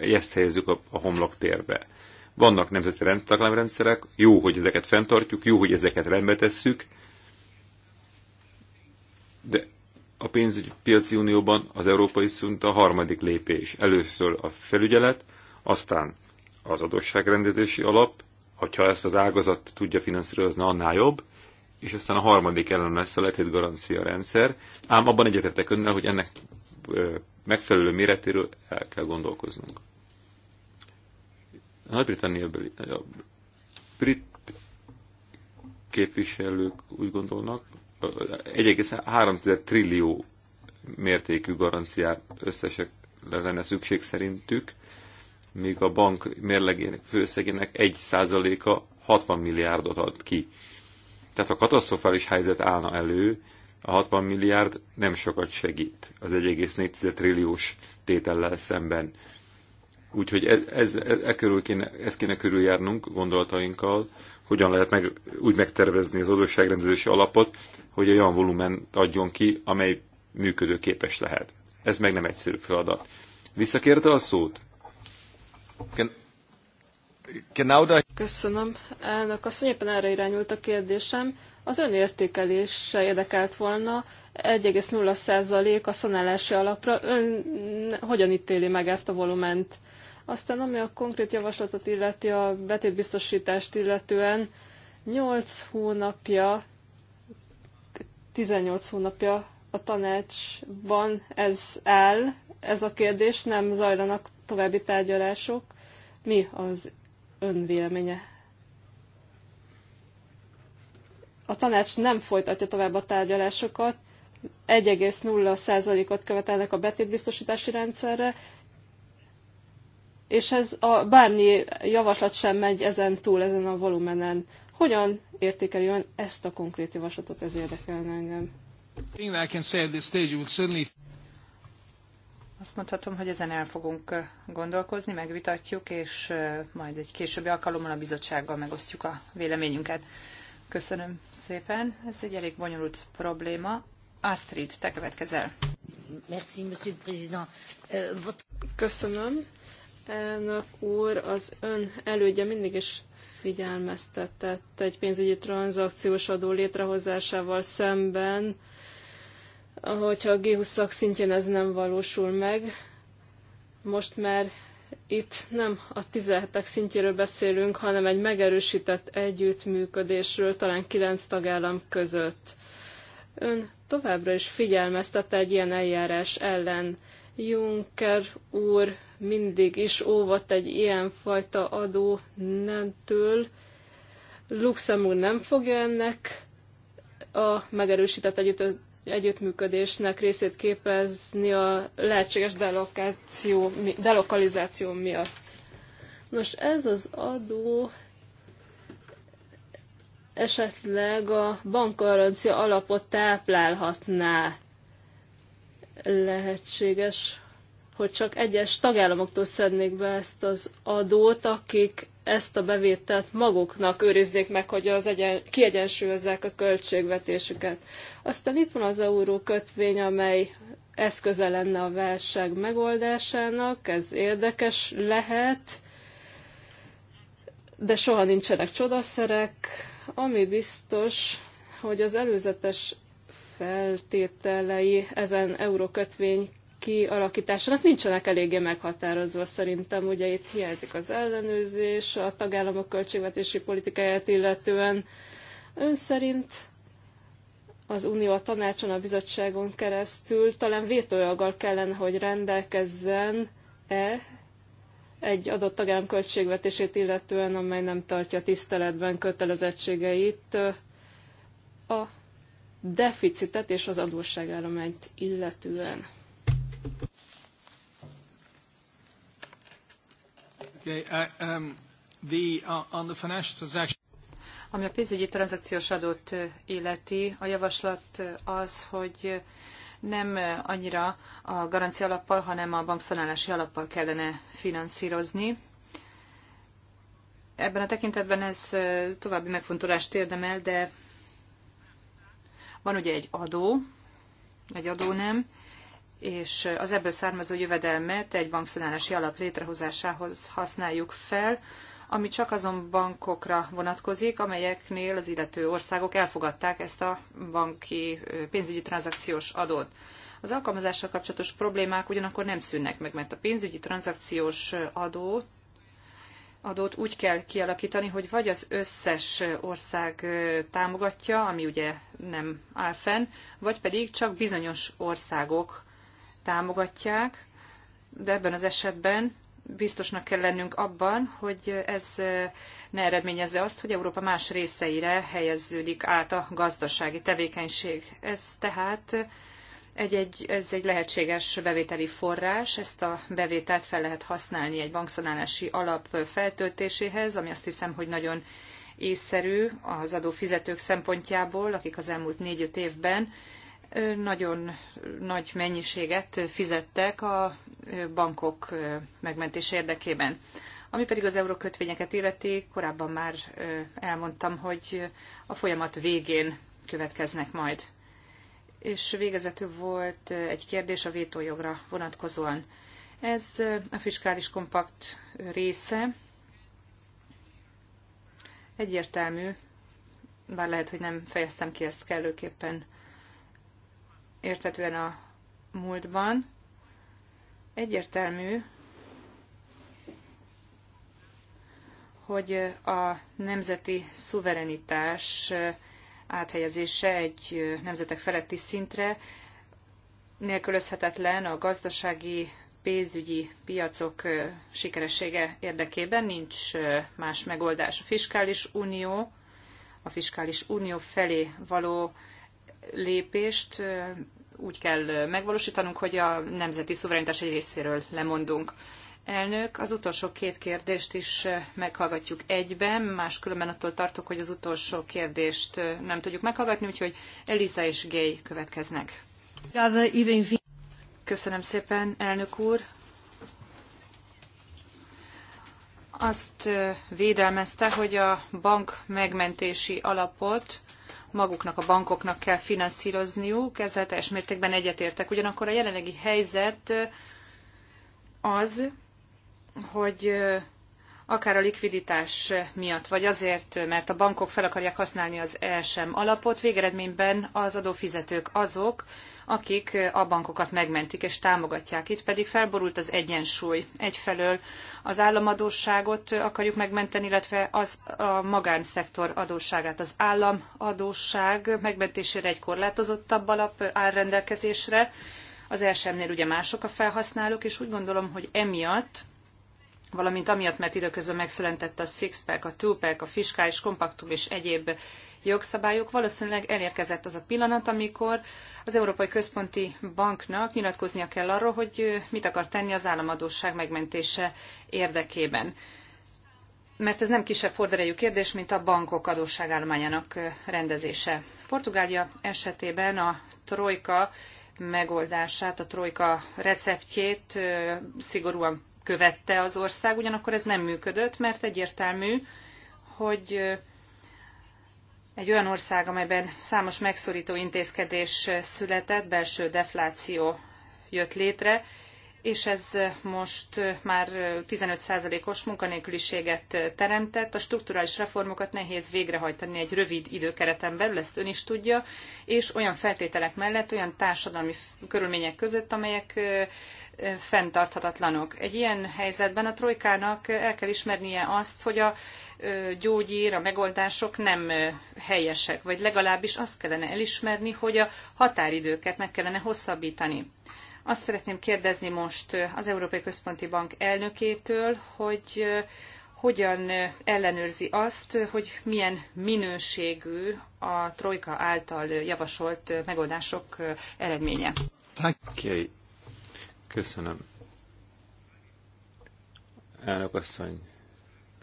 ezt helyezzük a, a homlok térbe. Vannak nemzeti rendszerek, jó, hogy ezeket fenntartjuk, jó, hogy ezeket rendbe tesszük, de a pénzügyi piaci unióban az európai szint a harmadik lépés. Először a felügyelet, aztán az adósságrendezési alap, hogyha ezt az ágazat tudja finanszírozni, annál jobb, és aztán a harmadik ellen lesz a letét garancia rendszer. Ám abban egyetértek önnel, hogy ennek megfelelő méretéről el kell gondolkoznunk. Nagy-Britannia a brit képviselők úgy gondolnak, 1,3 trillió mértékű garanciát összesek lenne szükség szerintük, míg a bank mérlegének főszegének 1%-a 60 milliárdot ad ki. Tehát a katasztrofális helyzet állna elő, a 60 milliárd nem sokat segít az 1,4 trilliós tétellel szemben. Úgyhogy e, ez, ez, e körül kéne, ez kéne körüljárnunk gondolatainkkal, hogyan lehet meg, úgy megtervezni az adósságrendezési alapot, hogy olyan volument adjon ki, amely működőképes lehet. Ez meg nem egyszerű feladat. Visszakérte a szót? Köszönöm, elnök asszony, éppen erre irányult a kérdésem. Az önértékelése érdekelt volna, 1,0% a szanálási alapra. Ön hogyan ítéli meg ezt a volument? Aztán ami a konkrét javaslatot illeti, a betétbiztosítást illetően 8 hónapja, 18 hónapja a tanácsban ez áll, ez a kérdés, nem zajlanak további tárgyalások. Mi az ön véleménye? A tanács nem folytatja tovább a tárgyalásokat, 1,0%-ot követelnek a betétbiztosítási rendszerre, és ez a bármi javaslat sem megy ezen túl, ezen a volumenen. Hogyan értékeli ön ezt a konkrét javaslatot, ez érdekelne engem. Azt mondhatom, hogy ezen el fogunk eh, gondolkozni, megvitatjuk, és eh, majd egy későbbi alkalommal a bizottsággal megosztjuk a véleményünket. Köszönöm szépen. Ez egy elég bonyolult probléma. Astrid, te következel. Eh, Köszönöm elnök úr, az ön elődje mindig is figyelmeztetett egy pénzügyi tranzakciós adó létrehozásával szemben, hogyha a g 20 szintjén ez nem valósul meg. Most már itt nem a 17 szintjéről beszélünk, hanem egy megerősített együttműködésről talán 9 tagállam között. Ön továbbra is figyelmeztette egy ilyen eljárás ellen. Juncker úr mindig is óvat egy ilyenfajta adó nemtől. Luxemburg nem fogja ennek a megerősített együtt, együttműködésnek részét képezni a lehetséges delokáció, delokalizáció miatt. Nos, ez az adó esetleg a bankgarancia alapot táplálhatná. Lehetséges, hogy csak egyes tagállamoktól szednék be ezt az adót, akik ezt a bevételt maguknak őriznék meg, hogy az egyen, kiegyensúlyozzák a költségvetésüket. Aztán itt van az euró kötvény, amely eszköze lenne a válság megoldásának, ez érdekes lehet, de soha nincsenek csodaszerek, ami biztos, hogy az előzetes feltételei ezen eurókötvény kialakításának nincsenek eléggé meghatározva szerintem. Ugye itt hiányzik az ellenőrzés, a tagállamok költségvetési politikáját illetően. Ön szerint az Unió a tanácson, a bizottságon keresztül talán vétójoggal kellene, hogy rendelkezzen-e egy adott tagállam költségvetését illetően, amely nem tartja tiszteletben kötelezettségeit a deficitet és az adósságállományt illetően. Uh, um, uh, Ami a pénzügyi tranzakciós adót uh, illeti, a javaslat az, hogy nem annyira a garancia alappal, hanem a bankszonálási alappal kellene finanszírozni. Ebben a tekintetben ez további megfontolást érdemel, de van ugye egy adó, egy adó nem, és az ebből származó jövedelmet egy bankszanálási alap létrehozásához használjuk fel, ami csak azon bankokra vonatkozik, amelyeknél az illető országok elfogadták ezt a banki pénzügyi tranzakciós adót. Az alkalmazással kapcsolatos problémák ugyanakkor nem szűnnek meg, mert a pénzügyi tranzakciós adót adót úgy kell kialakítani, hogy vagy az összes ország támogatja, ami ugye nem áll fenn, vagy pedig csak bizonyos országok támogatják, de ebben az esetben biztosnak kell lennünk abban, hogy ez eh, ne eredményezze azt, hogy Európa más részeire helyeződik át a gazdasági tevékenység. Ez tehát egy, egy, ez egy lehetséges bevételi forrás, ezt a bevételt fel lehet használni egy bankszonálási alap feltöltéséhez, ami azt hiszem, hogy nagyon észszerű az adófizetők szempontjából, akik az elmúlt négy-öt évben nagyon nagy mennyiséget fizettek a bankok megmentés érdekében. Ami pedig az eurókötvényeket illeti, korábban már elmondtam, hogy a folyamat végén következnek majd. És végezetű volt egy kérdés a vétójogra vonatkozóan. Ez a fiskális kompakt része. Egyértelmű, bár lehet, hogy nem fejeztem ki ezt kellőképpen érthetően a múltban. Egyértelmű, hogy a nemzeti szuverenitás áthelyezése egy nemzetek feletti szintre nélkülözhetetlen a gazdasági pénzügyi piacok sikeressége érdekében nincs más megoldás. A fiskális unió, a fiskális unió felé való lépést úgy kell megvalósítanunk, hogy a nemzeti szuverenitás egy részéről lemondunk. Elnök, az utolsó két kérdést is meghallgatjuk egyben, máskülönben attól tartok, hogy az utolsó kérdést nem tudjuk meghallgatni, úgyhogy Eliza és Gay következnek. Köszönöm szépen, elnök úr. Azt védelmezte, hogy a bank megmentési alapot maguknak, a bankoknak kell finanszírozniuk, ezzel teljes mértékben egyetértek. Ugyanakkor a jelenlegi helyzet az, hogy akár a likviditás miatt, vagy azért, mert a bankok fel akarják használni az ESM alapot, végeredményben az adófizetők azok, akik a bankokat megmentik és támogatják. Itt pedig felborult az egyensúly. Egyfelől az államadósságot akarjuk megmenteni, illetve az a magánszektor adósságát. Az államadósság megmentésére egy korlátozottabb alap áll rendelkezésre. Az elsőmnél ugye mások a felhasználók, és úgy gondolom, hogy emiatt valamint amiatt, mert időközben megszülentett a six-pack, a two-pack, a fiskális kompaktum és egyéb jogszabályok, valószínűleg elérkezett az a pillanat, amikor az Európai Központi Banknak nyilatkoznia kell arról, hogy mit akar tenni az államadóság megmentése érdekében. Mert ez nem kisebb horderejű kérdés, mint a bankok adósságállományának rendezése. Portugália esetében a trojka megoldását, a trojka receptjét szigorúan követte az ország, ugyanakkor ez nem működött, mert egyértelmű, hogy egy olyan ország, amelyben számos megszorító intézkedés született, belső defláció jött létre, és ez most már 15%-os munkanélküliséget teremtett. A strukturális reformokat nehéz végrehajtani egy rövid időkereten belül, ezt ön is tudja, és olyan feltételek mellett, olyan társadalmi körülmények között, amelyek fenntarthatatlanok. Egy ilyen helyzetben a trojkának el kell ismernie azt, hogy a gyógyír, a megoldások nem helyesek, vagy legalábbis azt kellene elismerni, hogy a határidőket meg kellene hosszabbítani. Azt szeretném kérdezni most az Európai Központi Bank elnökétől, hogy hogyan ellenőrzi azt, hogy milyen minőségű a Trojka által javasolt megoldások eredménye. Okay. Köszönöm. Elnök asszony,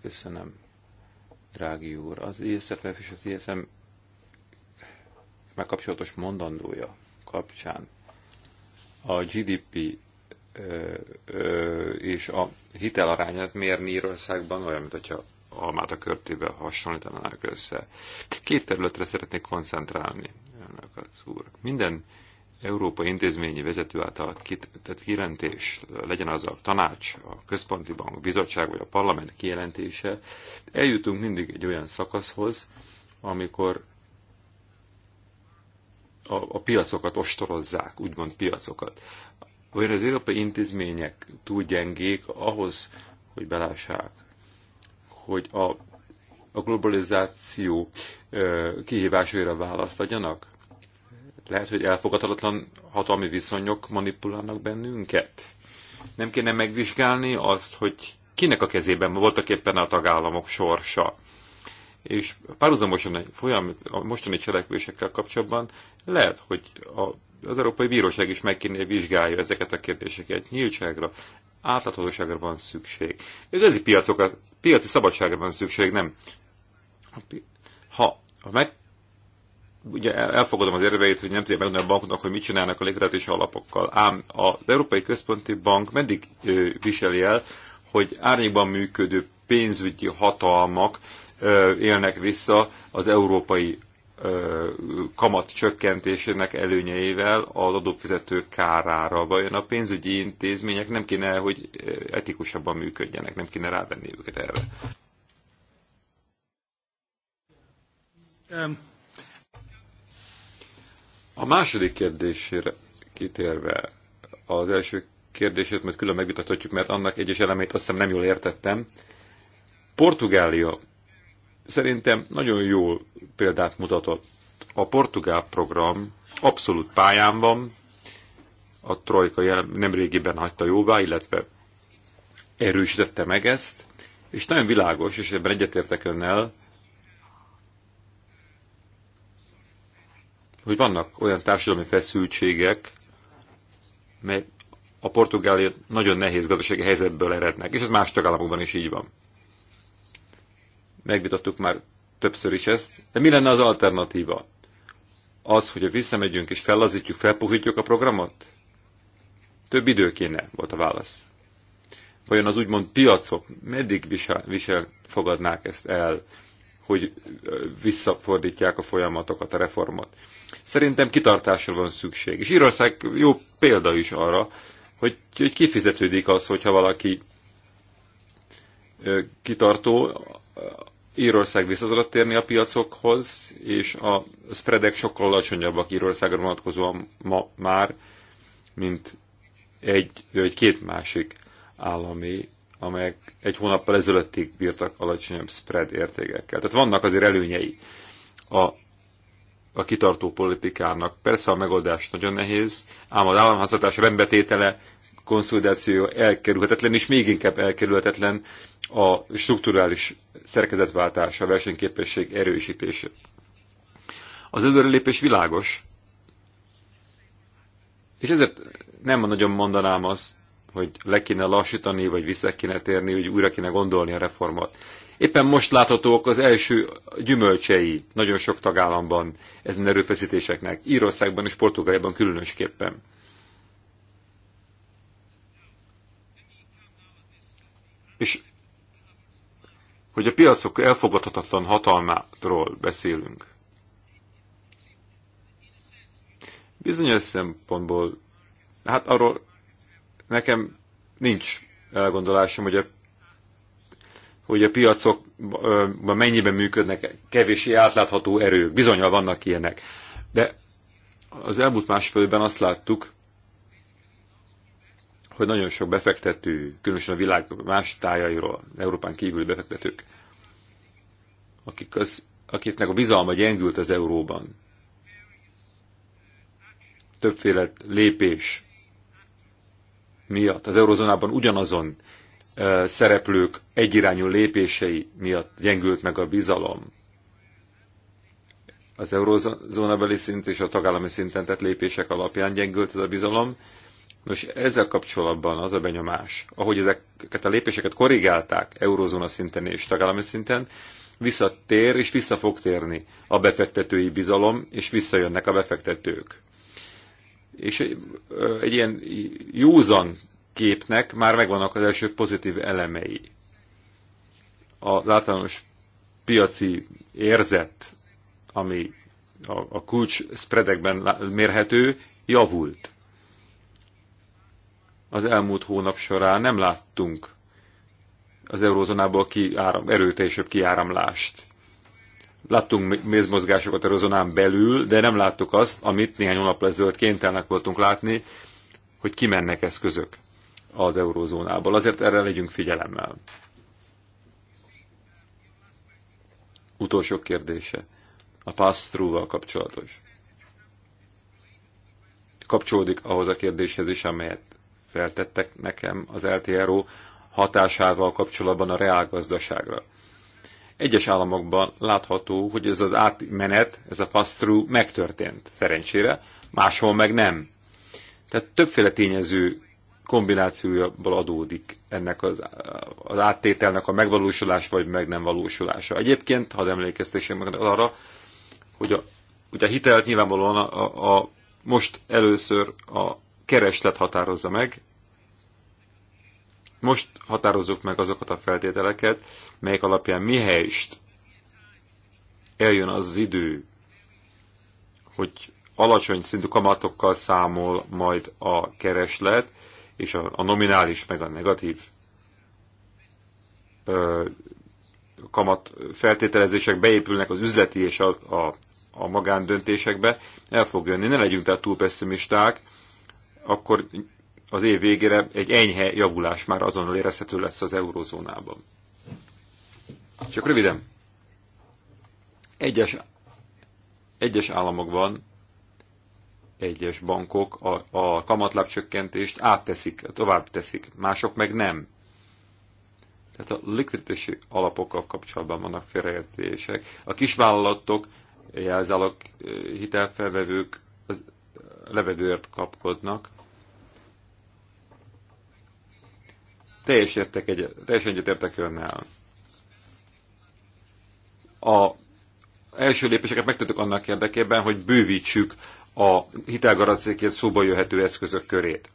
köszönöm, drági úr. Az ISFF és az ISM megkapcsolatos mondandója kapcsán a GDP ö, ö, és a hitelarányát mérni Írországban olyan, mint hogyha almát a körtével hasonlítanának össze. Két területre szeretnék koncentrálni, az úr. Minden európai intézményi vezető által kitett kijelentés, legyen az a tanács, a központi bank, a bizottság vagy a parlament kijelentése, eljutunk mindig egy olyan szakaszhoz, amikor a, a piacokat ostorozzák, úgymond piacokat. Olyan az európai intézmények túl gyengék ahhoz, hogy belássák, hogy a, a globalizáció ö, kihívásaira választ adjanak? Lehet, hogy elfogadhatatlan hatalmi viszonyok manipulálnak bennünket? Nem kéne megvizsgálni azt, hogy kinek a kezében voltak éppen a tagállamok sorsa? és párhuzamosan egy folyam, a mostani cselekvésekkel kapcsolatban lehet, hogy a, az Európai Bíróság is meg kéne vizsgálja ezeket a kérdéseket. Nyíltságra, átláthatóságra van szükség. Ez piacokat, piaci szabadságra van szükség, nem. Ha, ha meg ugye elfogadom az érveit, hogy nem tudja megmondani a banknak, hogy mit csinálnak a légvezetési alapokkal. Ám az Európai Központi Bank meddig ö, viseli el, hogy árnyékban működő pénzügyi hatalmak élnek vissza az európai kamat csökkentésének előnyeivel az adófizetők kárára. Vajon a pénzügyi intézmények nem kéne, hogy etikusabban működjenek, nem kéne rávenni őket erre? A második kérdésére kitérve az első kérdését mert külön megvitathatjuk, mert annak egyes elemét azt hiszem nem jól értettem. Portugália szerintem nagyon jó példát mutatott. A portugál program abszolút pályán van, a trojka nemrégiben hagyta jóvá, illetve erősítette meg ezt, és nagyon világos, és ebben egyetértek önnel, hogy vannak olyan társadalmi feszültségek, mely a portugália nagyon nehéz gazdasági helyzetből erednek, és ez más tagállamokban is így van megvitattuk már többször is ezt, de mi lenne az alternatíva? Az, hogy visszamegyünk és fellazítjuk, felpuhítjuk a programot? Több idő kéne, volt a válasz. Vajon az úgymond piacok meddig visel, visel fogadnák ezt el, hogy visszafordítják a folyamatokat, a reformot? Szerintem kitartásra van szükség. És Írország jó példa is arra, hogy, hogy kifizetődik az, hogyha valaki kitartó, Írország vissza tudott térni a piacokhoz, és a spreadek sokkal alacsonyabbak Írországra vonatkozóan ma már, mint egy vagy két másik állami, amelyek egy hónappal ezelőttig bírtak alacsonyabb spread értékekkel. Tehát vannak azért előnyei a, a kitartó politikának. Persze a megoldás nagyon nehéz, ám az államháztartás rendbetétele konszolidáció elkerülhetetlen, és még inkább elkerülhetetlen a strukturális szerkezetváltás, a versenyképesség erősítése. Az előrelépés világos, és ezért nem nagyon mondanám azt, hogy le kéne lassítani, vagy vissza kéne térni, hogy újra kéne gondolni a reformot. Éppen most láthatóak az első gyümölcsei nagyon sok tagállamban ezen erőfeszítéseknek, Írországban és Portugáliában különösképpen. és hogy a piacok elfogadhatatlan hatalmáról beszélünk. Bizonyos szempontból, hát arról nekem nincs elgondolásom, hogy a, hogy a piacokban mennyiben működnek kevési átlátható erők. Bizonyal vannak ilyenek. De az elmúlt évben azt láttuk, hogy nagyon sok befektető, különösen a világ más tájairól, Európán kívüli befektetők, akik az, akiknek a bizalma gyengült az euróban, többféle lépés miatt, az eurozónában ugyanazon szereplők egyirányú lépései miatt gyengült meg a bizalom. Az eurozónabeli szint és a tagállami szinten tett lépések alapján gyengült ez a bizalom, Nos, ezzel kapcsolatban az a benyomás, ahogy ezeket a lépéseket korrigálták eurozóna szinten és tagállami szinten, visszatér és vissza fog térni a befektetői bizalom, és visszajönnek a befektetők. És egy, egy ilyen józan képnek már megvannak az első pozitív elemei. A általános piaci érzet, ami a, a kulcs spreadekben mérhető, javult az elmúlt hónap során nem láttunk az eurozónából kiáram, erőteljesebb kiáramlást. Láttunk mézmozgásokat a eurozónán belül, de nem láttuk azt, amit néhány hónap ezelőtt kénytelenek voltunk látni, hogy kimennek eszközök az eurózónából. Azért erre legyünk figyelemmel. Utolsó kérdése. A pass kapcsolatos. Kapcsolódik ahhoz a kérdéshez is, amelyet feltettek nekem az LTRO hatásával kapcsolatban a reálgazdaságra. Egyes államokban látható, hogy ez az átmenet, ez a fast through megtörtént, szerencsére, máshol meg nem. Tehát többféle tényező kombinációjából adódik ennek az, az áttételnek a megvalósulás vagy meg nem valósulása. Egyébként, ha emlékeztessem meg arra, hogy a, hogy a hitelt nyilvánvalóan a, a, a most először a kereslet határozza meg. Most határozzuk meg azokat a feltételeket, melyek alapján helyest eljön az, az idő, hogy alacsony szintű kamatokkal számol majd a kereslet, és a, a nominális meg a negatív ö, kamat feltételezések beépülnek az üzleti és a, a, a magándöntésekbe, el fog jönni. Ne legyünk tehát túl pessimisták, akkor az év végére egy enyhe javulás már azonnal érezhető lesz az eurozónában. Csak röviden. Egyes, egyes államokban egyes bankok a, a kamatlábcsökkentést átteszik, tovább teszik, mások meg nem. Tehát a likviditási alapokkal kapcsolatban vannak félreértések. A kisvállalatok, jelzálog hitelfelvevők az levegőért kapkodnak, Teljes értek egy, teljesen egyetértek önnel. A első lépéseket megtettük annak érdekében, hogy bővítsük a hitelgarancékért szóba jöhető eszközök körét.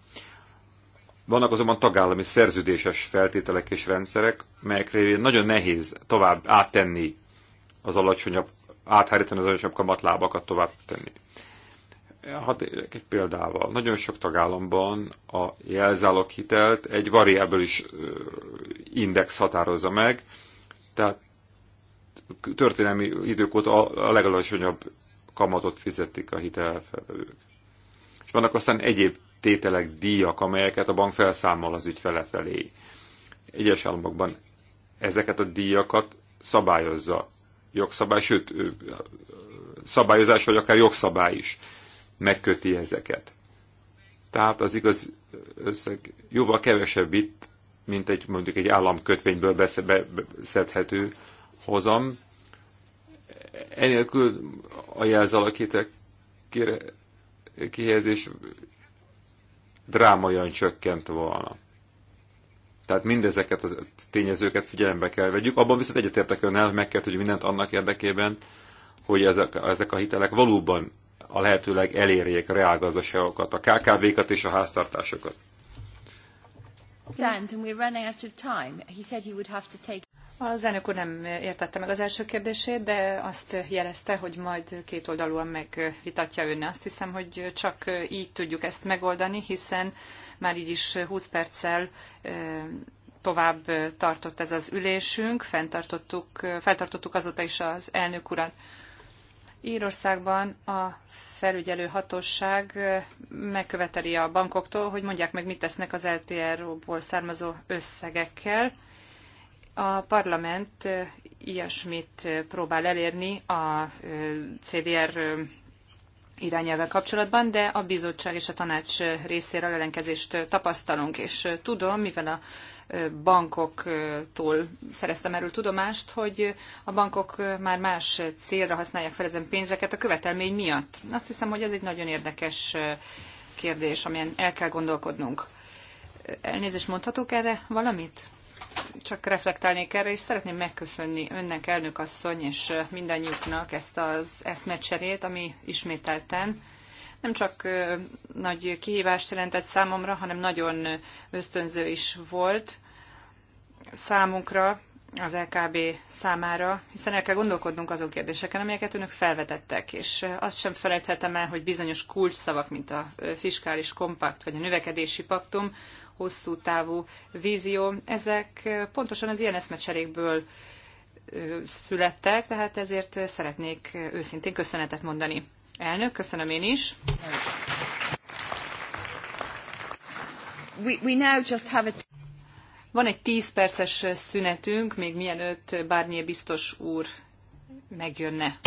Vannak azonban tagállami szerződéses feltételek és rendszerek, melyek révén nagyon nehéz tovább áttenni az alacsonyabb, áthárítani az alacsonyabb kamatlábakat tovább tenni. Hát egy példával. Nagyon sok tagállamban a jelzáloghitelt egy is index határozza meg, tehát történelmi idők óta a legalacsonyabb kamatot fizetik a hitelfelvevők. És vannak aztán egyéb tételek, díjak, amelyeket a bank felszámol az ügyfele felé. Egyes államokban ezeket a díjakat szabályozza jogszabály, sőt, szabályozás vagy akár jogszabály is megköti ezeket. Tehát az igaz összeg jóval kevesebb itt, mint egy mondjuk egy államkötvényből beszedhető hozam. Enélkül a jelzalakítek kihelyezés drámaian csökkent volna. Tehát mindezeket a tényezőket figyelembe kell vegyük. Abban viszont egyetértek önnel, hogy meg kell hogy mindent annak érdekében, hogy ezek, ezek a hitelek valóban a lehetőleg elérjék a reálgazdaságokat, a KKV-kat és a háztartásokat. Az elnök úr nem értette meg az első kérdését, de azt jelezte, hogy majd két oldalúan megvitatja önne. Azt hiszem, hogy csak így tudjuk ezt megoldani, hiszen már így is 20 perccel tovább tartott ez az ülésünk, feltartottuk azóta is az elnök urat. Írországban a felügyelő hatóság megköveteli a bankoktól, hogy mondják meg, mit tesznek az LTRO-ból származó összegekkel. A parlament ilyesmit próbál elérni a CDR irányelvvel kapcsolatban, de a bizottság és a tanács részéről ellenkezést tapasztalunk, és tudom, mivel a bankoktól szereztem erről tudomást, hogy a bankok már más célra használják fel ezen pénzeket a követelmény miatt. Azt hiszem, hogy ez egy nagyon érdekes kérdés, amelyen el kell gondolkodnunk. Elnézést mondhatok erre valamit? csak reflektálnék erre, és szeretném megköszönni önnek, elnök asszony, és mindannyiuknak ezt az eszmecserét, ami ismételten nem csak nagy kihívást jelentett számomra, hanem nagyon ösztönző is volt számunkra, az LKB számára, hiszen el kell gondolkodnunk azon kérdéseken, amelyeket önök felvetettek, és azt sem felejthetem el, hogy bizonyos kulcsszavak, mint a fiskális kompakt vagy a növekedési paktum hosszú távú vízió. Ezek pontosan az ilyen eszmecserékből születtek, tehát ezért szeretnék őszintén köszönetet mondani. Elnök, köszönöm én is. We, we now just have a Van egy tíz perces szünetünk, még mielőtt Barnier biztos úr megjönne.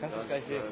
Kannst du gleich sehen.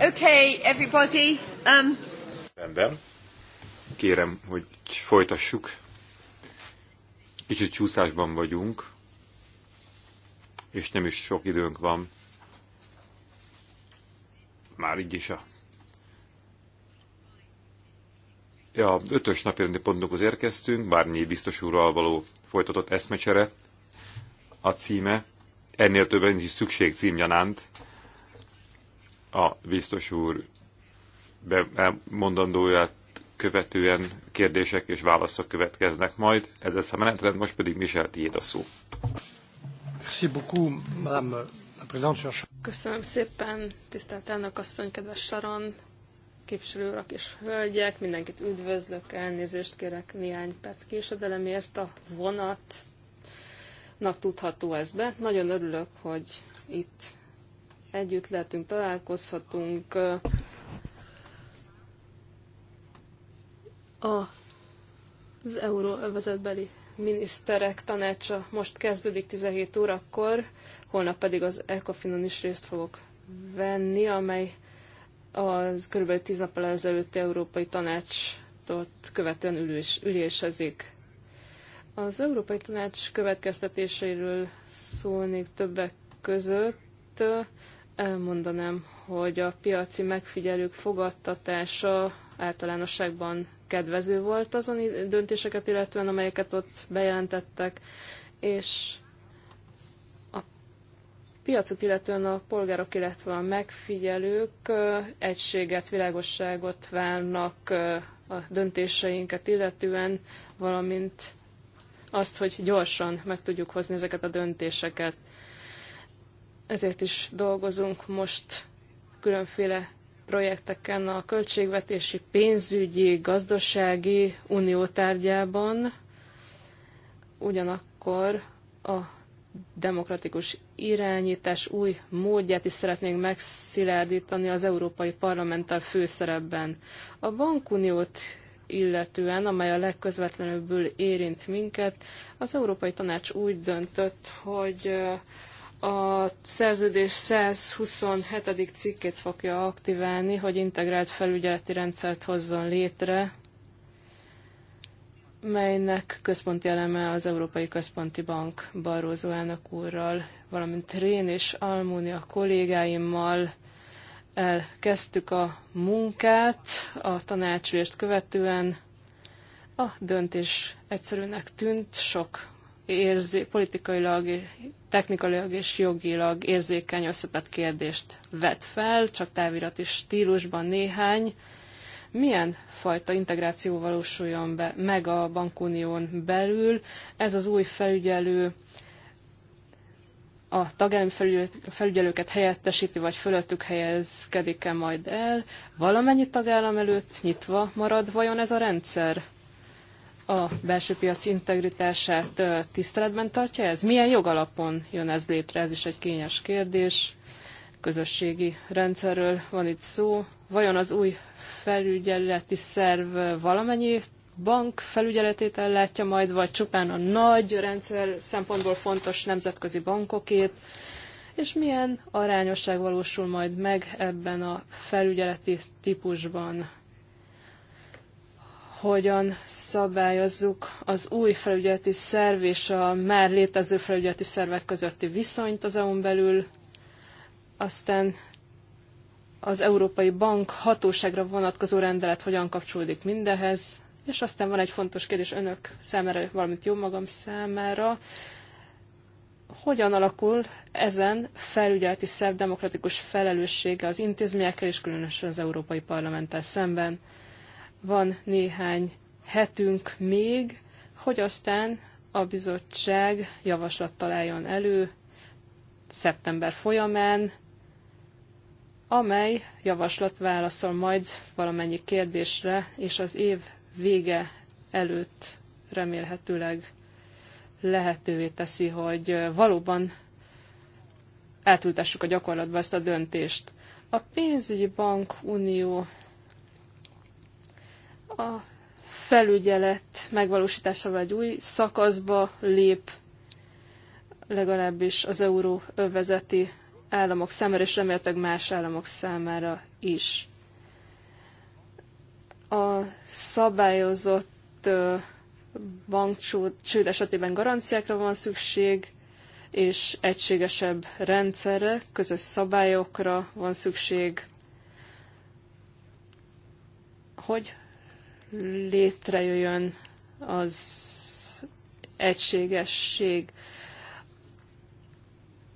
Okay, everybody. Um... Rendben. Kérem, hogy folytassuk. Kicsit csúszásban vagyunk, és nem is sok időnk van. Már így is a Ja, ötös napirendi pontokhoz érkeztünk, Bárnyi biztos úrral való folytatott eszmecsere. A címe, ennél többen is szükség címgyanánt, a biztos úr mondandóját követően kérdések és válaszok következnek majd. Ez lesz a menetrend, most pedig Michel tiéd a szó. Köszönöm szépen, tisztelt elnök asszony, kedves Saron, képviselő urak és hölgyek, mindenkit üdvözlök, elnézést kérek néhány perc késedelemért a vonatnak tudható ez be. Nagyon örülök, hogy itt együtt lehetünk, találkozhatunk. A, az euróövezetbeli miniszterek tanácsa most kezdődik 17 órakor, holnap pedig az ECOFIN-on is részt fogok venni, amely az kb. 10 nappal ezelőtti Európai Tanácsot követően ülés, ülésezik. Az Európai Tanács következtetéseiről szólnék többek között elmondanám, hogy a piaci megfigyelők fogadtatása általánosságban kedvező volt azon döntéseket, illetően amelyeket ott bejelentettek, és a piacot, illetően a polgárok, illetve a megfigyelők egységet, világosságot válnak a döntéseinket, illetően, valamint azt, hogy gyorsan meg tudjuk hozni ezeket a döntéseket ezért is dolgozunk most különféle projekteken a költségvetési, pénzügyi, gazdasági unió tárgyában, ugyanakkor a demokratikus irányítás új módját is szeretnénk megszilárdítani az Európai Parlamenttel főszerepben. A bankuniót illetően, amely a legközvetlenül érint minket, az Európai Tanács úgy döntött, hogy a szerződés 127. cikkét fogja aktiválni, hogy integrált felügyeleti rendszert hozzon létre, melynek központi eleme az Európai Központi Bank Barózó elnök úrral, valamint Rén és a kollégáimmal elkezdtük a munkát a tanácsülést követően. A döntés egyszerűnek tűnt, sok érzi, politikailag, technikailag és jogilag érzékeny összetett kérdést vet fel, csak távirati stílusban néhány. Milyen fajta integráció valósuljon be, meg a bankunión belül? Ez az új felügyelő a tagállami felügyelőket helyettesíti, vagy fölöttük helyezkedik-e majd el? Valamennyi tagállam előtt nyitva marad vajon ez a rendszer? a belső piac integritását tiszteletben tartja ez? Milyen jogalapon jön ez létre? Ez is egy kényes kérdés. Közösségi rendszerről van itt szó. Vajon az új felügyeleti szerv valamennyi bank felügyeletét ellátja majd, vagy csupán a nagy rendszer szempontból fontos nemzetközi bankokét, és milyen arányosság valósul majd meg ebben a felügyeleti típusban hogyan szabályozzuk az új felügyeleti szerv és a már létező felügyeleti szervek közötti viszonyt az EU-n belül, aztán az Európai Bank hatóságra vonatkozó rendelet hogyan kapcsolódik mindehez, és aztán van egy fontos kérdés önök számára, valamint jó magam számára, hogyan alakul ezen felügyeleti szerv demokratikus felelőssége az intézményekkel és különösen az Európai Parlamenttel szemben van néhány hetünk még, hogy aztán a bizottság javaslattal álljon elő szeptember folyamán, amely javaslat válaszol majd valamennyi kérdésre, és az év vége előtt remélhetőleg lehetővé teszi, hogy valóban átültessük a gyakorlatba ezt a döntést. A pénzügyi bank unió a felügyelet megvalósítása vagy új szakaszba lép, legalábbis az euró övezeti államok számára, és reméltek más államok számára is. A szabályozott bankcsőd esetében garanciákra van szükség, és egységesebb rendszerre, közös szabályokra van szükség, hogy létrejöjjön az egységesség.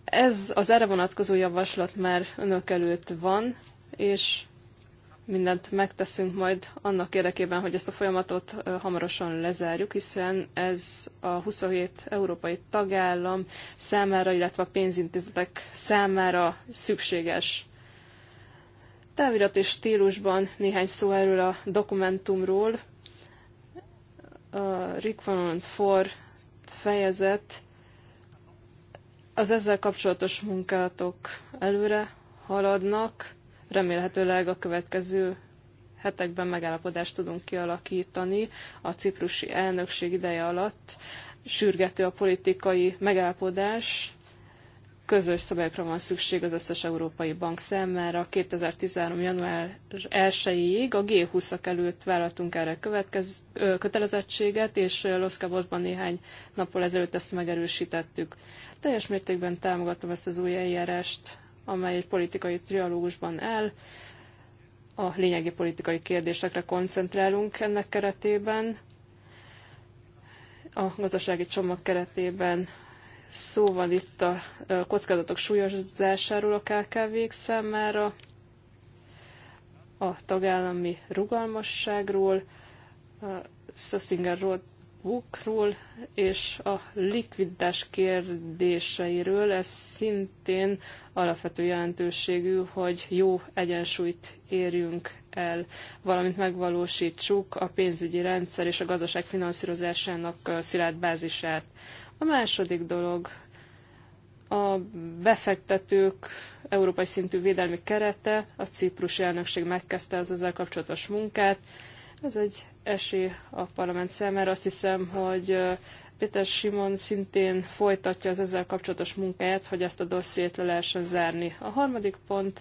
Ez az erre vonatkozó javaslat már önök előtt van, és mindent megteszünk majd annak érdekében, hogy ezt a folyamatot hamarosan lezárjuk, hiszen ez a 27 európai tagállam számára, illetve a pénzintézetek számára szükséges. Távirat és stílusban néhány szó erről a dokumentumról. A Requirement For fejezet az ezzel kapcsolatos munkálatok előre haladnak. Remélhetőleg a következő hetekben megállapodást tudunk kialakítani a ciprusi elnökség ideje alatt. Sürgető a politikai megállapodás, közös szabályokra van szükség az összes európai bank számára. 2013. január 1-ig a G20-ak előtt vállaltunk erre következ, ö, kötelezettséget, és Los Cabosban néhány nappal ezelőtt ezt megerősítettük. Teljes mértékben támogatom ezt az új eljárást, amely egy politikai trialógusban áll. A lényegi politikai kérdésekre koncentrálunk ennek keretében. A gazdasági csomag keretében Szó van itt a kockázatok súlyozásáról a KKV-k számára, a tagállami rugalmasságról, a Sössinger bookról és a likviditás kérdéseiről. Ez szintén alapvető jelentőségű, hogy jó egyensúlyt érjünk el, valamint megvalósítsuk a pénzügyi rendszer és a gazdaság finanszírozásának szilárd bázisát. A második dolog, a befektetők európai szintű védelmi kerete, a ciprusi elnökség megkezdte az ezzel kapcsolatos munkát. Ez egy esély a parlament számára. Azt hiszem, hogy Péter Simon szintén folytatja az ezzel kapcsolatos munkáját, hogy ezt a dossziét le lehessen zárni. A harmadik pont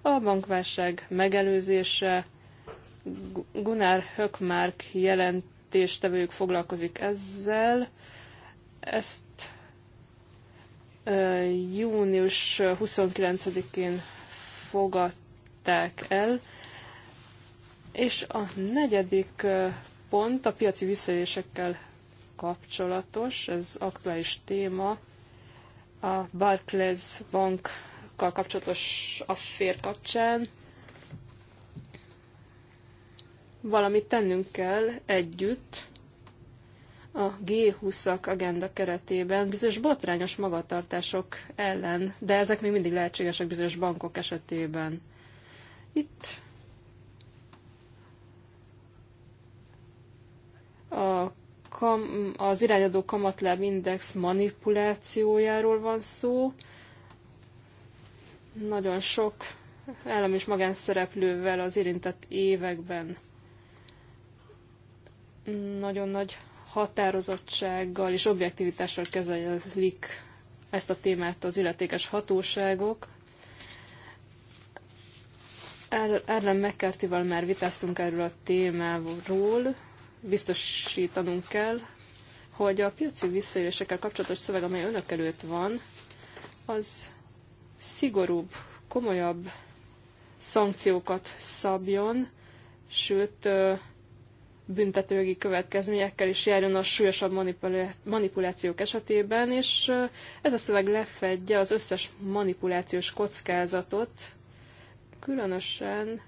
a bankválság megelőzése. Gunnar Höckmark jelentéstevőjük foglalkozik ezzel. Ezt június 29-én fogadták el, és a negyedik pont a piaci visszaélésekkel kapcsolatos, ez aktuális téma, a Barclays bankkal kapcsolatos affér kapcsán. Valamit tennünk kell együtt, a G20-ak agenda keretében bizonyos botrányos magatartások ellen, de ezek még mindig lehetségesek bizonyos bankok esetében. Itt a kam, az irányadó kamatláb index manipulációjáról van szó. Nagyon sok állam és magánszereplővel az érintett években nagyon nagy határozottsággal és objektivitással kezelik ezt a témát az illetékes hatóságok. Er-, Erlen mccarthy már vitáztunk erről a témáról, biztosítanunk kell, hogy a piaci visszaélésekkel kapcsolatos szöveg, amely önök előtt van, az szigorúbb, komolyabb szankciókat szabjon, sőt, büntetőjogi következményekkel is járjon a súlyosabb manipulációk esetében, és ez a szöveg lefedje az összes manipulációs kockázatot, különösen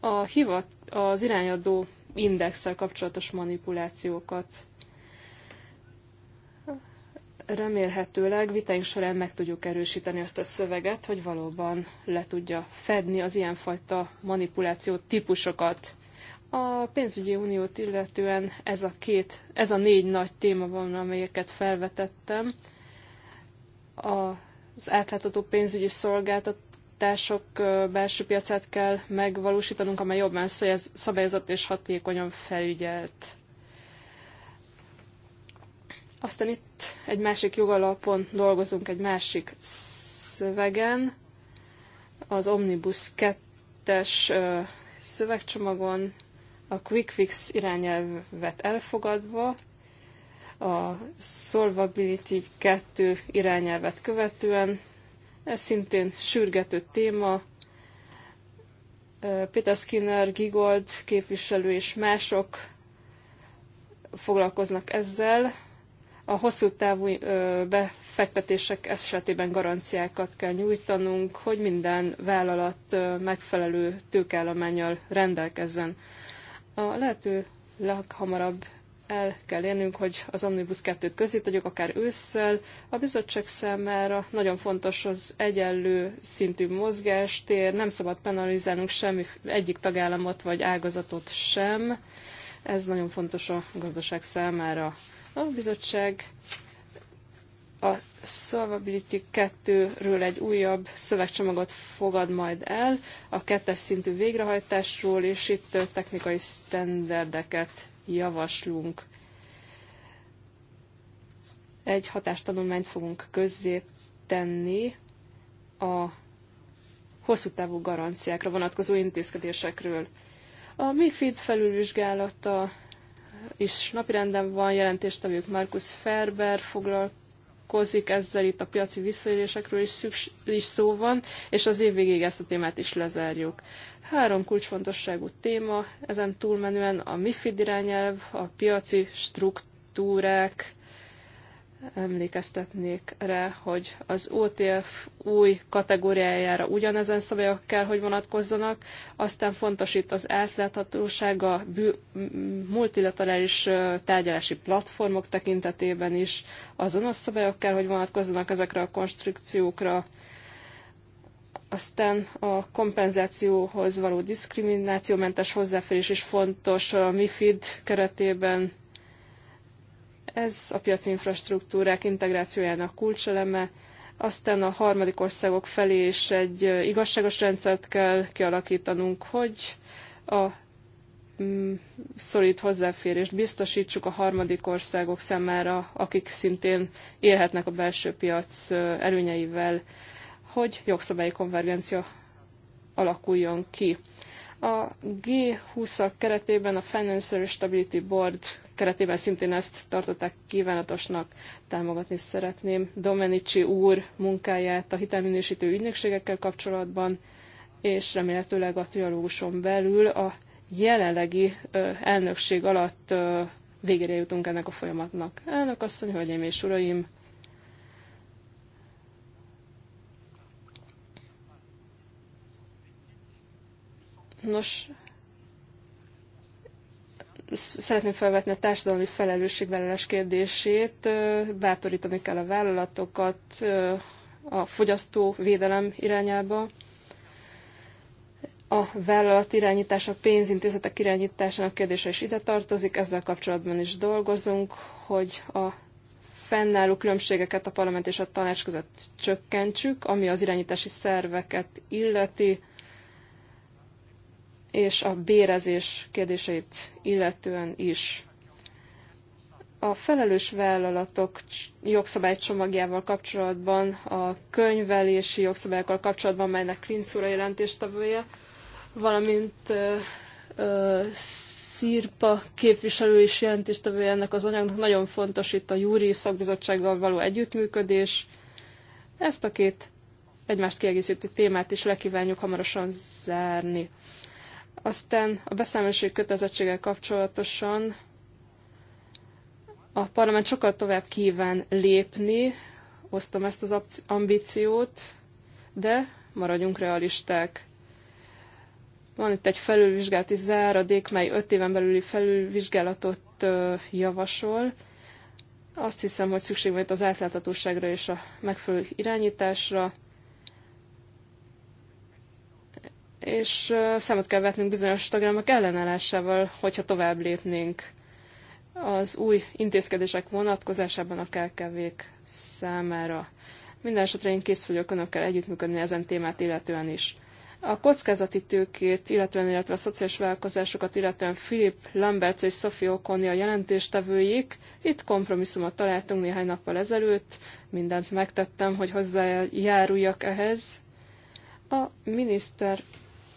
a hivat, az irányadó indexel kapcsolatos manipulációkat. Remélhetőleg vitáink során meg tudjuk erősíteni ezt a szöveget, hogy valóban le tudja fedni az ilyenfajta manipuláció típusokat. A pénzügyi uniót illetően ez a, két, ez a négy nagy téma van, amelyeket felvetettem. Az átlátható pénzügyi szolgáltatások belső piacát kell megvalósítanunk, amely jobban szabályozott és hatékonyan felügyelt. Aztán itt egy másik jogalapon dolgozunk, egy másik szövegen, az Omnibus 2-es szövegcsomagon, a Quick Fix irányelvet elfogadva, a Solvability 2 irányelvet követően. Ez szintén sürgető téma. Peter Skinner, Gigold képviselő és mások foglalkoznak ezzel. A hosszú távú befektetések esetében garanciákat kell nyújtanunk, hogy minden vállalat megfelelő tőkeállományjal rendelkezzen. A lehető leghamarabb el kell érnünk, hogy az Omnibus 2-t közé tegyük, akár ősszel. A bizottság számára nagyon fontos az egyenlő szintű mozgástér, nem szabad penalizálnunk semmi egyik tagállamot vagy ágazatot sem. Ez nagyon fontos a gazdaság számára. A bizottság a Solvability 2-ről egy újabb szövegcsomagot fogad majd el a kettes szintű végrehajtásról, és itt technikai sztenderdeket javaslunk. Egy hatástanulmányt fogunk közzé tenni a hosszú távú garanciákra vonatkozó intézkedésekről. A MIFID felülvizsgálata is napirenden van, jelentéstevők Markus Ferber foglalkozik, foglalkozik, ezzel itt a piaci visszaélésekről is, szükség, is szó van, és az év végéig ezt a témát is lezárjuk. Három kulcsfontosságú téma, ezen túlmenően a MIFID irányelv, a piaci struktúrák, emlékeztetnék rá, hogy az OTF új kategóriájára ugyanezen szabályok kell, hogy vonatkozzanak, aztán fontos itt az átláthatóság a multilaterális tárgyalási platformok tekintetében is azonos szabályok kell, hogy vonatkozzanak ezekre a konstrukciókra, aztán a kompenzációhoz való diszkriminációmentes hozzáférés is fontos a MIFID keretében, ez a piaci infrastruktúrák integrációjának kulcseleme, aztán a harmadik országok felé is egy igazságos rendszert kell kialakítanunk, hogy a mm, szorít hozzáférést biztosítsuk a harmadik országok számára, akik szintén élhetnek a belső piac előnyeivel, hogy jogszabályi konvergencia alakuljon ki. A G20-ak keretében a Financial Stability Board keretében szintén ezt tartották kívánatosnak. Támogatni szeretném Domenici úr munkáját a hitelminősítő ügynökségekkel kapcsolatban, és remélhetőleg a trialóguson belül a jelenlegi elnökség alatt végére jutunk ennek a folyamatnak. Elnök asszony, hölgyeim és uraim! Nos, szeretném felvetni a társadalmi felelősségvállalás kérdését. Bátorítani kell a vállalatokat a fogyasztó védelem irányába. A vállalat irányítása, a pénzintézetek irányításának kérdése is ide tartozik, ezzel kapcsolatban is dolgozunk, hogy a fennálló különbségeket a parlament és a tanács között csökkentsük, ami az irányítási szerveket illeti és a bérezés kérdéseit illetően is. A felelős vállalatok jogszabálycsomagjával kapcsolatban, a könyvelési jogszabályokkal kapcsolatban, melynek Klinc úr a jelentéstevője, valamint Szirpa képviselő is jelentéstevője ennek az anyagnak. Nagyon fontos itt a júri szakbizottsággal való együttműködés. Ezt a két egymást kiegészítő témát is lekívánjuk hamarosan zárni. Aztán a beszámolási kötelezettséggel kapcsolatosan a parlament sokkal tovább kíván lépni, osztom ezt az ambíciót, de maradjunk realisták. Van itt egy felülvizsgálati záradék, mely öt éven belüli felülvizsgálatot javasol. Azt hiszem, hogy szükség van itt az átláthatóságra és a megfelelő irányításra. és szemet kell vetnünk bizonyos tagállamok ellenállásával, hogyha tovább lépnénk az új intézkedések vonatkozásában a kkv számára. Minden én kész vagyok önökkel együttműködni ezen témát illetően is. A kockázati tőkét, illetően, illetve a szociális vállalkozásokat, illetően Filip, Lamberts és Sophie O'Connor a jelentéstevőik. Itt kompromisszumot találtunk néhány nappal ezelőtt, mindent megtettem, hogy hozzájáruljak ehhez. A miniszter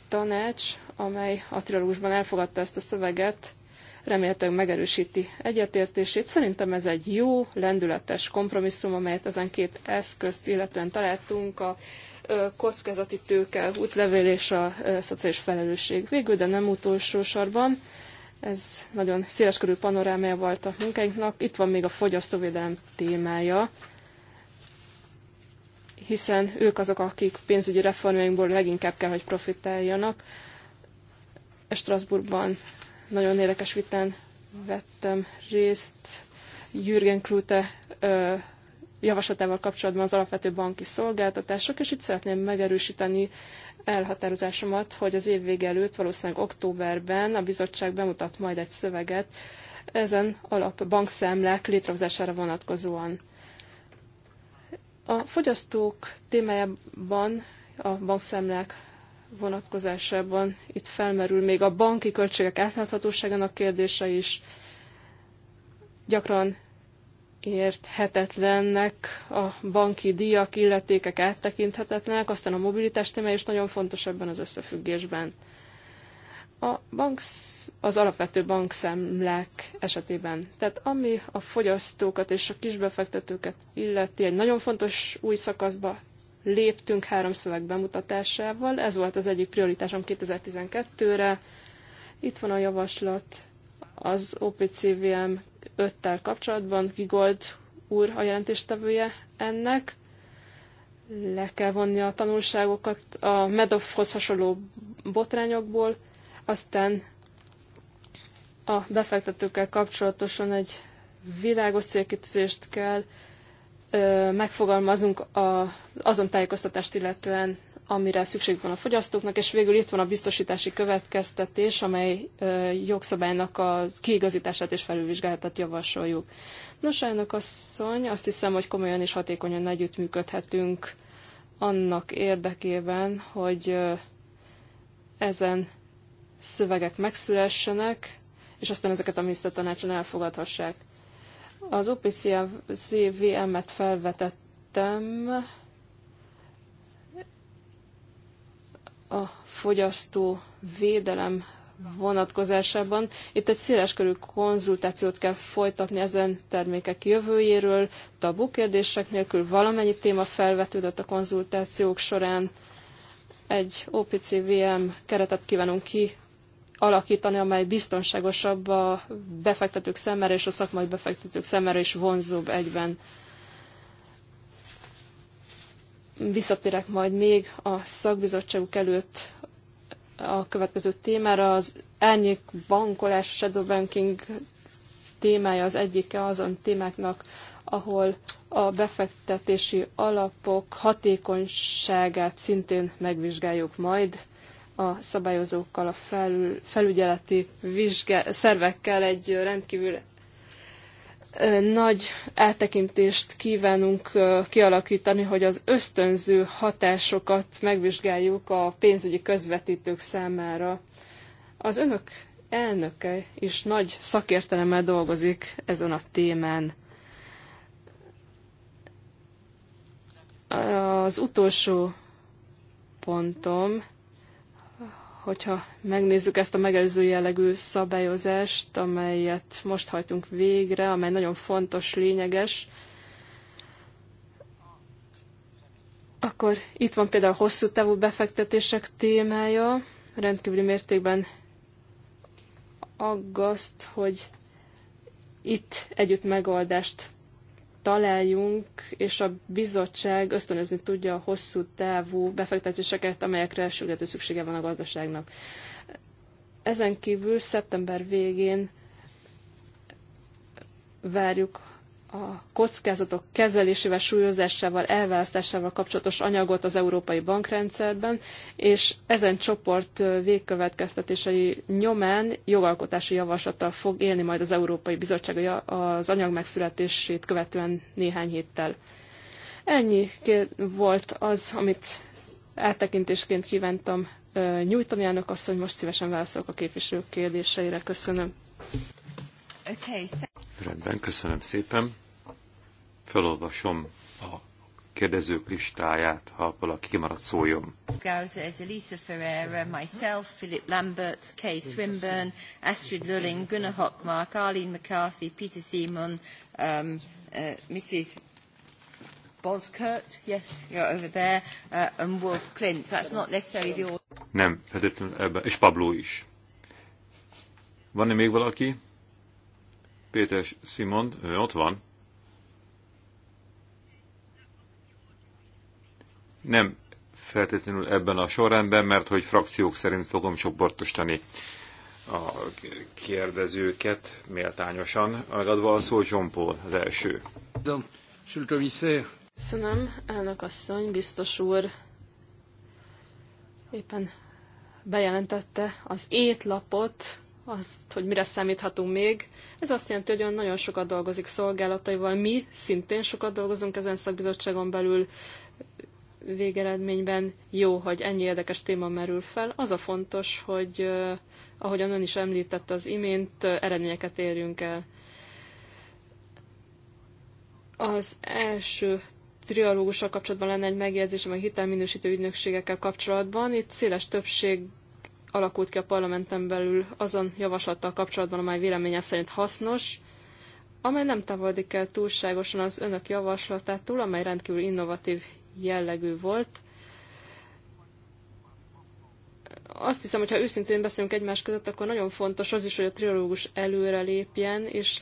tanács, amely a trilógusban elfogadta ezt a szöveget, remélhetőleg megerősíti egyetértését. Szerintem ez egy jó, lendületes kompromisszum, amelyet ezen két eszközt illetően találtunk, a kockázati tőke, útlevél és a szociális felelősség. Végül, de nem utolsó sorban, ez nagyon széleskörű panorámája volt a munkáinknak. Itt van még a fogyasztóvédelem témája, hiszen ők azok, akik pénzügyi reformjainkból leginkább kell, hogy profitáljanak. Strasbourgban nagyon érdekes vitán vettem részt Jürgen Klute javaslatával kapcsolatban az alapvető banki szolgáltatások, és itt szeretném megerősíteni elhatározásomat, hogy az év vége előtt, valószínűleg októberben a bizottság bemutat majd egy szöveget ezen alap bankszámlák létrehozására vonatkozóan. A fogyasztók témájában a bankszámlák vonatkozásában itt felmerül még a banki költségek átláthatóságának kérdése is. Gyakran érthetetlennek a banki díjak, illetékek áttekinthetetlenek, aztán a mobilitás témája is nagyon fontos ebben az összefüggésben a bank, az alapvető bankszemlek esetében. Tehát ami a fogyasztókat és a kisbefektetőket illeti, egy nagyon fontos új szakaszba léptünk három szöveg bemutatásával. Ez volt az egyik prioritásom 2012-re. Itt van a javaslat az OPCVM 5-tel kapcsolatban. Gigold úr a jelentéstevője ennek le kell vonni a tanulságokat a Medovhoz hasonló botrányokból, aztán a befektetőkkel kapcsolatosan egy világos célkitűzést kell ö, megfogalmazunk a, azon tájékoztatást illetően, amire szükség van a fogyasztóknak, és végül itt van a biztosítási következtetés, amely ö, jogszabálynak a kiigazítását és felülvizsgálatát javasoljuk. Nos, elnök asszony, azt hiszem, hogy komolyan és hatékonyan együttműködhetünk annak érdekében, hogy ö, ezen szövegek megszülessenek, és aztán ezeket a tanácson elfogadhassák. Az opcvm et felvetettem a fogyasztó védelem vonatkozásában. Itt egy széleskörű konzultációt kell folytatni ezen termékek jövőjéről, tabu kérdések nélkül valamennyi téma felvetődött a konzultációk során. Egy OPCVM keretet kívánunk ki alakítani, amely biztonságosabb a befektetők szemére és a szakmai befektetők szemére is vonzóbb egyben. Visszatérek majd még a szakbizottságuk előtt a következő témára. Az elnyék bankolás, shadow banking témája az egyike azon témáknak, ahol a befektetési alapok hatékonyságát szintén megvizsgáljuk majd a szabályozókkal, a fel, felügyeleti vizsge, szervekkel egy rendkívül nagy eltekintést kívánunk kialakítani, hogy az ösztönző hatásokat megvizsgáljuk a pénzügyi közvetítők számára. Az önök elnöke is nagy szakértelemmel dolgozik ezen a témán. Az utolsó pontom hogyha megnézzük ezt a megelőző jellegű szabályozást, amelyet most hajtunk végre, amely nagyon fontos, lényeges, akkor itt van például a hosszú távú befektetések témája, rendkívüli mértékben aggaszt, hogy itt együtt megoldást találjunk, és a bizottság ösztönözni tudja a hosszú távú befektetéseket, amelyekre elsőgető szüksége van a gazdaságnak. Ezen kívül szeptember végén várjuk a kockázatok kezelésével, súlyozásával, elválasztásával kapcsolatos anyagot az európai bankrendszerben, és ezen csoport végkövetkeztetései nyomán jogalkotási javaslattal fog élni majd az Európai Bizottság az anyag megszületését követően néhány héttel. Ennyi volt az, amit áttekintésként kívántam nyújtani, elnök asszony, most szívesen válaszolok a képviselők kérdéseire. Köszönöm. Okay. Rendben, köszönöm szépen. Felolvasom a kérdezők listáját, ha valaki kimaradt szóljon. Gauzes, Elisa Ferreira, myself, Philip Lambert, Kay Swinburne, Astrid Lulling, Gunnar Hockmark, Arlene McCarthy, Peter Simon, um, uh, Mrs. Boskurt, yes, you're over there, uh, and Wolf Clint. That's not necessarily the order. Nem, feltétlenül ebben, és Pablo is. Van-e még valaki? Péter Simond, ő ott van. Nem feltétlenül ebben a sorrendben, mert hogy frakciók szerint fogom csoportosítani a kérdezőket méltányosan, megadva a szó John Paul az első. Köszönöm, elnök asszony, biztos úr. Éppen bejelentette az étlapot, azt, hogy mire számíthatunk még. Ez azt jelenti, hogy nagyon sokat dolgozik szolgálataival. Mi szintén sokat dolgozunk ezen szakbizottságon belül végeredményben. Jó, hogy ennyi érdekes téma merül fel. Az a fontos, hogy ahogyan ön is említette az imént, eredményeket érjünk el. Az első triológussal kapcsolatban lenne egy megjegyzésem a hitelminősítő ügynökségekkel kapcsolatban. Itt széles többség alakult ki a parlamenten belül azon javaslattal kapcsolatban, amely véleményem szerint hasznos, amely nem távolodik el túlságosan az önök javaslatától, amely rendkívül innovatív jellegű volt. Azt hiszem, hogy ha őszintén beszélünk egymás között, akkor nagyon fontos az is, hogy a trilógus előre lépjen, és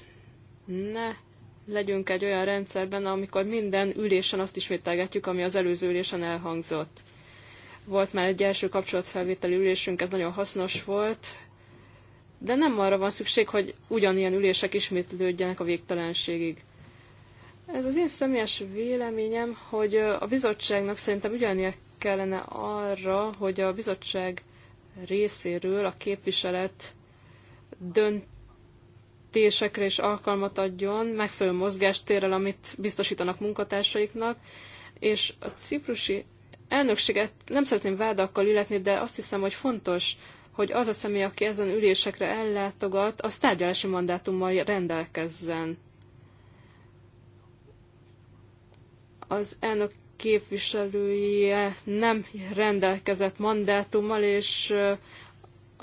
ne legyünk egy olyan rendszerben, amikor minden ülésen azt ismételgetjük, ami az előző ülésen elhangzott. Volt már egy első kapcsolatfelvételi ülésünk, ez nagyon hasznos volt, de nem arra van szükség, hogy ugyanilyen ülések ismétlődjenek a végtelenségig. Ez az én személyes véleményem, hogy a bizottságnak szerintem ugyanilyen kellene arra, hogy a bizottság részéről a képviselet döntésekre is alkalmat adjon, megfelelő mozgástérrel, amit biztosítanak munkatársaiknak, és a ciprusi elnökséget nem szeretném vádakkal illetni, de azt hiszem, hogy fontos, hogy az a személy, aki ezen ülésekre ellátogat, az tárgyalási mandátummal rendelkezzen. Az elnök képviselője nem rendelkezett mandátummal, és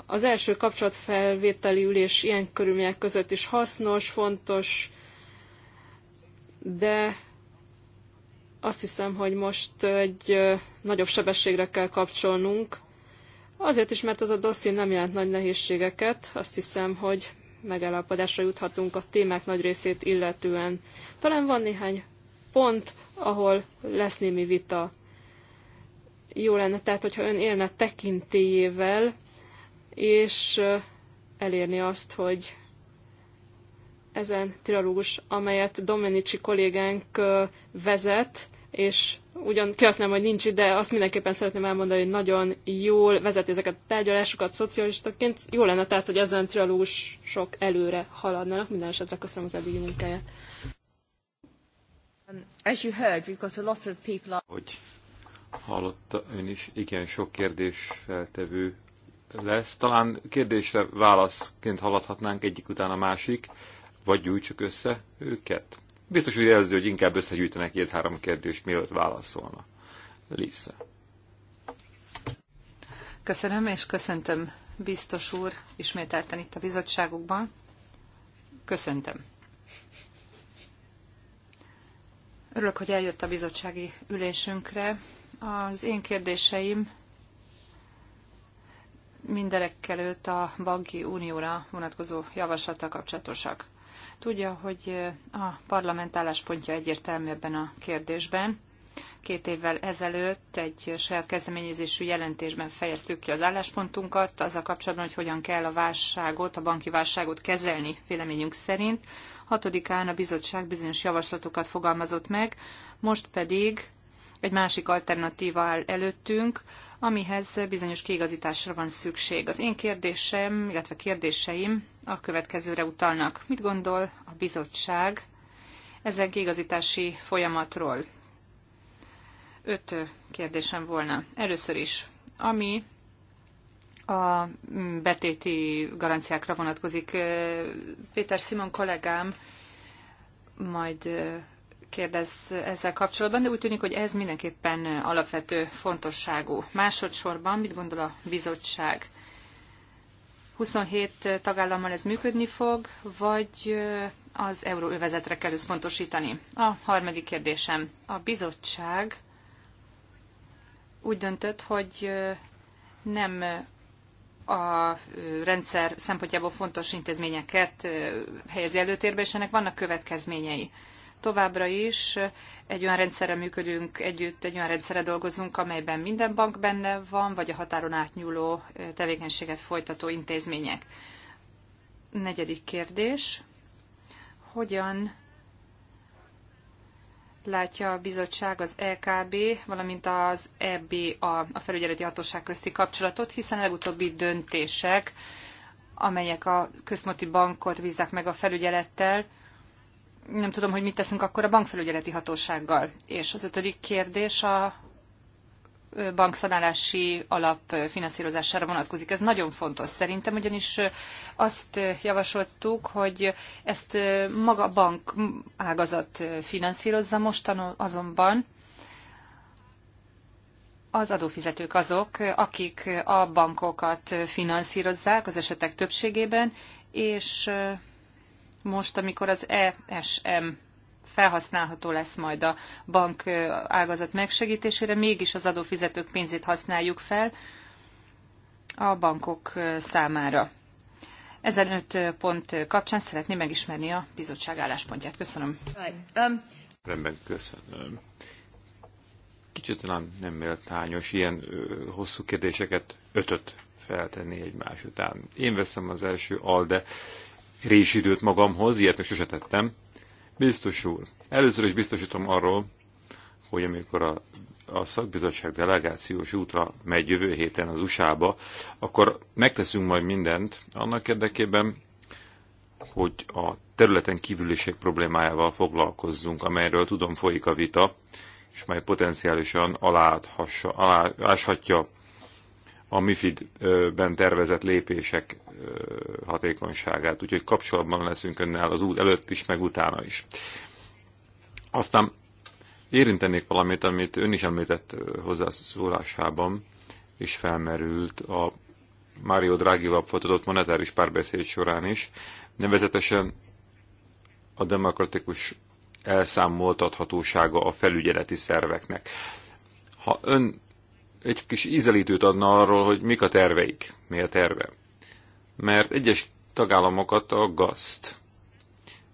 az első kapcsolatfelvételi ülés ilyen körülmények között is hasznos, fontos, de azt hiszem, hogy most egy nagyobb sebességre kell kapcsolnunk. Azért is, mert az a dosszi nem jelent nagy nehézségeket. Azt hiszem, hogy megállapodásra juthatunk a témák nagy részét illetően. Talán van néhány pont, ahol lesz némi vita. Jó lenne, tehát, hogyha ön élne tekintélyével, és elérni azt, hogy ezen trilógus, amelyet Domenici kollégánk vezet, és ugyan kihasználom, hogy nincs ide, azt mindenképpen szeretném elmondani, hogy nagyon jól vezeti ezeket a tárgyalásokat szocialistaként. Jó lenne tehát, hogy ezen trialógusok előre haladnának. Minden esetre köszönöm az eddigi munkáját. Um, as you heard, we've got a lot of people... Hogy hallotta ön is, igen, sok kérdés feltevő lesz. Talán kérdésre válaszként haladhatnánk egyik után a másik, vagy gyújtsuk össze őket. Biztos, hogy jelzi, hogy inkább összegyűjtenek két-három kérdést, mielőtt válaszolna. Lisa. Köszönöm, és köszöntöm biztos úr ismételten itt a bizottságukban. Köszöntöm. Örülök, hogy eljött a bizottsági ülésünkre. Az én kérdéseim mindenekkel előtt a banki unióra vonatkozó javaslattal kapcsolatosak. Tudja, hogy eh, a parlament álláspontja egyértelmű ebben a kérdésben. Két évvel ezelőtt egy saját kezdeményezésű jelentésben fejeztük ki az álláspontunkat, az a kapcsolatban, hogy hogyan kell a válságot, a banki válságot kezelni véleményünk szerint. Hatodikán a bizottság bizonyos javaslatokat fogalmazott meg, most pedig egy másik alternatíva áll előttünk, amihez bizonyos kiigazításra van szükség. Az én kérdésem, illetve kérdéseim a következőre utalnak. Mit gondol a bizottság ezen kiigazítási folyamatról? Öt kérdésem volna. Először is, ami a betéti garanciákra vonatkozik. Péter Simon kollégám majd kérdez ezzel kapcsolatban, de úgy tűnik, hogy ez mindenképpen alapvető fontosságú. Másodszorban mit gondol a bizottság? 27 tagállammal ez működni fog, vagy az euróövezetre kell összpontosítani? A harmadik kérdésem. A bizottság úgy döntött, hogy nem a rendszer szempontjából fontos intézményeket helyezi előtérbe, és ennek vannak következményei. Továbbra is egy olyan rendszerre működünk együtt, egy olyan rendszerre dolgozunk, amelyben minden bank benne van, vagy a határon átnyúló tevékenységet folytató intézmények. Negyedik kérdés. Hogyan látja a bizottság az EKB, valamint az EB a felügyeleti hatóság közti kapcsolatot, hiszen a legutóbbi döntések, amelyek a központi bankot bízzák meg a felügyelettel, nem tudom, hogy mit teszünk akkor a bankfelügyeleti hatósággal. És az ötödik kérdés a bankszanálási alap finanszírozására vonatkozik. Ez nagyon fontos szerintem, ugyanis azt javasoltuk, hogy ezt maga a bank ágazat finanszírozza mostan azonban, az adófizetők azok, akik a bankokat finanszírozzák az esetek többségében, és most, amikor az ESM felhasználható lesz majd a bank ágazat megsegítésére, mégis az adófizetők pénzét használjuk fel a bankok számára. Ezen öt pont kapcsán szeretném megismerni a bizottság álláspontját. Köszönöm. Um, Rendben, köszönöm. Kicsit talán nem méltányos ilyen hosszú kérdéseket ötöt feltenni egymás után. Én veszem az első ALDE résidőt magamhoz, ilyet még sose tettem. Biztos úr, először is biztosítom arról, hogy amikor a, a szakbizottság delegációs útra megy jövő héten az USA-ba, akkor megteszünk majd mindent annak érdekében, hogy a területen kívüliség problémájával foglalkozzunk, amelyről tudom folyik a vita, és majd potenciálisan aláthatja a MIFID-ben tervezett lépések hatékonyságát, úgyhogy kapcsolatban leszünk önnel az út előtt is, meg utána is. Aztán érintenék valamit, amit ön is említett hozzászólásában, és felmerült a Mário Draghi-val folytatott monetáris párbeszéd során is, nevezetesen a demokratikus elszámoltathatósága a felügyeleti szerveknek. Ha ön egy kis ízelítőt adna arról, hogy mik a terveik, mi a terve. Mert egyes tagállamokat a gaszt.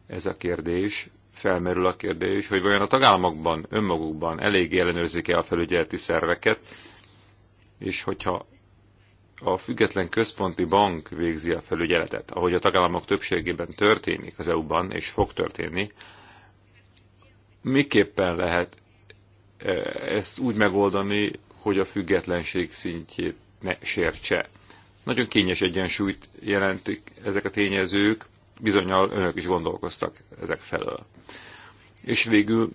Ez a kérdés, felmerül a kérdés, hogy vajon a tagállamokban, önmagukban elég ellenőrzik-e a felügyeleti szerveket, és hogyha a független központi bank végzi a felügyeletet, ahogy a tagállamok többségében történik az EU-ban, és fog történni, miképpen lehet eh, ezt úgy megoldani, hogy a függetlenség szintjét ne sértse. Nagyon kényes egyensúlyt jelentik ezek a tényezők, bizonyal önök is gondolkoztak ezek felől. És végül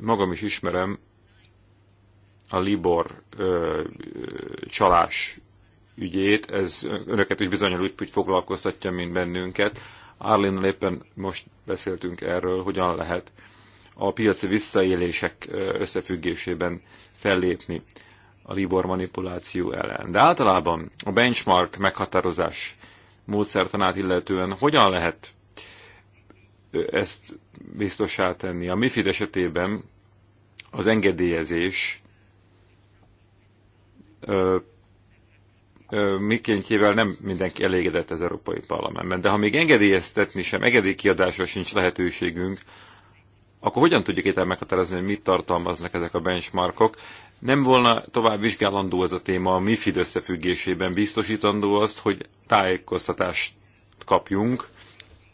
magam is ismerem a Libor ö, csalás ügyét, ez önöket is bizonyal úgy, úgy foglalkoztatja, mint bennünket. Arlinnal éppen most beszéltünk erről, hogyan lehet a piaci visszaélések összefüggésében fellépni a Libor manipuláció ellen. De általában a benchmark meghatározás módszertanát illetően hogyan lehet ezt biztosá tenni? A MIFID esetében az engedélyezés ö, ö, mikéntjével nem mindenki elégedett az Európai Parlamentben, de ha még engedélyeztetni sem, engedélykiadásra sincs lehetőségünk, akkor hogyan tudjuk itt meghatározni, hogy mit tartalmaznak ezek a benchmarkok? Nem volna tovább vizsgálandó ez a téma a MIFID összefüggésében, biztosítandó azt, hogy tájékoztatást kapjunk,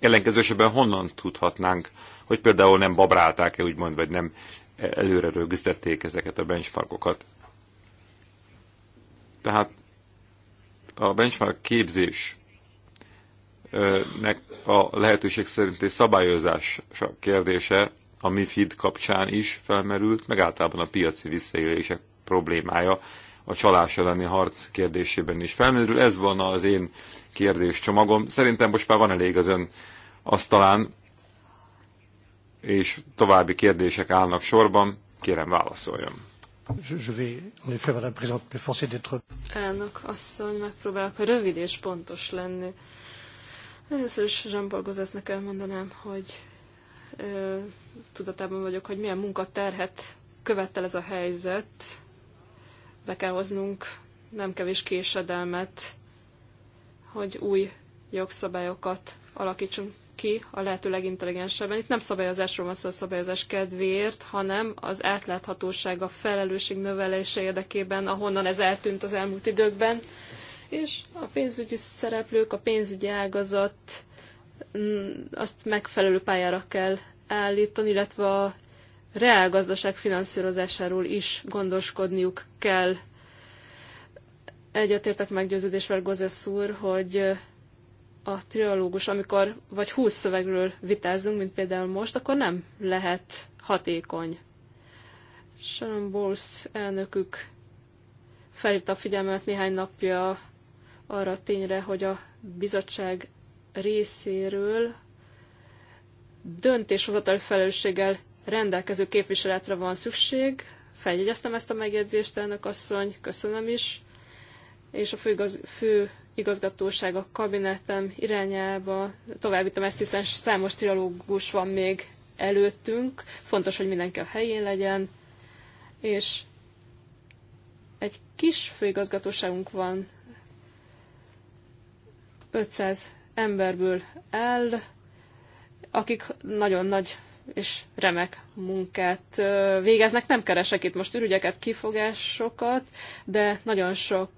ellenkezősében honnan tudhatnánk, hogy például nem babrálták-e, úgymond, vagy nem előre rögzítették ezeket a benchmarkokat. Tehát a benchmark képzés a lehetőség szerinti szabályozása kérdése a MIFID kapcsán is felmerült, meg általában a piaci visszaélések problémája a csalás elleni harc kérdésében is felmerül. Ez volna az én kérdéscsomagom. Szerintem most már van elég az ön asztalán, és további kérdések állnak sorban. Kérem, válaszoljon. Elnök asszony, megpróbálok rövid és pontos lenni. Először is Jean-Paul Gozesznek elmondanám, hogy tudatában vagyok, hogy milyen munkaterhet követel ez a helyzet. Be kell hoznunk nem kevés késedelmet, hogy új jogszabályokat alakítsunk ki a lehető legintelligensebben. Itt nem szabályozásról van szó a szabályozás kedvéért, hanem az átláthatóság, a felelősség növelése érdekében, ahonnan ez eltűnt az elmúlt időkben. És a pénzügyi szereplők, a pénzügyi ágazat Mm, azt megfelelő pályára kell állítani, illetve a reálgazdaság finanszírozásáról is gondoskodniuk kell. Egyetértek meggyőződésvel Gozesz úr, hogy a triológus, amikor vagy húsz szövegről vitázunk, mint például most, akkor nem lehet hatékony. Sharon Bowles elnökük felhívta a figyelmet néhány napja arra a tényre, hogy a bizottság részéről döntéshozatali felelősséggel rendelkező képviseletre van szükség. Feljegyeztem ezt a megjegyzést, elnök asszony, köszönöm is. És a fő igazgatóság a kabinetem irányába továbbítom ezt, hiszen számos trilógus van még előttünk. Fontos, hogy mindenki a helyén legyen, és egy kis főigazgatóságunk van, 500 emberből el, akik nagyon nagy és remek munkát végeznek. Nem keresek itt most ürügyeket, kifogásokat, de nagyon sok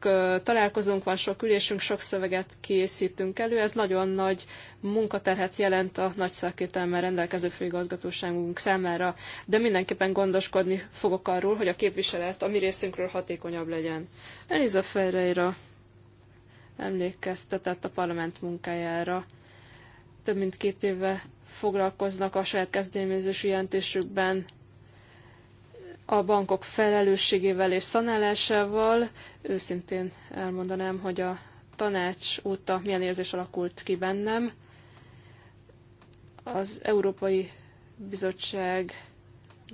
találkozunk van, sok ülésünk, sok szöveget készítünk elő. Ez nagyon nagy munkaterhet jelent a nagy szakértelemmel rendelkező főigazgatóságunk számára, de mindenképpen gondoskodni fogok arról, hogy a képviselet a mi részünkről hatékonyabb legyen. Eliza Ferreira emlékeztetett a parlament munkájára. Több mint két éve foglalkoznak a saját kezdeményezési jelentésükben a bankok felelősségével és szanálásával. Őszintén elmondanám, hogy a tanács óta milyen érzés alakult ki bennem. Az Európai Bizottság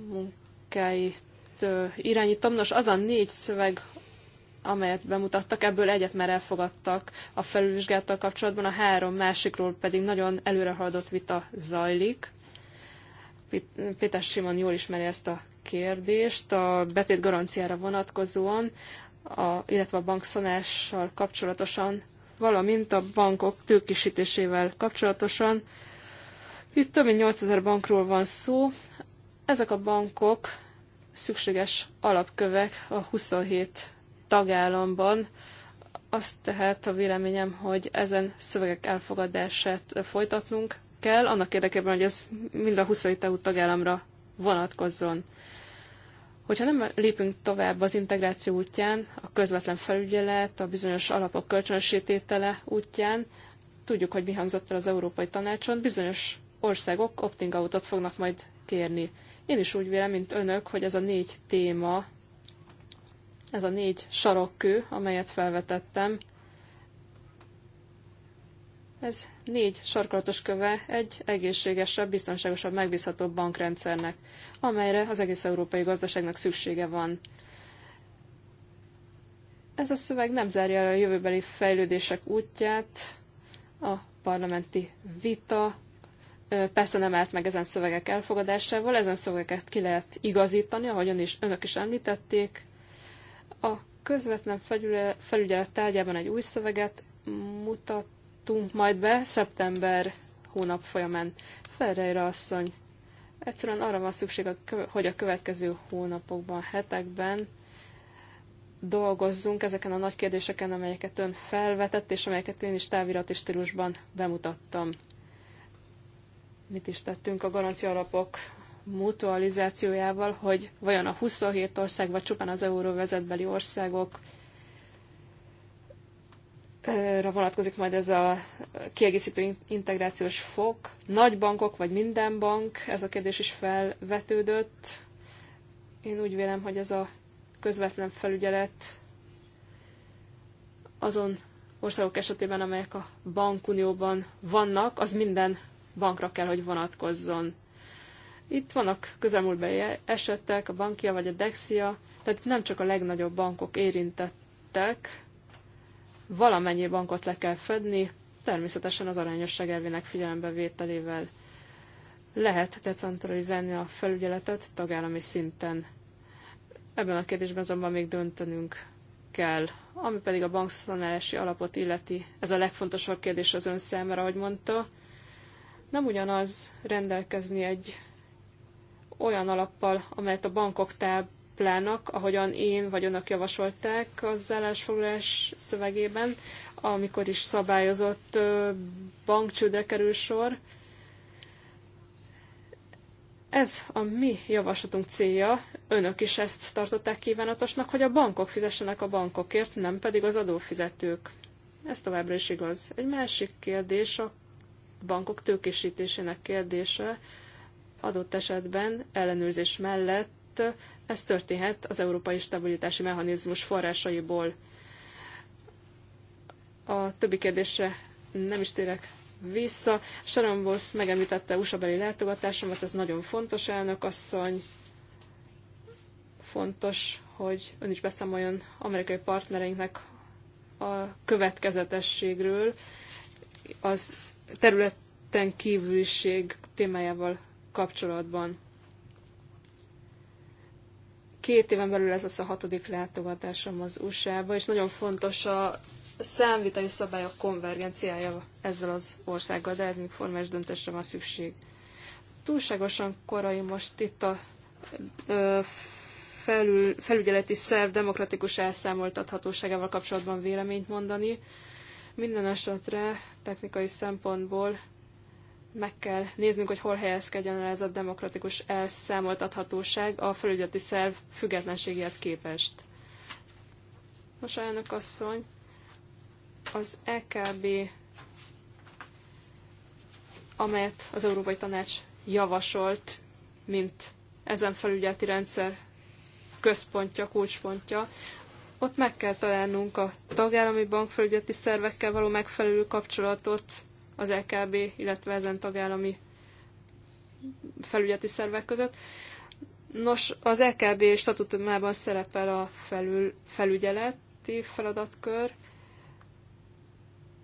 munkáit irányítom. Nos, az a négy szöveg amelyet bemutattak, ebből egyet már elfogadtak a felülvizsgáltal kapcsolatban, a három másikról pedig nagyon haladott vita zajlik. Péter Simon jól ismeri ezt a kérdést. A betét garanciára vonatkozóan, a, illetve a bankszonással kapcsolatosan, valamint a bankok tőkisítésével kapcsolatosan. Itt több mint 8000 bankról van szó. Ezek a bankok szükséges alapkövek a 27 tagállamban. Azt tehát a véleményem, hogy ezen szövegek elfogadását folytatnunk kell, annak érdekében, hogy ez mind a 27 EU tagállamra vonatkozzon. Hogyha nem lépünk tovább az integráció útján, a közvetlen felügyelet, a bizonyos alapok kölcsönsététele útján, tudjuk, hogy mi hangzott el az Európai Tanácson, bizonyos országok opting outot fognak majd kérni. Én is úgy vélem, mint önök, hogy ez a négy téma ez a négy sarokkő, amelyet felvetettem, ez négy sarkolatos köve egy egészségesebb, biztonságosabb, megbízhatóbb bankrendszernek, amelyre az egész európai gazdaságnak szüksége van. Ez a szöveg nem zárja el a jövőbeli fejlődések útját, a parlamenti vita persze nem állt meg ezen szövegek elfogadásával, ezen szövegeket ki lehet igazítani, ahogyan is önök is említették, a közvetlen felügyelet tárgyában egy új szöveget mutattunk majd be szeptember hónap folyamán. Ferreira asszony, egyszerűen arra van szükség, hogy a következő hónapokban, hetekben dolgozzunk ezeken a nagy kérdéseken, amelyeket ön felvetett, és amelyeket én is távirati stílusban bemutattam. Mit is tettünk a garancia alapok mutualizációjával, hogy vajon a 27 ország, vagy csupán az euróvezetbeli országok vonatkozik majd ez a kiegészítő integrációs fok. Nagy bankok, vagy minden bank, ez a kérdés is felvetődött. Én úgy vélem, hogy ez a közvetlen felügyelet azon országok esetében, amelyek a bankunióban vannak, az minden bankra kell, hogy vonatkozzon. Itt vannak közelmúltbeli esetek, a Bankia vagy a Dexia, tehát nem csak a legnagyobb bankok érintettek, valamennyi bankot le kell fedni, természetesen az arányosság elvének vételével lehet decentralizálni a felügyeletet tagállami szinten. Ebben a kérdésben azonban még döntenünk kell. Ami pedig a bankszanálási alapot illeti, ez a legfontosabb kérdés az ön számára, ahogy mondta. Nem ugyanaz rendelkezni egy olyan alappal, amelyet a bankok táplálnak, ahogyan én vagy önök javasolták az állásfoglalás szövegében, amikor is szabályozott bankcsődre kerül sor. Ez a mi javaslatunk célja, önök is ezt tartották kívánatosnak, hogy a bankok fizessenek a bankokért, nem pedig az adófizetők. Ez továbbra is igaz. Egy másik kérdés a bankok tőkésítésének kérdése, adott esetben ellenőrzés mellett ez történhet az európai stabilitási mechanizmus forrásaiból. A többi kérdésre nem is térek vissza. Sharon Boss megemlítette USA beli látogatásomat, ez nagyon fontos elnök asszony. Fontos, hogy ön is beszámoljon amerikai partnereinknek a következetességről, az területen kívüliség témájával kapcsolatban. Két éven belül ez lesz a hatodik látogatásom az USA-ba, és nagyon fontos a számvitai szabályok konvergenciája ezzel az országgal, de ez még formális döntésre van szükség. Túlságosan korai most itt a ö, felül, felügyeleti szerv demokratikus elszámoltathatóságával kapcsolatban véleményt mondani. Minden esetre technikai szempontból meg kell néznünk, hogy hol helyezkedjen el ez a demokratikus elszámoltathatóság a felügyeleti szerv függetlenségéhez képest. Nos, elnök asszony, az EKB, amelyet az Európai Tanács javasolt, mint ezen felügyeleti rendszer központja, kulcspontja, ott meg kell találnunk a tagállami bankfelügyeleti szervekkel való megfelelő kapcsolatot, az LKB, e illetve ezen tagállami felügyeti szervek között. Nos, az LKB e statutumában szerepel a felül, felügyeleti feladatkör,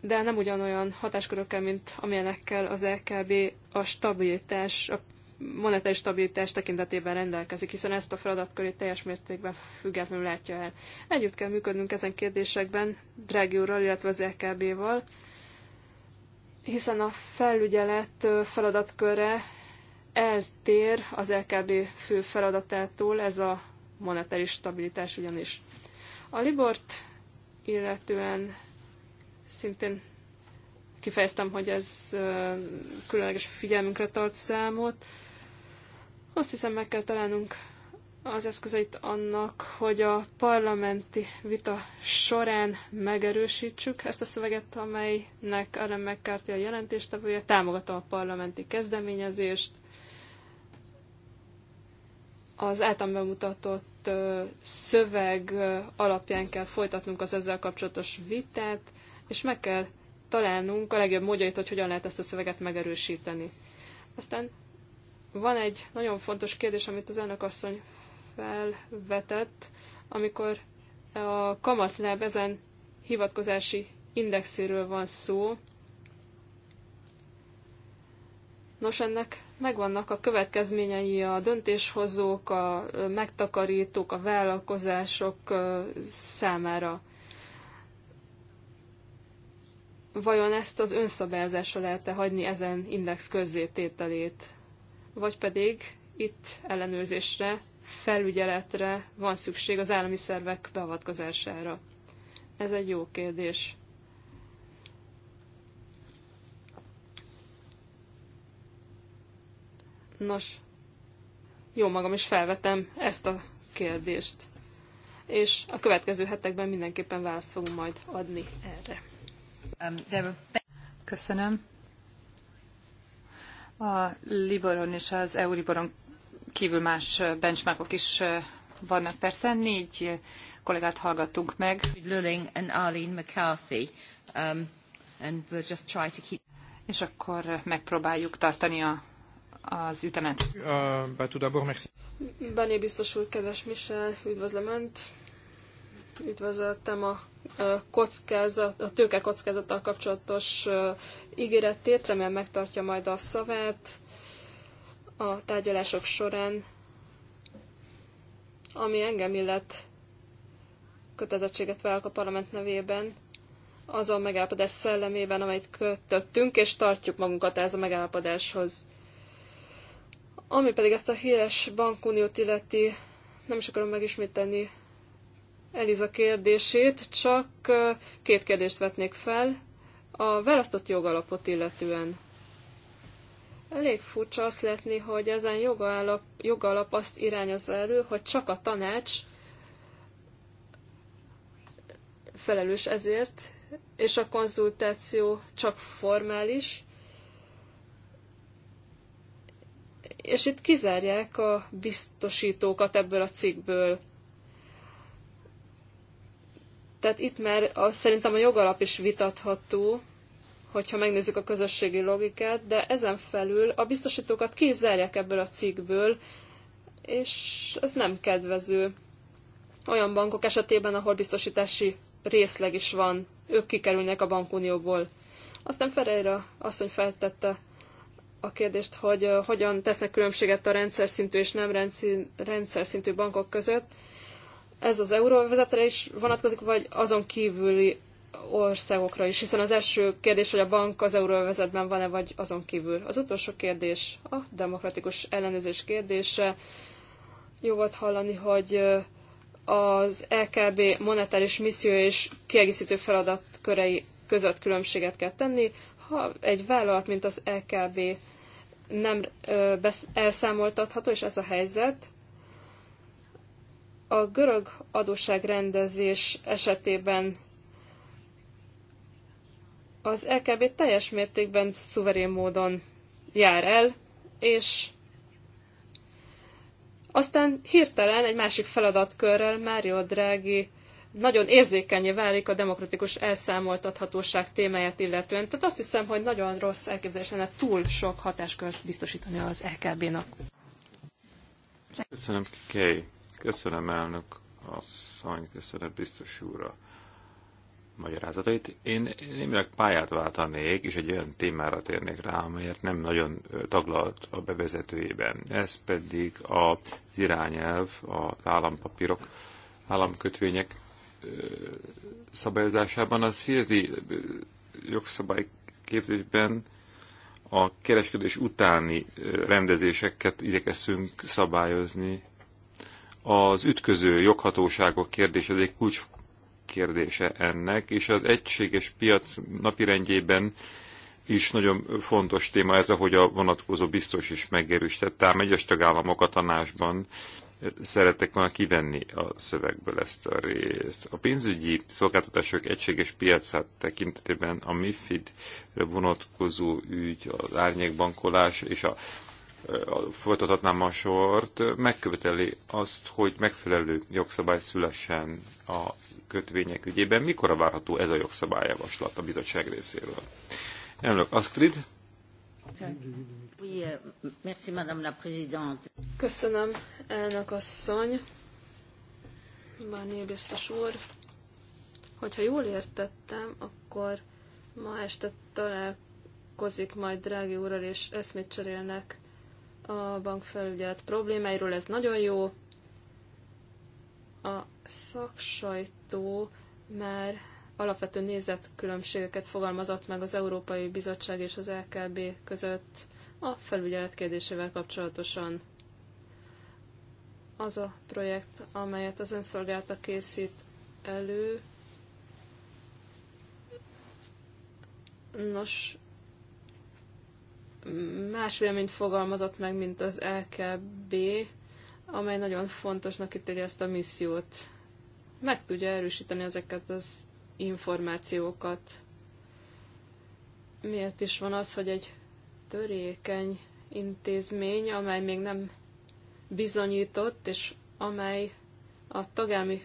de nem ugyanolyan hatáskörökkel, mint amilyenekkel az LKB e a stabilitás, a monetáris stabilitás tekintetében rendelkezik, hiszen ezt a feladatkörét teljes mértékben függetlenül látja el. Együtt kell működnünk ezen kérdésekben Drági úrral, illetve az LKB-val, hiszen a felügyelet feladatköre eltér az LKB fő feladatától, ez a monetáris stabilitás ugyanis. A Libort illetően szintén kifejeztem, hogy ez különleges figyelmünkre tart számot. Azt hiszem, meg kell találnunk az eszközeit annak, hogy a parlamenti vita során megerősítsük ezt a szöveget, amelynek Ellen McCarthy a jelentéstevője, támogatom a parlamenti kezdeményezést, az általán bemutatott szöveg alapján kell folytatnunk az ezzel kapcsolatos vitát, és meg kell találnunk a legjobb módjait, hogy hogyan lehet ezt a szöveget megerősíteni. Aztán van egy nagyon fontos kérdés, amit az elnök asszony felvetett, amikor a kamatláb ezen hivatkozási indexéről van szó. Nos, ennek megvannak a következményei a döntéshozók, a megtakarítók, a vállalkozások számára. Vajon ezt az önszabályozásra lehet-e hagyni ezen index közzétételét? Vagy pedig itt ellenőrzésre felügyeletre van szükség az állami szervek beavatkozására? Ez egy jó kérdés. Nos, jó magam is felvetem ezt a kérdést. És a következő hetekben mindenképpen választ fogunk majd adni erre. Um, Köszönöm. A Liboron és az Euriboron kívül más benchmarkok is vannak persze. Négy kollégát hallgattunk meg. Lulling and Arlene McCarthy. Um, and we'll just try to keep... És akkor megpróbáljuk tartani a az ütemet. Uh, Bené biztos úr, kedves Michel, üdvözlöm Önt. Üdvözöltem a, kockázat, a tőke kockázattal kapcsolatos ígéretét, remélem megtartja majd a szavát a tárgyalások során, ami engem illet kötelezettséget vállalok a parlament nevében, az a megállapodás szellemében, amelyet kötöttünk, és tartjuk magunkat ez a megállapodáshoz. Ami pedig ezt a híres bankuniót illeti, nem is akarom megismételni Eliza kérdését, csak két kérdést vetnék fel a választott jogalapot illetően. Elég furcsa azt látni, hogy ezen jogalap, jogalap azt irányozza elő, hogy csak a tanács felelős ezért, és a konzultáció csak formális, és itt kizárják a biztosítókat ebből a cikkből. Tehát itt már a, szerintem a jogalap is vitatható, hogyha megnézzük a közösségi logikát, de ezen felül a biztosítókat kizárják ebből a cikkből, és ez nem kedvező. Olyan bankok esetében, ahol biztosítási részleg is van, ők kikerülnek a bankunióból. Aztán Ferreira asszony feltette a kérdést, hogy hogyan tesznek különbséget a rendszer szintű és nem rendszer szintű bankok között. Ez az euróvezetre is vonatkozik, vagy azon kívüli országokra is, hiszen az első kérdés, hogy a bank az euróvezetben van-e, vagy azon kívül. Az utolsó kérdés a demokratikus ellenőrzés kérdése. Jó volt hallani, hogy az LKB e monetáris misszió és kiegészítő feladatkörei között különbséget kell tenni. Ha egy vállalat, mint az LKB e nem elszámoltatható, és ez a helyzet, a görög adósságrendezés esetében az EKB teljes mértékben szuverén módon jár el, és aztán hirtelen egy másik feladatkörrel Mário Draghi nagyon érzékenyé válik a demokratikus elszámoltathatóság témáját illetően. Tehát azt hiszem, hogy nagyon rossz elképzelés lenne túl sok hatáskört biztosítani az LKB-nak. Köszönöm, Kay. Köszönöm, elnök a köszönöm biztos úr magyarázatait. Én némileg pályát váltanék, és egy olyan témára térnék rá, amelyet nem nagyon taglalt a bevezetőjében. Ez pedig az irányelv, az állampapírok, államkötvények szabályozásában. A szírzi képzésben a kereskedés utáni rendezéseket igyekeztünk szabályozni. Az ütköző joghatóságok kérdése egy kulcs kérdése ennek, és az egységes piac napirendjében is nagyon fontos téma ez, ahogy a vonatkozó biztos is megerősített, ám egyes tagállamok a tanácsban szeretek volna kivenni a szövegből ezt a részt. A pénzügyi szolgáltatások egységes piacát tekintetében a MIFID vonatkozó ügy, az árnyékbankolás és a folytathatnám a sort, megköveteli azt, hogy megfelelő jogszabály szülessen a kötvények ügyében. Mikor várható ez a jogszabályjavaslat a bizottság részéről? Elnök Astrid. Euh, Köszönöm, elnök asszony. Barnier biztos úr, hogyha jól értettem, akkor ma este találkozik majd drági úrral, és eszmét cserélnek a bankfelügyelet problémáiról, ez nagyon jó. A szaksajtó már alapvető nézetkülönbségeket fogalmazott meg az Európai Bizottság és az LKB között a felügyelet kérdésével kapcsolatosan. Az a projekt, amelyet az önszolgálta készít elő, nos, más véleményt fogalmazott meg, mint az LKB, amely nagyon fontosnak ítéli ezt a missziót. Meg tudja erősíteni ezeket az információkat. Miért is van az, hogy egy törékeny intézmény, amely még nem bizonyított, és amely a tagállami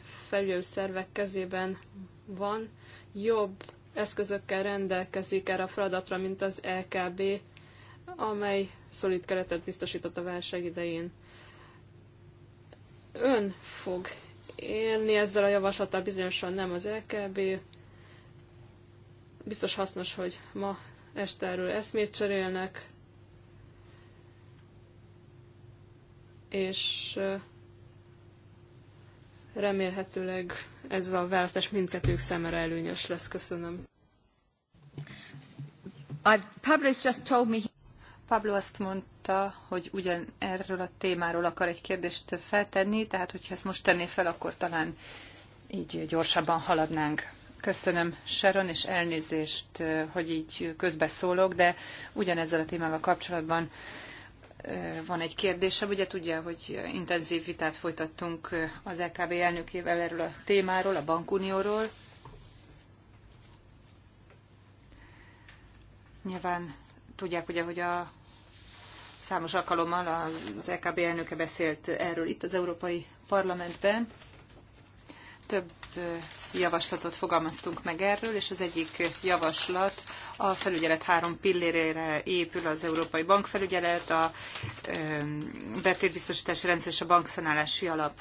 szervek kezében van, jobb eszközökkel rendelkezik erre a feladatra, mint az LKB, amely szolid keretet biztosított a válság idején. Ön fog élni ezzel a javaslattal, bizonyosan nem az LKB. Biztos hasznos, hogy ma este erről eszmét cserélnek, és remélhetőleg ez a választás mindkettők szemére előnyös lesz. Köszönöm. Pablo just told me Pablo azt mondta, hogy ugyan erről a témáról akar egy kérdést feltenni, tehát hogyha ezt most tenné fel, akkor talán így gyorsabban haladnánk. Köszönöm, Sharon, és elnézést, hogy így közbeszólok, de ugyanezzel a témával kapcsolatban van egy kérdésem. Ugye tudja, hogy intenzív vitát folytattunk az LKB e elnökével erről a témáról, a bankunióról. Nyilván Tudják ugye, hogy a számos alkalommal az LKB e elnöke beszélt erről itt az Európai Parlamentben. Több javaslatot fogalmaztunk meg erről, és az egyik javaslat a felügyelet három pillérére épül az Európai Bankfelügyelet, a betétbiztosítási rendszer és a bankszanálási alap.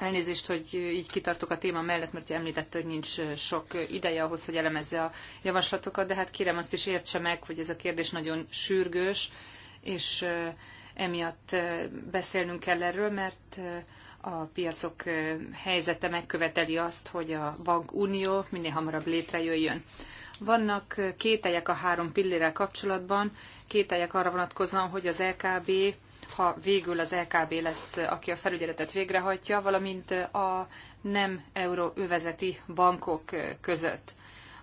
Elnézést, hogy így kitartok a téma mellett, mert említette, hogy nincs sok ideje ahhoz, hogy elemezze a javaslatokat, de hát kérem azt is értse meg, hogy ez a kérdés nagyon sürgős, és emiatt beszélnünk kell erről, mert a piacok helyzete megköveteli azt, hogy a bankunió minél hamarabb létrejöjjön. Vannak kételyek a három pillérrel kapcsolatban, kételyek arra vonatkozóan, hogy az LKB ha végül az LKB lesz, aki a felügyeletet végrehajtja, valamint a nem euróövezeti bankok között.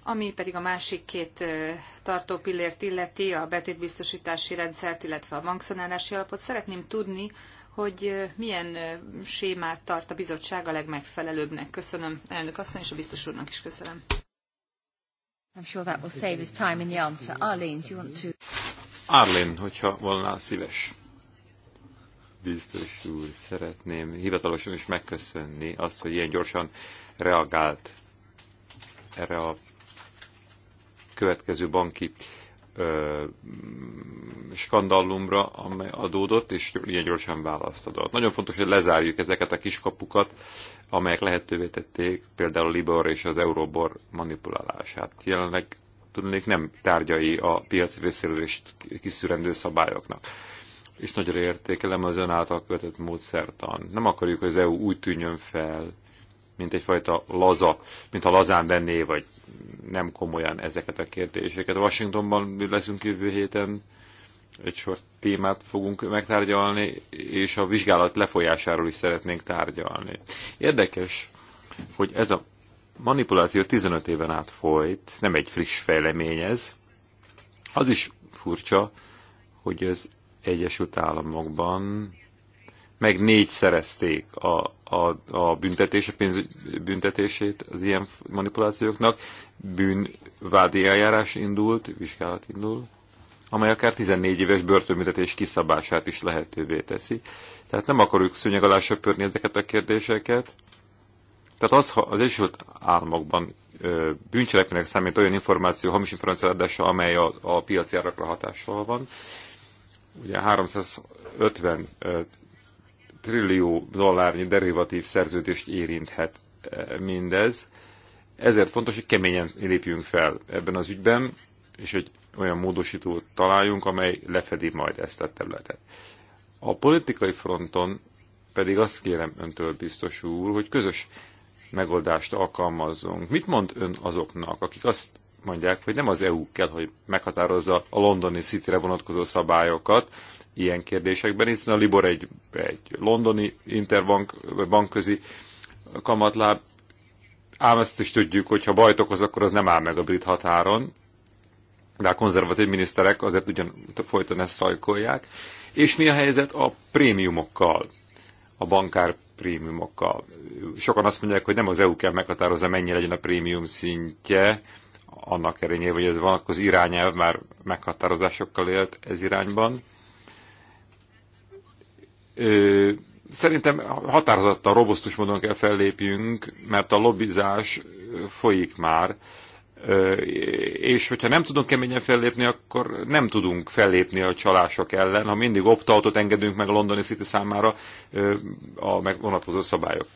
Ami pedig a másik két tartó pillért illeti, a betétbiztosítási rendszert, illetve a bankszanálási alapot, szeretném tudni, hogy milyen sémát tart a bizottság a legmegfelelőbbnek. Köszönöm elnök asszony és a biztos úrnak is köszönöm. I'm sure that will save us time in the answer. Arlene, do you want to... Arlene, hogyha volnál szíves. Biztos úr, szeretném hivatalosan is megköszönni azt, hogy ilyen gyorsan reagált erre a következő banki ö, skandallumra, amely adódott, és ilyen gyorsan választ adott. Nagyon fontos, hogy lezárjuk ezeket a kiskapukat, amelyek lehetővé tették például a Libor és az Eurobor manipulálását. Jelenleg tudnék nem tárgyai a piaci visszaélést kiszűrendő szabályoknak és nagyra értékelem az ön által követett módszertan. Nem akarjuk, hogy az EU úgy tűnjön fel, mint egyfajta laza, mint ha lazán venné, vagy nem komolyan ezeket a kérdéseket. Washingtonban leszünk jövő héten, egy sor témát fogunk megtárgyalni, és a vizsgálat lefolyásáról is szeretnénk tárgyalni. Érdekes, hogy ez a manipuláció 15 éven át folyt, nem egy friss fejlemény ez. Az is furcsa, hogy az Egyesült Államokban meg négy szerezték a, a, a büntetés, pénz büntetését az ilyen manipulációknak. Bűnvádi eljárás indult, vizsgálat indul, amely akár 14 éves börtönbüntetés kiszabását is lehetővé teszi. Tehát nem akarjuk szőnyeg alá söpörni ezeket a kérdéseket. Tehát az, ha az Egyesült Államokban bűncselekménynek számít olyan információ, hamis információ adása, amely a, a piaci árakra hatással van, ugye 350 trillió dollárnyi derivatív szerződést érinthet mindez. Ezért fontos, hogy keményen lépjünk fel ebben az ügyben, és hogy olyan módosítót találjunk, amely lefedi majd ezt a területet. A politikai fronton pedig azt kérem öntől, biztos úr, hogy közös megoldást alkalmazzunk. Mit mond ön azoknak, akik azt mondják, hogy nem az EU kell, hogy meghatározza a londoni City-re vonatkozó szabályokat ilyen kérdésekben, hiszen a Libor egy, egy londoni interbank bankközi kamatláb, ám ezt is tudjuk, hogy ha bajt okoz, akkor az nem áll meg a brit határon, de a konzervatív miniszterek azért ugyan folyton ezt szajkolják. És mi a helyzet a prémiumokkal, a bankár prémiumokkal? Sokan azt mondják, hogy nem az EU kell meghatározza, mennyi legyen a prémium szintje, annak erényében, hogy ez vonatkozó irányelv már meghatározásokkal élt ez irányban. Ö, szerintem határozottan, robosztus módon kell fellépjünk, mert a lobbizás folyik már, ö, és hogyha nem tudunk keményen fellépni, akkor nem tudunk fellépni a csalások ellen, ha mindig optautot engedünk meg a londoni City számára ö, a vonatkozó szabályok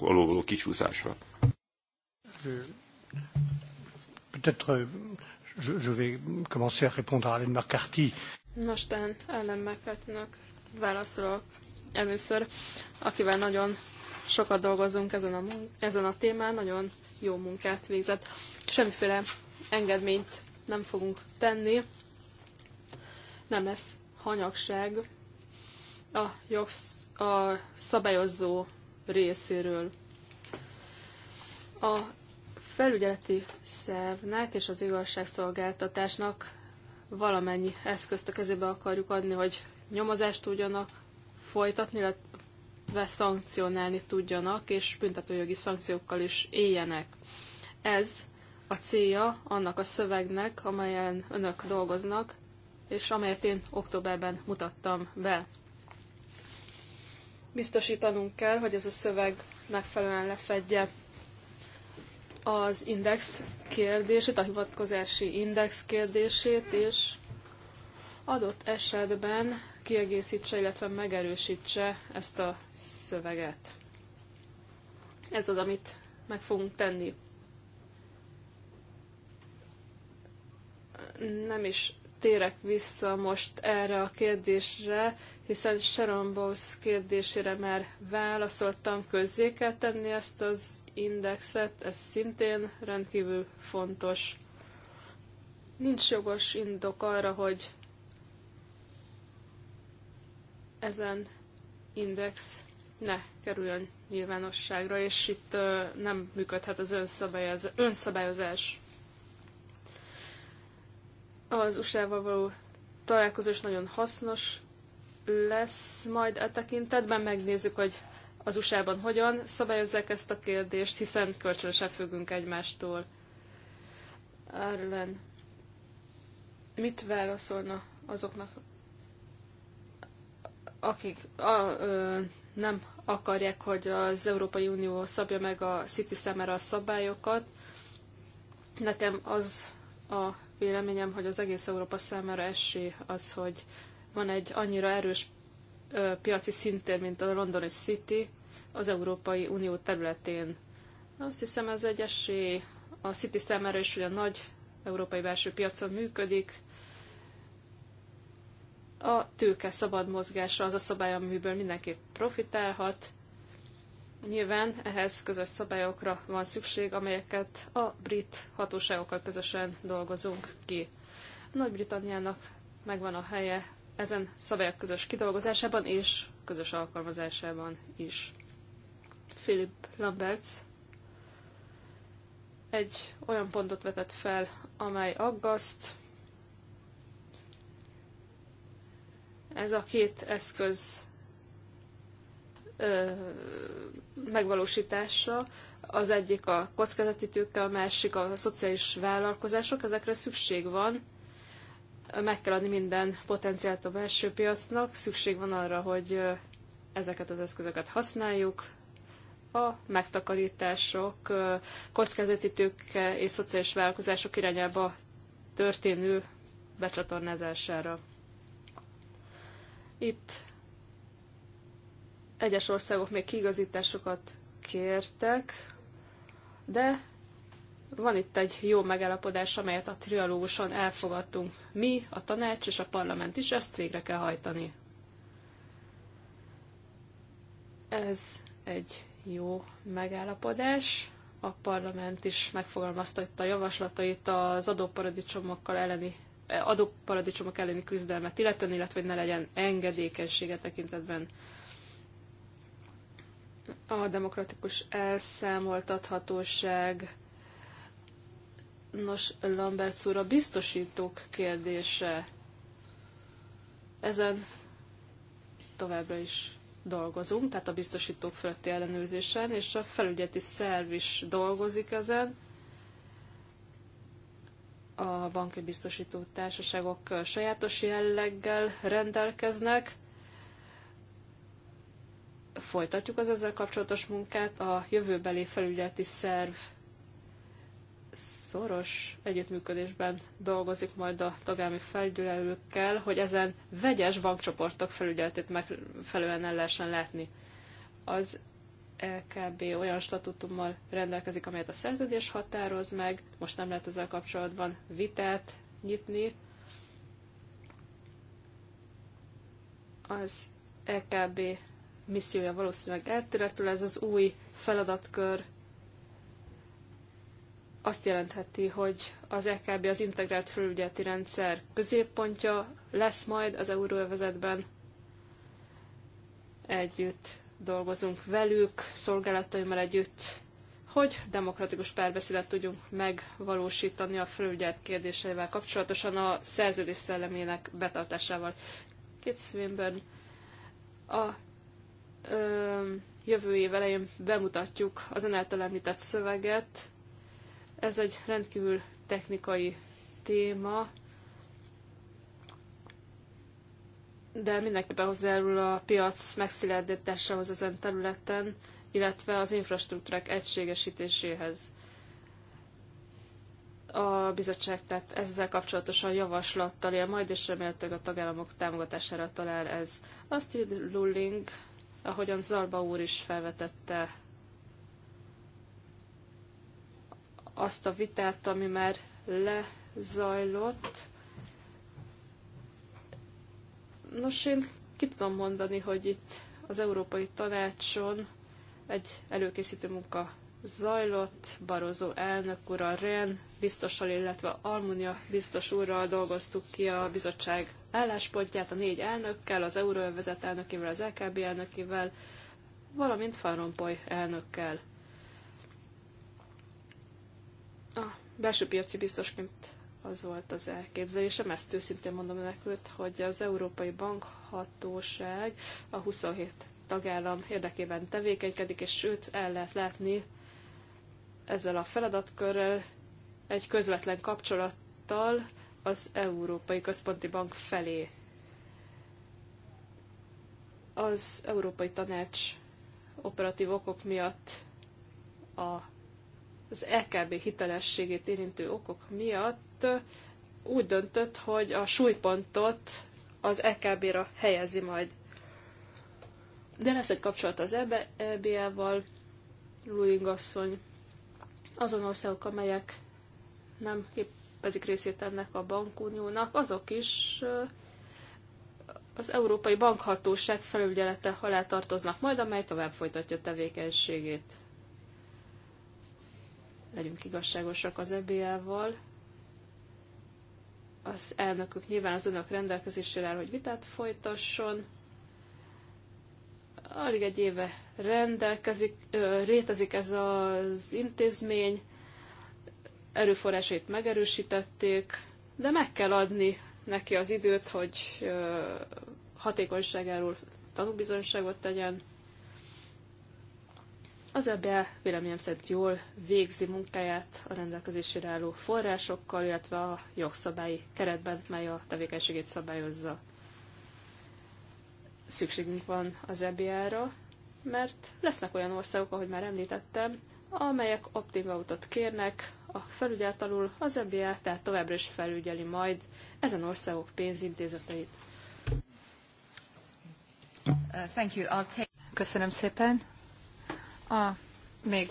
alól való kicsúszásra peut-être euh, je, je vais commencer à répondre à McCarthy. Ellen McCarthy-nak válaszolok először, akivel nagyon sokat dolgozunk ezen a, ezen a témán, nagyon jó munkát végzett. Semmiféle engedményt nem fogunk tenni, nem lesz hanyagság a, jogsz, a szabályozó részéről. A felügyeleti szervnek és az igazságszolgáltatásnak valamennyi eszközt a kezébe akarjuk adni, hogy nyomozást tudjanak folytatni, illetve szankcionálni tudjanak, és büntetőjogi szankciókkal is éljenek. Ez a célja annak a szövegnek, amelyen önök dolgoznak, és amelyet én októberben mutattam be. Biztosítanunk kell, hogy ez a szöveg megfelelően lefedje az index kérdését, a hivatkozási index kérdését, és adott esetben kiegészítse, illetve megerősítse ezt a szöveget. Ez az, amit meg fogunk tenni. Nem is térek vissza most erre a kérdésre, hiszen Sharon Bowles kérdésére már válaszoltam, közzé kell tenni ezt az indexet, ez szintén rendkívül fontos. Nincs jogos indok arra, hogy ezen index ne kerüljön nyilvánosságra, és itt nem működhet az önszabályozás. Az USA-val való találkozás nagyon hasznos lesz majd a e tekintetben. Megnézzük, hogy az USA-ban hogyan szabályozzák ezt a kérdést, hiszen kölcsönösen függünk egymástól. Arlen, mit válaszolna azoknak, akik a, ö, nem akarják, hogy az Európai Unió szabja meg a City summer a szabályokat. Nekem az a véleményem, hogy az egész Európa számára esély az, hogy van egy annyira erős piaci szinten, mint a londoni City az Európai Unió területén. Azt hiszem ez egy esély a City számára is, ugyan nagy európai belső piacon működik. A tőke szabad mozgása az a szabály, amiből mindenki profitálhat. Nyilván ehhez közös szabályokra van szükség, amelyeket a brit hatóságokkal közösen dolgozunk ki. Nagy-Britanniának megvan a helye ezen szabályok közös kidolgozásában és közös alkalmazásában is. Philip Lamberts egy olyan pontot vetett fel, amely aggaszt. Ez a két eszköz ö, megvalósítása, az egyik a kockázati tőke, a másik a szociális vállalkozások, ezekre szükség van, meg kell adni minden potenciált a belső piacnak, szükség van arra, hogy ezeket az eszközöket használjuk, a megtakarítások, kockázatítők és szociális vállalkozások irányába történő becsatornázására. Itt egyes országok még kiigazításokat kértek, de van itt egy jó megállapodás, amelyet a trialóguson elfogadtunk. Mi, a tanács és a parlament is ezt végre kell hajtani. Ez egy jó megállapodás. A parlament is megfogalmazta itt a javaslatait az adóparadicsomokkal elleni eh, adóparadicsomok elleni küzdelmet illetően, illetve hogy ne legyen engedékenysége tekintetben a demokratikus elszámoltathatóság Nos, Lambert úr, a biztosítók kérdése ezen továbbra is dolgozunk, tehát a biztosítók fölötti ellenőrzésen, és a felügyeti szerv is dolgozik ezen. A banki biztosító társaságok sajátos jelleggel rendelkeznek. Folytatjuk az ezzel kapcsolatos munkát. A jövőbeli felügyeti szerv szoros együttműködésben dolgozik majd a tagállami felügyelőkkel, hogy ezen vegyes bankcsoportok felügyeletét megfelelően el lehessen látni. Az LKB e olyan statutummal rendelkezik, amelyet a szerződés határoz meg, most nem lehet ezzel kapcsolatban vitát nyitni. Az LKB e missziója valószínűleg eltérhető, ez az új feladatkör azt jelentheti, hogy az EKB az integrált felügyeleti rendszer középpontja lesz majd az euróövezetben. Együtt dolgozunk velük, szolgálataimmal együtt, hogy demokratikus párbeszédet tudjunk megvalósítani a felügyelet kérdéseivel kapcsolatosan a szerződés szellemének betartásával. Két szvénben a ö, jövő év elején bemutatjuk az ön által említett szöveget, ez egy rendkívül technikai téma, de mindenképpen hozzájárul a piac megszilárdításához ezen területen, illetve az infrastruktúrák egységesítéséhez. A bizottság tehát ezzel kapcsolatosan javaslattal él majd, és remélhetőleg a tagállamok támogatására talál ez. Azt Astrid Lulling, ahogyan Zalba úr is felvetette azt a vitát, ami már lezajlott. Nos, én ki tudom mondani, hogy itt az Európai Tanácson egy előkészítő munka zajlott, Barozó elnök ura, Ren biztossal, illetve Almunia biztos úrral dolgoztuk ki a bizottság álláspontját a négy elnökkel, az Euróövezet elnökével, az LKB elnökével, valamint Van elnökkel a belső piaci biztosként az volt az elképzelésem, ezt őszintén mondom nekült, hogy az Európai Bankhatóság a 27 tagállam érdekében tevékenykedik, és sőt, el lehet látni ezzel a feladatkörrel egy közvetlen kapcsolattal az Európai Központi Bank felé. Az Európai Tanács operatív okok miatt a az EKB hitelességét érintő okok miatt úgy döntött, hogy a súlypontot az EKB-ra helyezi majd. De lesz egy kapcsolat az EBA-val, Luling asszony, azon országok, amelyek nem képezik részét ennek a bankuniónak, azok is az Európai Bankhatóság felügyelete alá tartoznak majd, amely tovább folytatja tevékenységét legyünk igazságosak az EBA-val. Az elnökük nyilván az önök rendelkezésére áll, hogy vitát folytasson. Alig egy éve rendelkezik, rétezik ez az intézmény, erőforrásait megerősítették, de meg kell adni neki az időt, hogy hatékonyságáról tanúbizonyságot tegyen. Az ebbe e véleményem szerint jól végzi munkáját a rendelkezésére álló forrásokkal, illetve a jogszabályi keretben, mely a tevékenységét szabályozza. Szükségünk van az EBA-ra, e mert lesznek olyan országok, ahogy már említettem, amelyek opting outot kérnek a felügyelet alul, az EBA e, tehát továbbra is felügyeli majd ezen országok pénzintézeteit. Uh, Köszönöm szépen. A még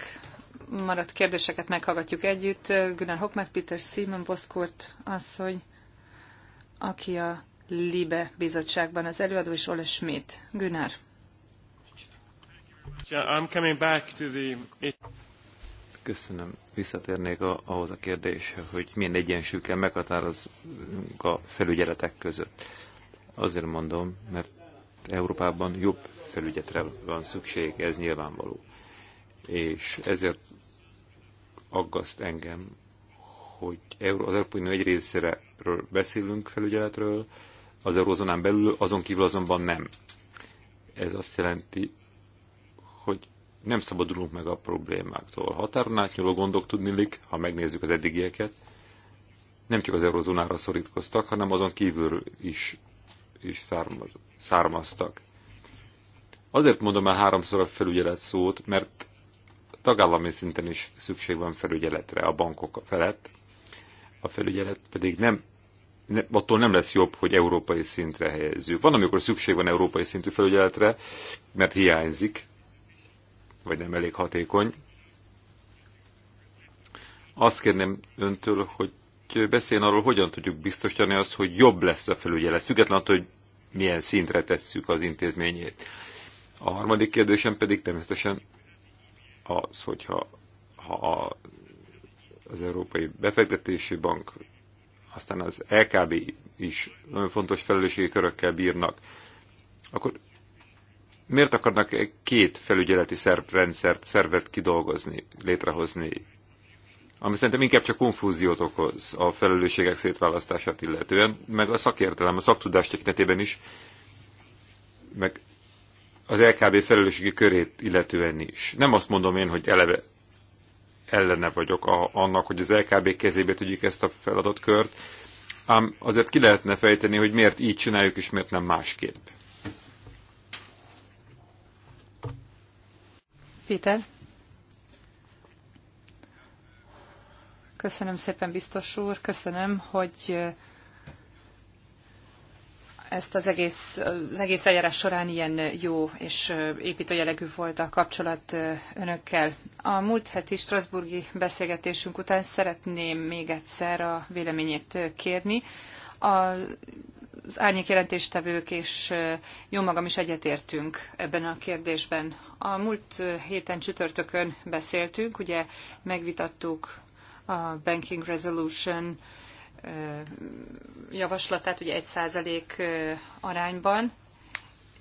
maradt kérdéseket meghallgatjuk együtt. Gunnar Hockmark, Peter Simon Boszkurt asszony, aki a LIBE bizottságban az előadó, és Ole Schmidt. Gunnar. Köszönöm. Visszatérnék a, ahhoz a kérdéshez, hogy milyen egyensúly kell meghatározunk a felügyeletek között. Azért mondom, mert Európában jobb felügyetre van szükség, ez nyilvánvaló és ezért aggaszt engem, hogy az Európai Unió egy részéről beszélünk felügyeletről, az eurozónán belül, azon kívül azonban nem. Ez azt jelenti, hogy nem szabadulunk meg a problémáktól. Határon átnyúló gondok tudnilik, ha megnézzük az eddigieket, nem csak az eurozónára szorítkoztak, hanem azon kívül is, is származtak. Azért mondom el háromszor a felügyelet szót, mert tagállami szinten is szükség van felügyeletre a bankok felett, a felügyelet pedig nem, ne, attól nem lesz jobb, hogy európai szintre helyezzük. Van, amikor szükség van európai szintű felügyeletre, mert hiányzik, vagy nem elég hatékony. Azt kérném öntől, hogy beszéljen arról, hogyan tudjuk biztosítani azt, hogy jobb lesz a felügyelet, függetlenül attól, hogy milyen szintre tesszük az intézményét. A harmadik kérdésem pedig természetesen az, hogyha ha a, az Európai Befektetési Bank, aztán az LKB is nagyon fontos felelősségi körökkel bírnak, akkor miért akarnak két felügyeleti szervrendszert, szervet kidolgozni, létrehozni? Ami szerintem inkább csak konfúziót okoz a felelősségek szétválasztását illetően, meg a szakértelem, a szaktudás tekintetében is, meg az LKB felelősségi körét illetően is. Nem azt mondom én, hogy eleve ellene vagyok a, annak, hogy az LKB kezébe tudjuk ezt a feladatkört, ám azért ki lehetne fejteni, hogy miért így csináljuk, és miért nem másképp. Péter? Köszönöm szépen, biztos úr, köszönöm, hogy ezt az egész, az egész eljárás során ilyen jó és építő jellegű volt a kapcsolat önökkel. A múlt heti Strasburgi beszélgetésünk után szeretném még egyszer a véleményét kérni. A az árnyék jelentéstevők és jó magam is egyetértünk ebben a kérdésben. A múlt héten csütörtökön beszéltünk, ugye megvitattuk a Banking Resolution javaslatát, ugye százalék arányban,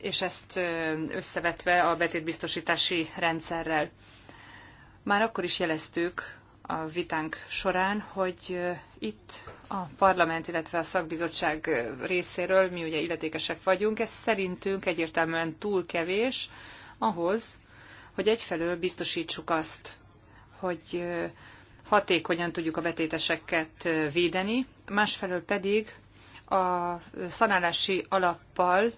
és ezt összevetve a betétbiztosítási rendszerrel. Már akkor is jeleztük a vitánk során, hogy itt a parlament, illetve a szakbizottság részéről, mi ugye illetékesek vagyunk, ez szerintünk egyértelműen túl kevés ahhoz, hogy egyfelől biztosítsuk azt, hogy hatékonyan tudjuk a betéteseket védeni, másfelől pedig a szanálási alappal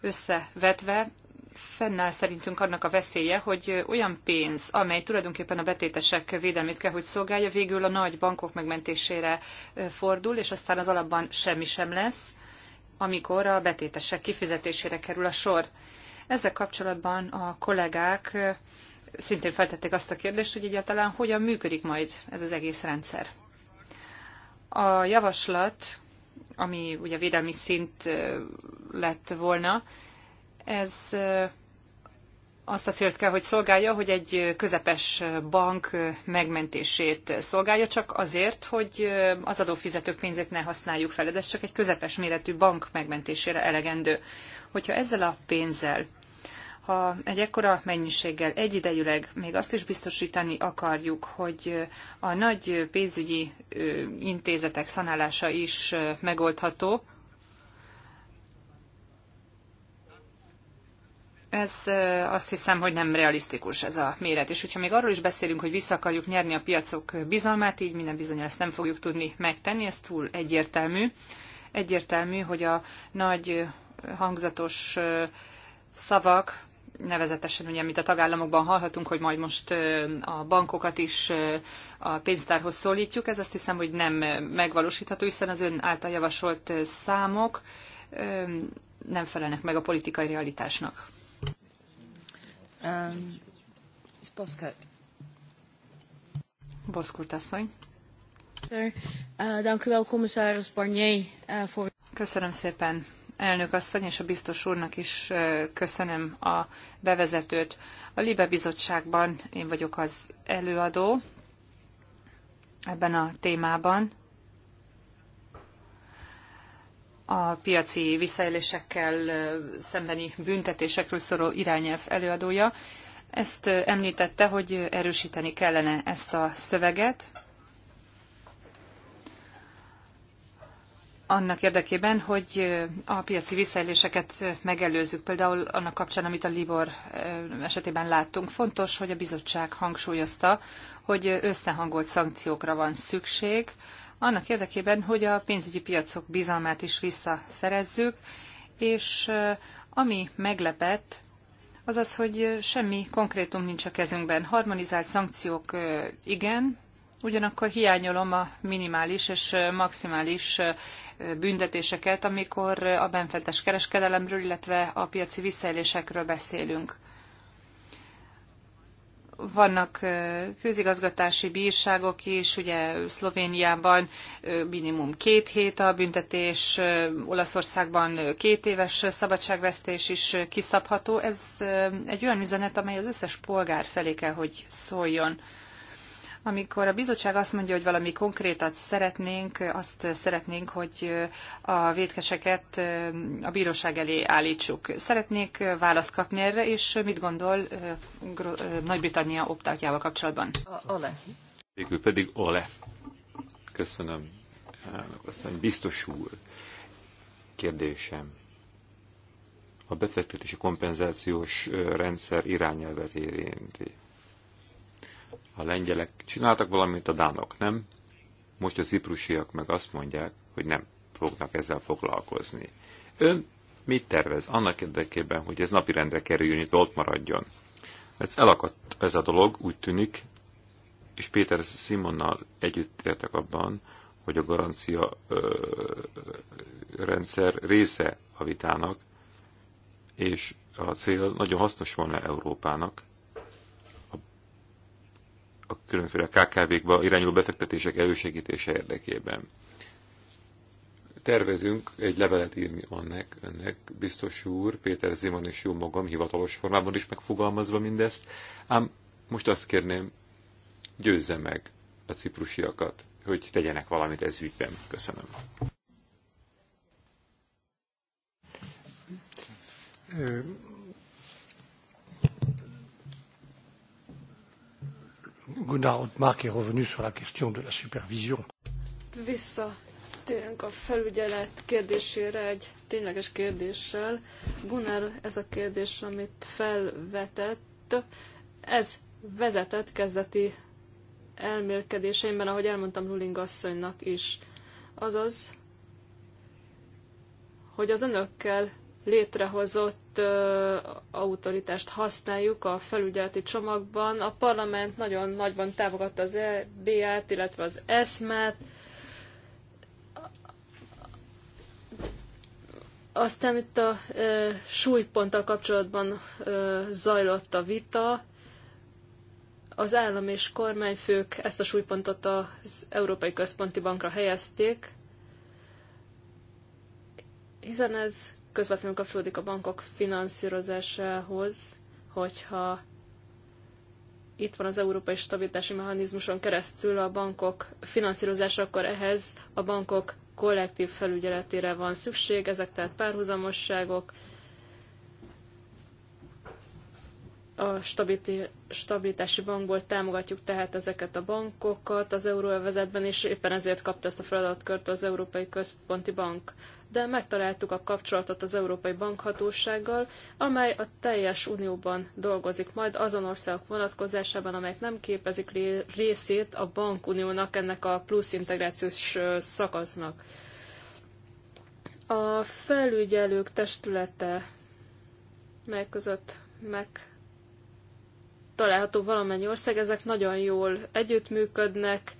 összevetve fennáll szerintünk annak a veszélye, hogy olyan pénz, amely tulajdonképpen a betétesek védelmét kell, hogy szolgálja, végül a nagy bankok megmentésére fordul, és aztán az alapban semmi sem lesz, amikor a betétesek kifizetésére kerül a sor. Ezzel kapcsolatban a kollégák szintén feltették azt a kérdést, hogy egyáltalán hogyan működik majd ez az egész rendszer. A javaslat, ami ugye védelmi szint lett volna, ez azt a célt kell, hogy szolgálja, hogy egy közepes bank megmentését szolgálja, csak azért, hogy az adófizetők pénzét ne használjuk fel, de ez csak egy közepes méretű bank megmentésére elegendő. Hogyha ezzel a pénzzel ha egy ekkora mennyiséggel egyidejűleg még azt is biztosítani akarjuk, hogy a nagy pénzügyi intézetek szanálása is megoldható, ez azt hiszem, hogy nem realisztikus ez a méret. És hogyha még arról is beszélünk, hogy vissza akarjuk nyerni a piacok bizalmát, így minden bizonyal ezt nem fogjuk tudni megtenni, ez túl egyértelmű. Egyértelmű, hogy a nagy hangzatos szavak nevezetesen ugye, amit a tagállamokban hallhatunk, hogy majd most a bankokat is a pénztárhoz szólítjuk, ez azt hiszem, hogy nem megvalósítható, hiszen az ön által javasolt számok nem felelnek meg a politikai realitásnak. Um, Boszkert. Boszkurt asszony. Uh, uh, Köszönöm szépen, elnök asszony, és a biztos úrnak is köszönöm a bevezetőt. A Libe Bizottságban én vagyok az előadó ebben a témában. A piaci visszaélésekkel szembeni büntetésekről szóló irányelv előadója. Ezt említette, hogy erősíteni kellene ezt a szöveget, annak érdekében, hogy a piaci visszaéléseket megelőzzük, például annak kapcsán, amit a Libor esetében láttunk. Fontos, hogy a bizottság hangsúlyozta, hogy összehangolt szankciókra van szükség, annak érdekében, hogy a pénzügyi piacok bizalmát is visszaszerezzük, és ami meglepett, az az, hogy semmi konkrétum nincs a kezünkben. Harmonizált szankciók igen, Ugyanakkor hiányolom a minimális és maximális büntetéseket, amikor a benfentes kereskedelemről, illetve a piaci visszaélésekről beszélünk vannak közigazgatási bírságok is, ugye Szlovéniában minimum két hét a büntetés, Olaszországban két éves szabadságvesztés is kiszabható. Ez egy olyan üzenet, amely az összes polgár felé kell, hogy szóljon. Amikor a bizottság azt mondja, hogy valami konkrétat szeretnénk, azt szeretnénk, hogy a védkeseket a bíróság elé állítsuk. Szeretnék választ kapni erre, és mit gondol Nagy-Britannia optákjával kapcsolatban? Ole. Végül pedig Ole. Köszönöm. Elnök asszony, biztos úr. Kérdésem. A befektetési kompenzációs rendszer irányelvet érinti a lengyelek csináltak valamit, a dánok nem. Most a ciprusiak meg azt mondják, hogy nem fognak ezzel foglalkozni. Ön mit tervez annak érdekében, hogy ez napirendre kerüljön, itt ott maradjon? Mert elakadt ez a dolog, úgy tűnik, és Péter Simonnal együtt értek abban, hogy a garancia ö, rendszer része a vitának, és a cél nagyon hasznos volna Európának, a különféle KKV-kba irányuló befektetések elősegítése érdekében. Tervezünk egy levelet írni annak, önnek, biztos úr, Péter Zimon és jó magam, hivatalos formában is megfogalmazva mindezt, ám most azt kérném, győzze meg a ciprusiakat, hogy tegyenek valamit ez ügyben. Köszönöm. Gunnar Ottmark est revenu sur la question de la supervision. Visszatérünk a felügyelet kérdésére egy tényleges kérdéssel. Gunnar, ez a kérdés, amit felvetett, ez vezetett kezdeti elmélkedéseimben, ahogy elmondtam Luling asszonynak is. Azaz, hogy az önökkel létrehozott ö, autoritást használjuk a felügyeleti csomagban. A parlament nagyon nagyban támogatta az EBA-t, illetve az ESMA-t. Aztán itt a ö, súlyponttal kapcsolatban ö, zajlott a vita. Az állam és kormányfők ezt a súlypontot az Európai Központi Bankra helyezték, hiszen ez közvetlenül kapcsolódik a bankok finanszírozásához, hogyha itt van az Európai Stabilitási Mechanizmuson keresztül a bankok finanszírozása, akkor ehhez a bankok kollektív felügyeletére van szükség, ezek tehát párhuzamosságok, a stabilitási bankból támogatjuk tehát ezeket a bankokat az euróövezetben, és éppen ezért kapta ezt a feladatkört az Európai Központi Bank de megtaláltuk a kapcsolatot az Európai Bankhatósággal, amely a teljes unióban dolgozik majd azon országok vonatkozásában, amelyek nem képezik részét a bankuniónak, ennek a plusz integrációs szakasznak. A felügyelők testülete, mely között meg található valamennyi ország, ezek nagyon jól együttműködnek,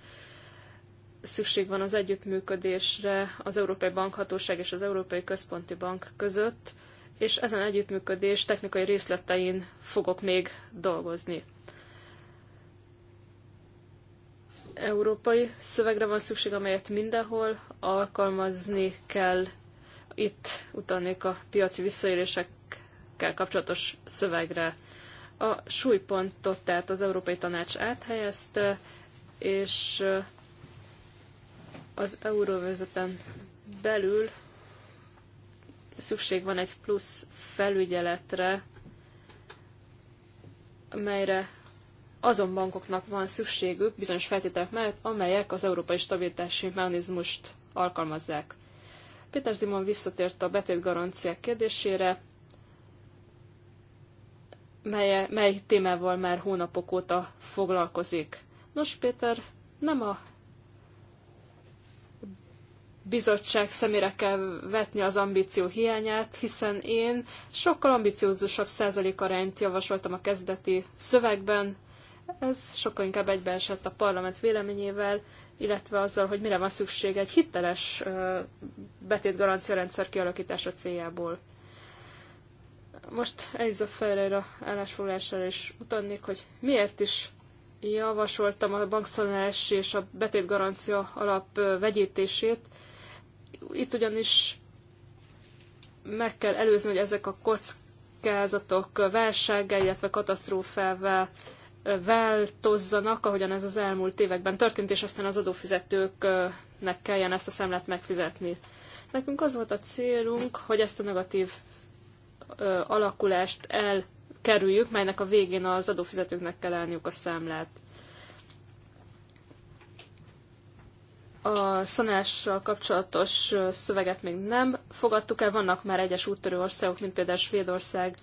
szükség van az együttműködésre az Európai Bankhatóság és az Európai Központi Bank között, és ezen együttműködés technikai részletein fogok még dolgozni. Európai szövegre van szükség, amelyet mindenhol alkalmazni kell. Itt utalnék a piaci visszaélésekkel kapcsolatos szövegre. A súlypontot tehát az Európai Tanács áthelyezte, és az euróvezeten belül szükség van egy plusz felügyeletre, melyre azon bankoknak van szükségük bizonyos feltételek mellett, amelyek az európai stabilitási mechanizmust alkalmazzák. Péter Zimon visszatért a betét garanciák kérdésére, mely, mely témával már hónapok óta foglalkozik. Nos, Péter, nem a bizottság szemére kell vetni az ambíció hiányát, hiszen én sokkal ambiciózusabb százalékarányt javasoltam a kezdeti szövegben, ez sokkal inkább egybeesett a parlament véleményével, illetve azzal, hogy mire van szükség egy hiteles betétgarancia rendszer kialakítása céljából. Most Eliza Ferreira állásfoglalására is utalnék, hogy miért is javasoltam a bankszolnálási és a betétgarancia alap vegyítését, itt ugyanis meg kell előzni, hogy ezek a kockázatok válsággal, illetve katasztrófával változzanak, ahogyan ez az elmúlt években történt, és aztán az adófizetőknek kelljen ezt a szemlet megfizetni. Nekünk az volt a célunk, hogy ezt a negatív alakulást elkerüljük, melynek a végén az adófizetőknek kell állniuk a számlát. a szanással kapcsolatos szöveget még nem fogadtuk el, vannak már egyes úttörő országok, mint például Svédország,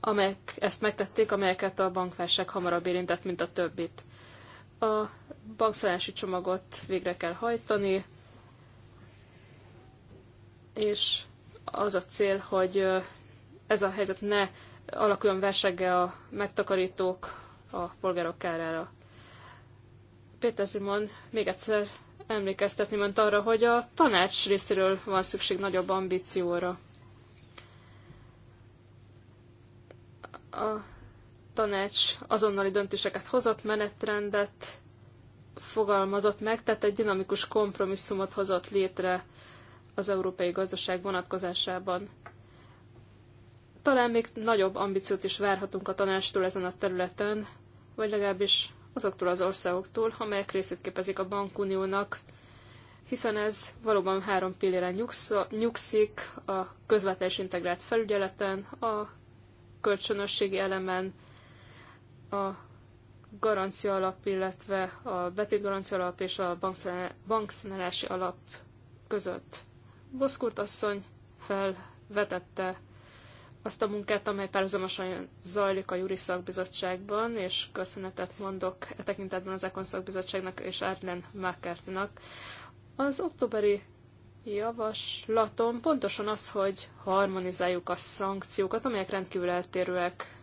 amelyek ezt megtették, amelyeket a bankválság hamarabb érintett, mint a többit. A bankszállási csomagot végre kell hajtani, és az a cél, hogy ez a helyzet ne alakuljon verseggel a megtakarítók a polgárok kárára. Péter Zimon még egyszer emlékeztetni ment arra, hogy a tanács részéről van szükség nagyobb ambícióra. A tanács azonnali döntéseket hozott, menetrendet fogalmazott meg, tehát egy dinamikus kompromisszumot hozott létre az európai gazdaság vonatkozásában. Talán még nagyobb ambíciót is várhatunk a tanástól ezen a területen, vagy legalábbis azoktól az országoktól, amelyek részét képezik a bankuniónak, hiszen ez valóban három pilléren nyugszik, a közvetlen és integrált felügyeleten, a kölcsönösségi elemen, a garancia alap, illetve a betétgarancia alap és a bankszenelási alap között. Boszkurt asszony felvetette azt a munkát, amely párhuzamosan zajlik a Juri Szakbizottságban, és köszönetet mondok e tekintetben az Ekon Szakbizottságnak és Erlen Mákertnak. Az októberi javaslatom pontosan az, hogy harmonizáljuk a szankciókat, amelyek rendkívül eltérőek.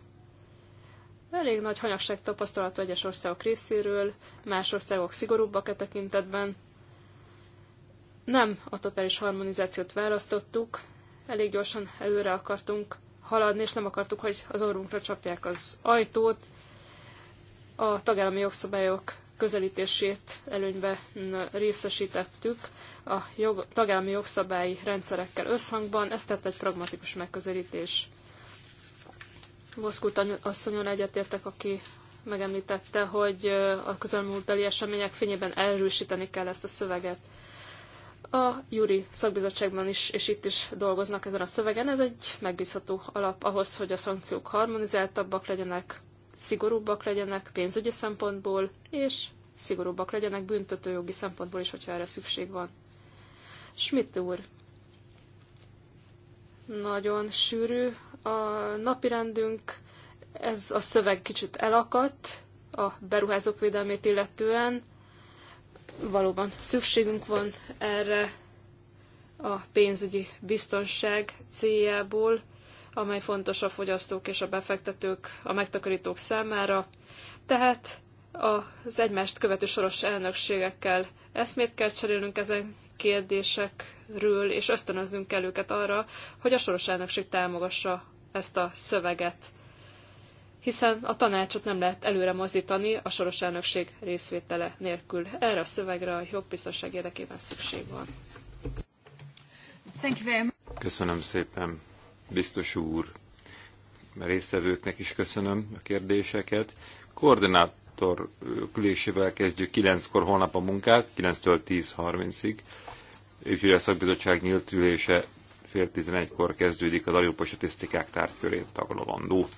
Elég nagy hanyagság tapasztalható egyes országok részéről, más országok szigorúbbak e tekintetben. Nem a totális harmonizációt választottuk, elég gyorsan előre akartunk haladni, és nem akartuk, hogy az orrunkra csapják az ajtót. A tagállami jogszabályok közelítését előnybe részesítettük a jog, tagállami jogszabályi rendszerekkel összhangban. Ez tett egy pragmatikus megközelítés. Voszkút asszonyon egyetértek, aki megemlítette, hogy a közelmúltbeli események fényében erősíteni kell ezt a szöveget. A Juri szakbizottságban is, és itt is dolgoznak ezen a szövegen. Ez egy megbízható alap ahhoz, hogy a szankciók harmonizáltabbak legyenek, szigorúbbak legyenek pénzügyi szempontból, és szigorúbbak legyenek büntetőjogi szempontból is, hogyha erre szükség van. Schmidt úr, nagyon sűrű a napirendünk, ez a szöveg kicsit elakadt a beruházók védelmét illetően, valóban szükségünk van erre a pénzügyi biztonság céljából, amely fontos a fogyasztók és a befektetők, a megtakarítók számára. Tehát az egymást követő soros elnökségekkel eszmét kell cserélnünk ezen kérdésekről, és ösztönöznünk kell őket arra, hogy a soros elnökség támogassa ezt a szöveget hiszen a tanácsot nem lehet előre mozdítani a soros elnökség részvétele nélkül. Erre a szövegre a jogbiztonság érdekében szükség van. Köszönöm szépen, biztos úr. A részvevőknek is köszönöm a kérdéseket. Koordinátor külésével kezdjük 9-kor holnap a munkát, 9-től 10.30-ig. Úgyhogy a szakbizottság nyílt ülése fél 11-kor kezdődik az aljópa statisztikák tárgykörét taglalandó.